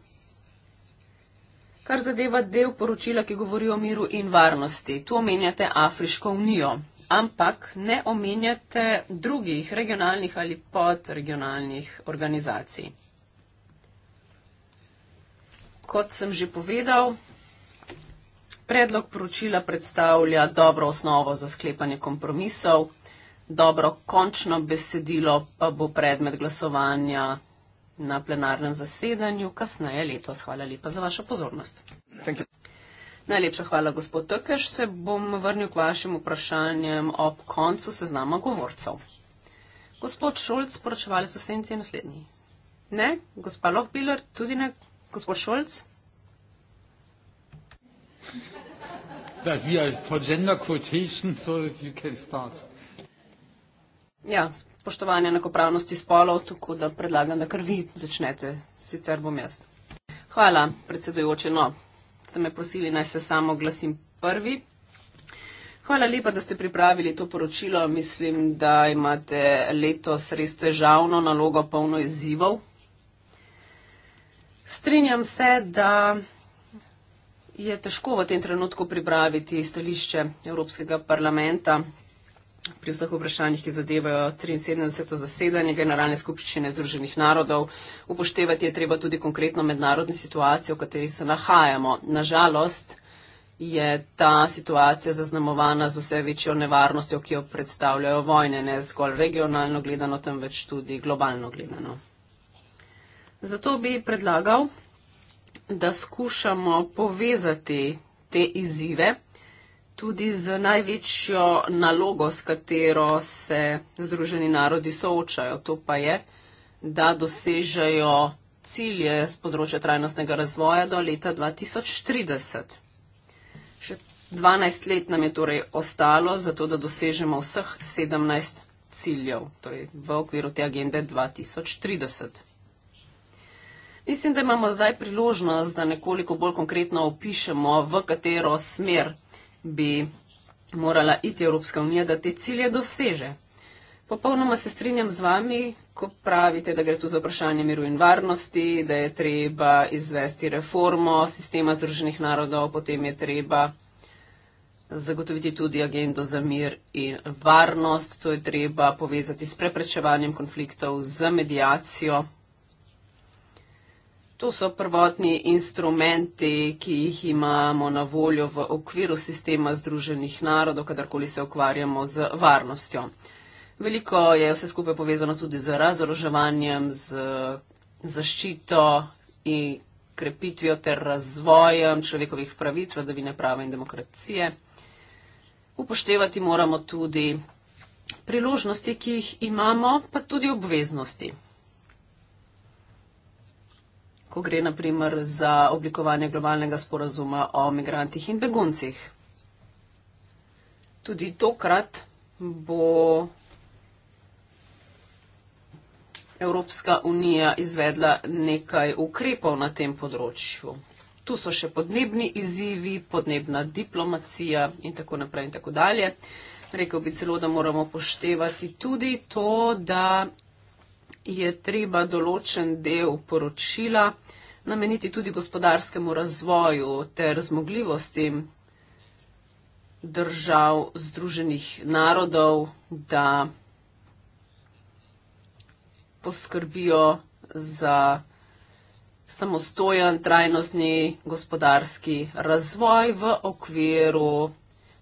Kar zadeva del poročila, ki govori o miru in varnosti, tu omenjate Afriško unijo, ampak ne omenjate drugih regionalnih ali podregionalnih organizacij. Kot sem že povedal, predlog poročila predstavlja dobro osnovo za sklepanje kompromisov, Dobro, končno besedilo pa bo predmet glasovanja na plenarnem zasedanju kasneje letos. Hvala lepa za vašo pozornost. Najlepša hvala, gospod Tokeš. Se bom vrnil k vašim vprašanjem ob koncu seznama govorcev. Gospod Šolc, poročevalec v senci, je naslednji. Ne? Gospa Lohbiller, tudi ne? Gospod Šolc? Da, ja, wir von Genderquotation, so you can start ja, spoštovanje enakopravnosti spolov, tako da predlagam, da kar vi začnete, sicer bom jaz. Hvala, predsedujoče. No, ste me prosili, naj se samo glasim prvi. Hvala lepa, da ste pripravili to poročilo. Mislim, da imate letos res težavno nalogo, polno izzivov. Strinjam se, da je težko v tem trenutku pripraviti stališče Evropskega parlamenta pri vseh vprašanjih, ki zadevajo 73. zasedanje Generalne skupščine Združenih narodov. Upoštevati je treba tudi konkretno mednarodno situacijo, v kateri se nahajamo. Nažalost je ta situacija zaznamovana z vse večjo nevarnostjo, ki jo predstavljajo vojne, ne zgolj regionalno gledano, temveč tudi globalno gledano. Zato bi predlagal, da skušamo povezati te izzive tudi z največjo nalogo, s katero se Združeni narodi soočajo. To pa je, da dosežejo cilje z področja trajnostnega razvoja do leta 2030. Še 12 let nam je torej ostalo, zato da dosežemo vseh 17 ciljev, torej v okviru te agende 2030. Mislim, da imamo zdaj priložnost, da nekoliko bolj konkretno opišemo, v katero smer bi morala iti Evropska unija, da te cilje doseže. Popolnoma se strinjam z vami, ko pravite, da gre tu za vprašanje miru in varnosti, da je treba izvesti reformo sistema Združenih narodov, potem je treba zagotoviti tudi agendo za mir in varnost, to je treba povezati s preprečevanjem konfliktov, z medijacijo To so prvotni instrumenti, ki jih imamo na voljo v okviru sistema Združenih narodov, kadarkoli se ukvarjamo z varnostjo. Veliko je vse skupaj povezano tudi z razoroževanjem, z zaščito in krepitvijo ter razvojem človekovih pravic, vladavine prava in demokracije. Upoštevati moramo tudi priložnosti, ki jih imamo, pa tudi obveznosti ko gre naprimer za oblikovanje globalnega sporazuma o migrantih in beguncih. Tudi tokrat bo Evropska unija izvedla nekaj ukrepov na tem področju. Tu so še podnebni izzivi, podnebna diplomacija in tako naprej in tako dalje. Rekel bi celo, da moramo poštevati tudi to, da je treba določen del poročila nameniti tudi gospodarskemu razvoju ter zmogljivosti držav Združenih narodov, da poskrbijo za samostojen trajnostni gospodarski razvoj v okviru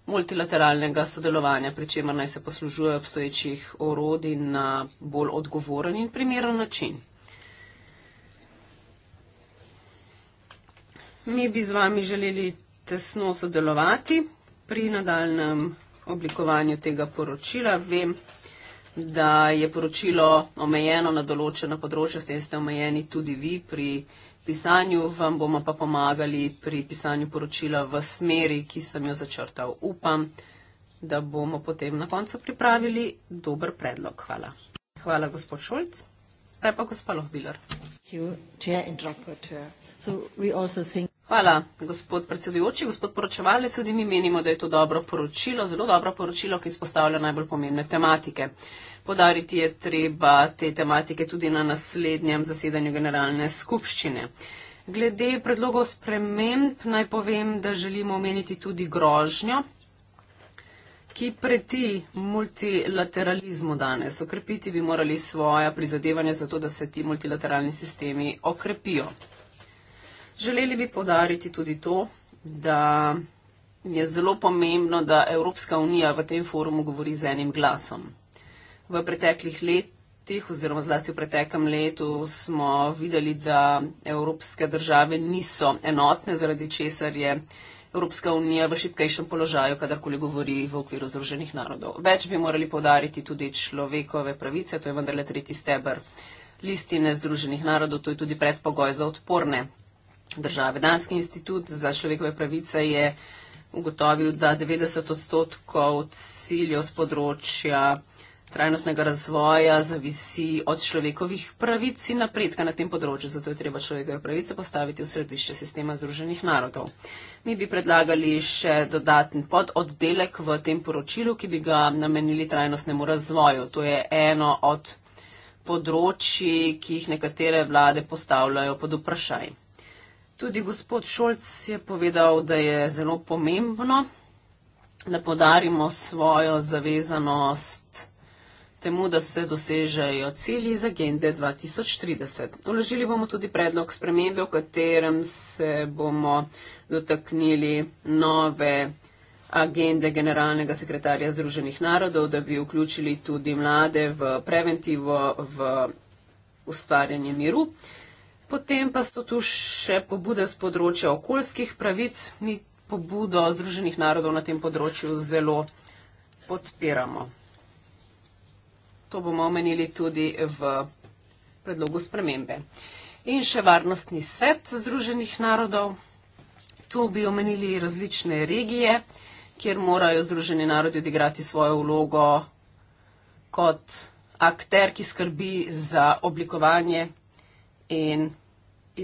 multilateralnega sodelovanja, pri čemer naj se poslužuje obstoječih orodij na bolj odgovoren in primeren način. Mi bi z vami želeli tesno sodelovati pri nadaljem oblikovanju tega poročila. Vem, da je poročilo omejeno na določena področja, s tem ste omejeni tudi vi pri pisanju, vam bomo pa pomagali pri pisanju poročila v smeri, ki sem jo začrtal. Upam, da bomo potem na koncu pripravili dober predlog. Hvala. Hvala, gospod Šulc. Zdaj pa gospa Lohbiler. Hvala, gospod predsedujoči, gospod poročevalec, tudi mi menimo, da je to dobro poročilo, zelo dobro poročilo, ki izpostavlja najbolj pomembne tematike. Podariti je treba te tematike tudi na naslednjem zasedanju generalne skupščine. Glede predlogov sprememb naj povem, da želimo omeniti tudi grožnjo, ki preti multilateralizmu danes. Okrepiti bi morali svoja prizadevanja za to, da se ti multilateralni sistemi okrepijo. Želeli bi podariti tudi to, da je zelo pomembno, da Evropska unija v tem forumu govori z enim glasom. V preteklih letih oziroma zlasti v preteklem letu smo videli, da evropske države niso enotne, zaradi česar je Evropska unija v šipkejšem položaju, kadarkoli govori v okviru Združenih narodov. Več bi morali povdariti tudi človekove pravice, to je vendarle tretji stebr listine Združenih narodov, to je tudi predpogoj za odporne države. Danski institut za človekove pravice je ugotovil, da 90 odstotkov ciljev z področja trajnostnega razvoja zavisi od človekovih pravic in napredka na tem področju. Zato je treba človekove pravice postaviti v središče sistema Združenih narodov. Mi bi predlagali še dodaten pododdelek v tem poročilu, ki bi ga namenili trajnostnemu razvoju. To je eno od področji, ki jih nekatere vlade postavljajo pod vprašaj. Tudi gospod Šolc je povedal, da je zelo pomembno, da podarimo svojo zavezanost temu, da se dosežejo cilji iz agende 2030. Uložili bomo tudi predlog spremembe, v katerem se bomo dotaknili nove agende generalnega sekretarja Združenih narodov, da bi vključili tudi mlade v preventivo, v ustvarjanje miru. Potem pa so tu še pobude z področja okoljskih pravic. Mi pobudo Združenih narodov na tem področju zelo podpiramo. To bomo omenili tudi v predlogu spremembe. In še varnostni svet Združenih narodov. Tu bi omenili različne regije, kjer morajo Združeni narodi odigrati svojo vlogo kot akter, ki skrbi za oblikovanje in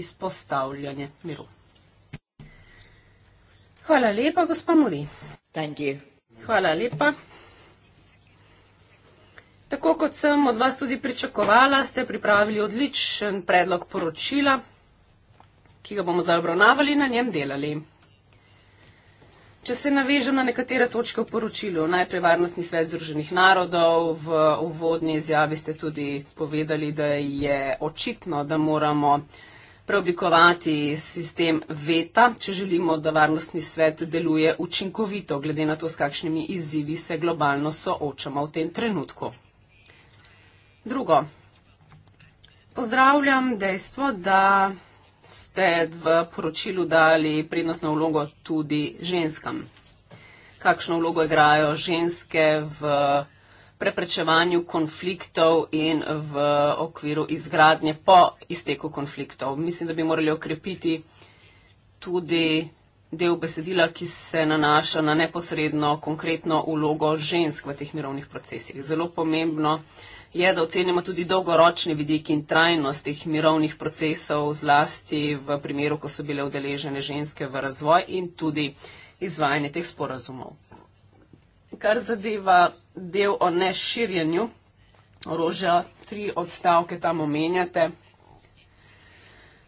izpostavljanje miru. Hvala lepa, gospa Mudi. Hvala lepa. Tako kot sem od vas tudi pričakovala, ste pripravili odličen predlog poročila, ki ga bomo zdaj obravnavali in na njem delali. Če se navežem na nekatere točke v poročilu, najprej Varnostni svet Združenih narodov, v uvodni izjavi ste tudi povedali, da je očitno, da moramo preoblikovati sistem VETA, če želimo, da Varnostni svet deluje učinkovito, glede na to, s kakšnimi izzivi se globalno soočamo v tem trenutku. Drugo. Pozdravljam dejstvo, da ste v poročilu dali prednostno vlogo tudi ženskam. Kakšno vlogo igrajo ženske v preprečevanju konfliktov in v okviru izgradnje po izteku konfliktov. Mislim, da bi morali okrepiti tudi del besedila, ki se nanaša na neposredno konkretno vlogo žensk v teh mirovnih procesih. Zelo pomembno je, da ocenimo tudi dolgoročni vidik in trajnost teh mirovnih procesov, zlasti v primeru, ko so bile udeležene ženske v razvoj in tudi izvajanje teh sporazumov. Kar zadeva del o neširjenju orožja, tri odstavke tam omenjate.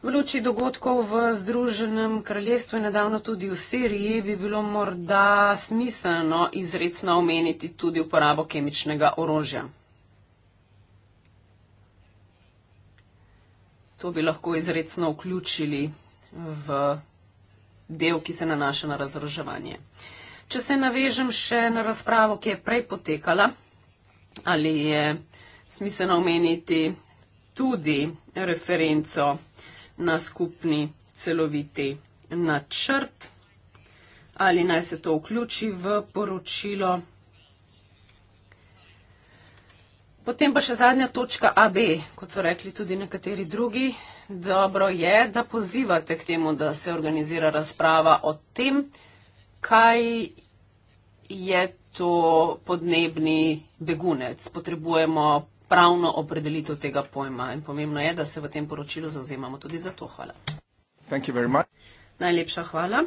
V luči dogodkov v Združenem kraljestvu in nedavno tudi v Siriji bi bilo morda smiselno izredno omeniti tudi uporabo kemičnega orožja. To bi lahko izredno vključili v del, ki se nanaša na razroževanje. Če se navežem še na razpravo, ki je prej potekala, ali je smiselno omeniti tudi referenco na skupni celoviti načrt, ali naj se to vključi v poročilo. Potem pa še zadnja točka AB, kot so rekli tudi nekateri drugi. Dobro je, da pozivate k temu, da se organizira razprava o tem, kaj je to podnebni begunec. Potrebujemo pravno opredelitev tega pojma in pomembno je, da se v tem poročilu zauzemamo tudi za to. Hvala. Najlepša hvala.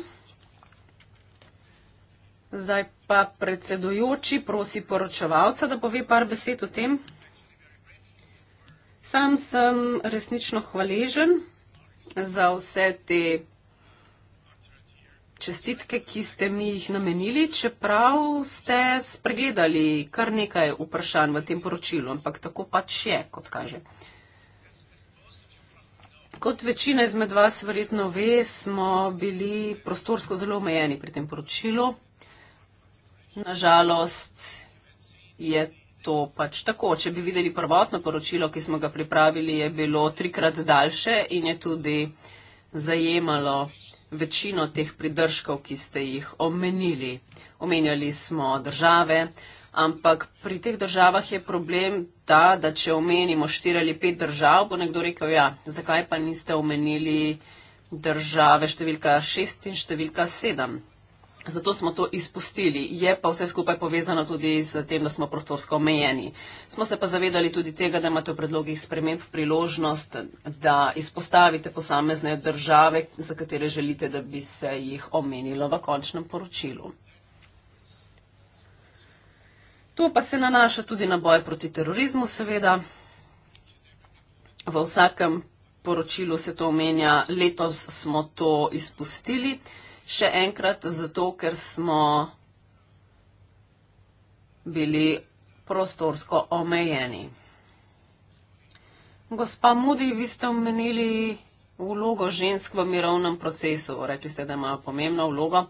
Zdaj pa predsedujoči prosi poročevalca, da pove par besed o tem. Sam sem resnično hvaležen za vse te čestitke, ki ste mi jih namenili, čeprav ste spregledali kar nekaj vprašanj v tem poročilu, ampak tako pač je, kot kaže. Kot večina izmed vas verjetno ve, smo bili prostorsko zelo omejeni pri tem poročilu. Na žalost je to pač tako. Če bi videli prvotno poročilo, ki smo ga pripravili, je bilo trikrat daljše in je tudi zajemalo večino teh pridržkov, ki ste jih omenili. Omenjali smo države, ampak pri teh državah je problem ta, da če omenimo štiri ali pet držav, bo nekdo rekel, ja, zakaj pa niste omenili države številka šest in številka sedem. Zato smo to izpustili. Je pa vse skupaj povezano tudi z tem, da smo prostorsko omejeni. Smo se pa zavedali tudi tega, da imate v predlogih sprememb priložnost, da izpostavite posamezne države, za katere želite, da bi se jih omenilo v končnem poročilu. To pa se nanaša tudi na boj proti terorizmu, seveda. V vsakem poročilu se to omenja. Letos smo to izpustili še enkrat zato, ker smo bili prostorsko omejeni. Gospa Mudi, vi ste omenili vlogo žensk v mirovnem procesu. Rekli ste, da imajo pomembno vlogo.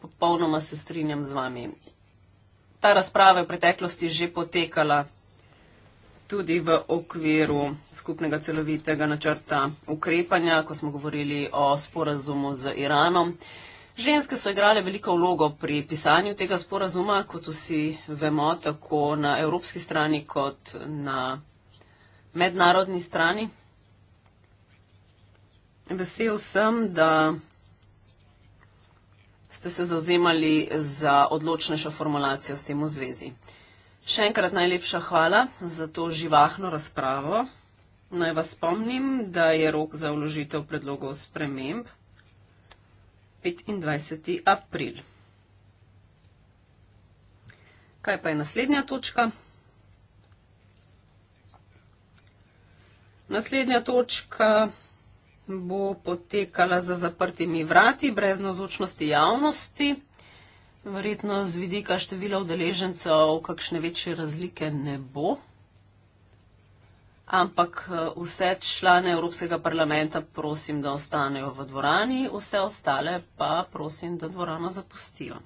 Popolnoma se strinjam z vami. Ta razprava je v preteklosti že potekala tudi v okviru skupnega celovitega načrta ukrepanja, ko smo govorili o sporazumu z Iranom. Uh, Ženske so igrale veliko vlogo pri pisanju tega sporazuma, kot vsi vemo, tako na evropski strani kot na mednarodni strani. Vesel sem, da ste se zauzemali za odločnejšo formulacijo s tem v zvezi. Še enkrat najlepša hvala za to živahno razpravo. Naj vas spomnim, da je rok za vložitev predlogov sprememb 25. april. Kaj pa je naslednja točka? Naslednja točka bo potekala za zaprtimi vrati, brez nazočnosti javnosti. Verjetno z vidika števila udeležencev kakšne večje razlike ne bo ampak eh, vse člane Evropskega parlamenta prosim, da ostanejo v dvorani, vse ostale pa prosim, da dvorano zapustijo.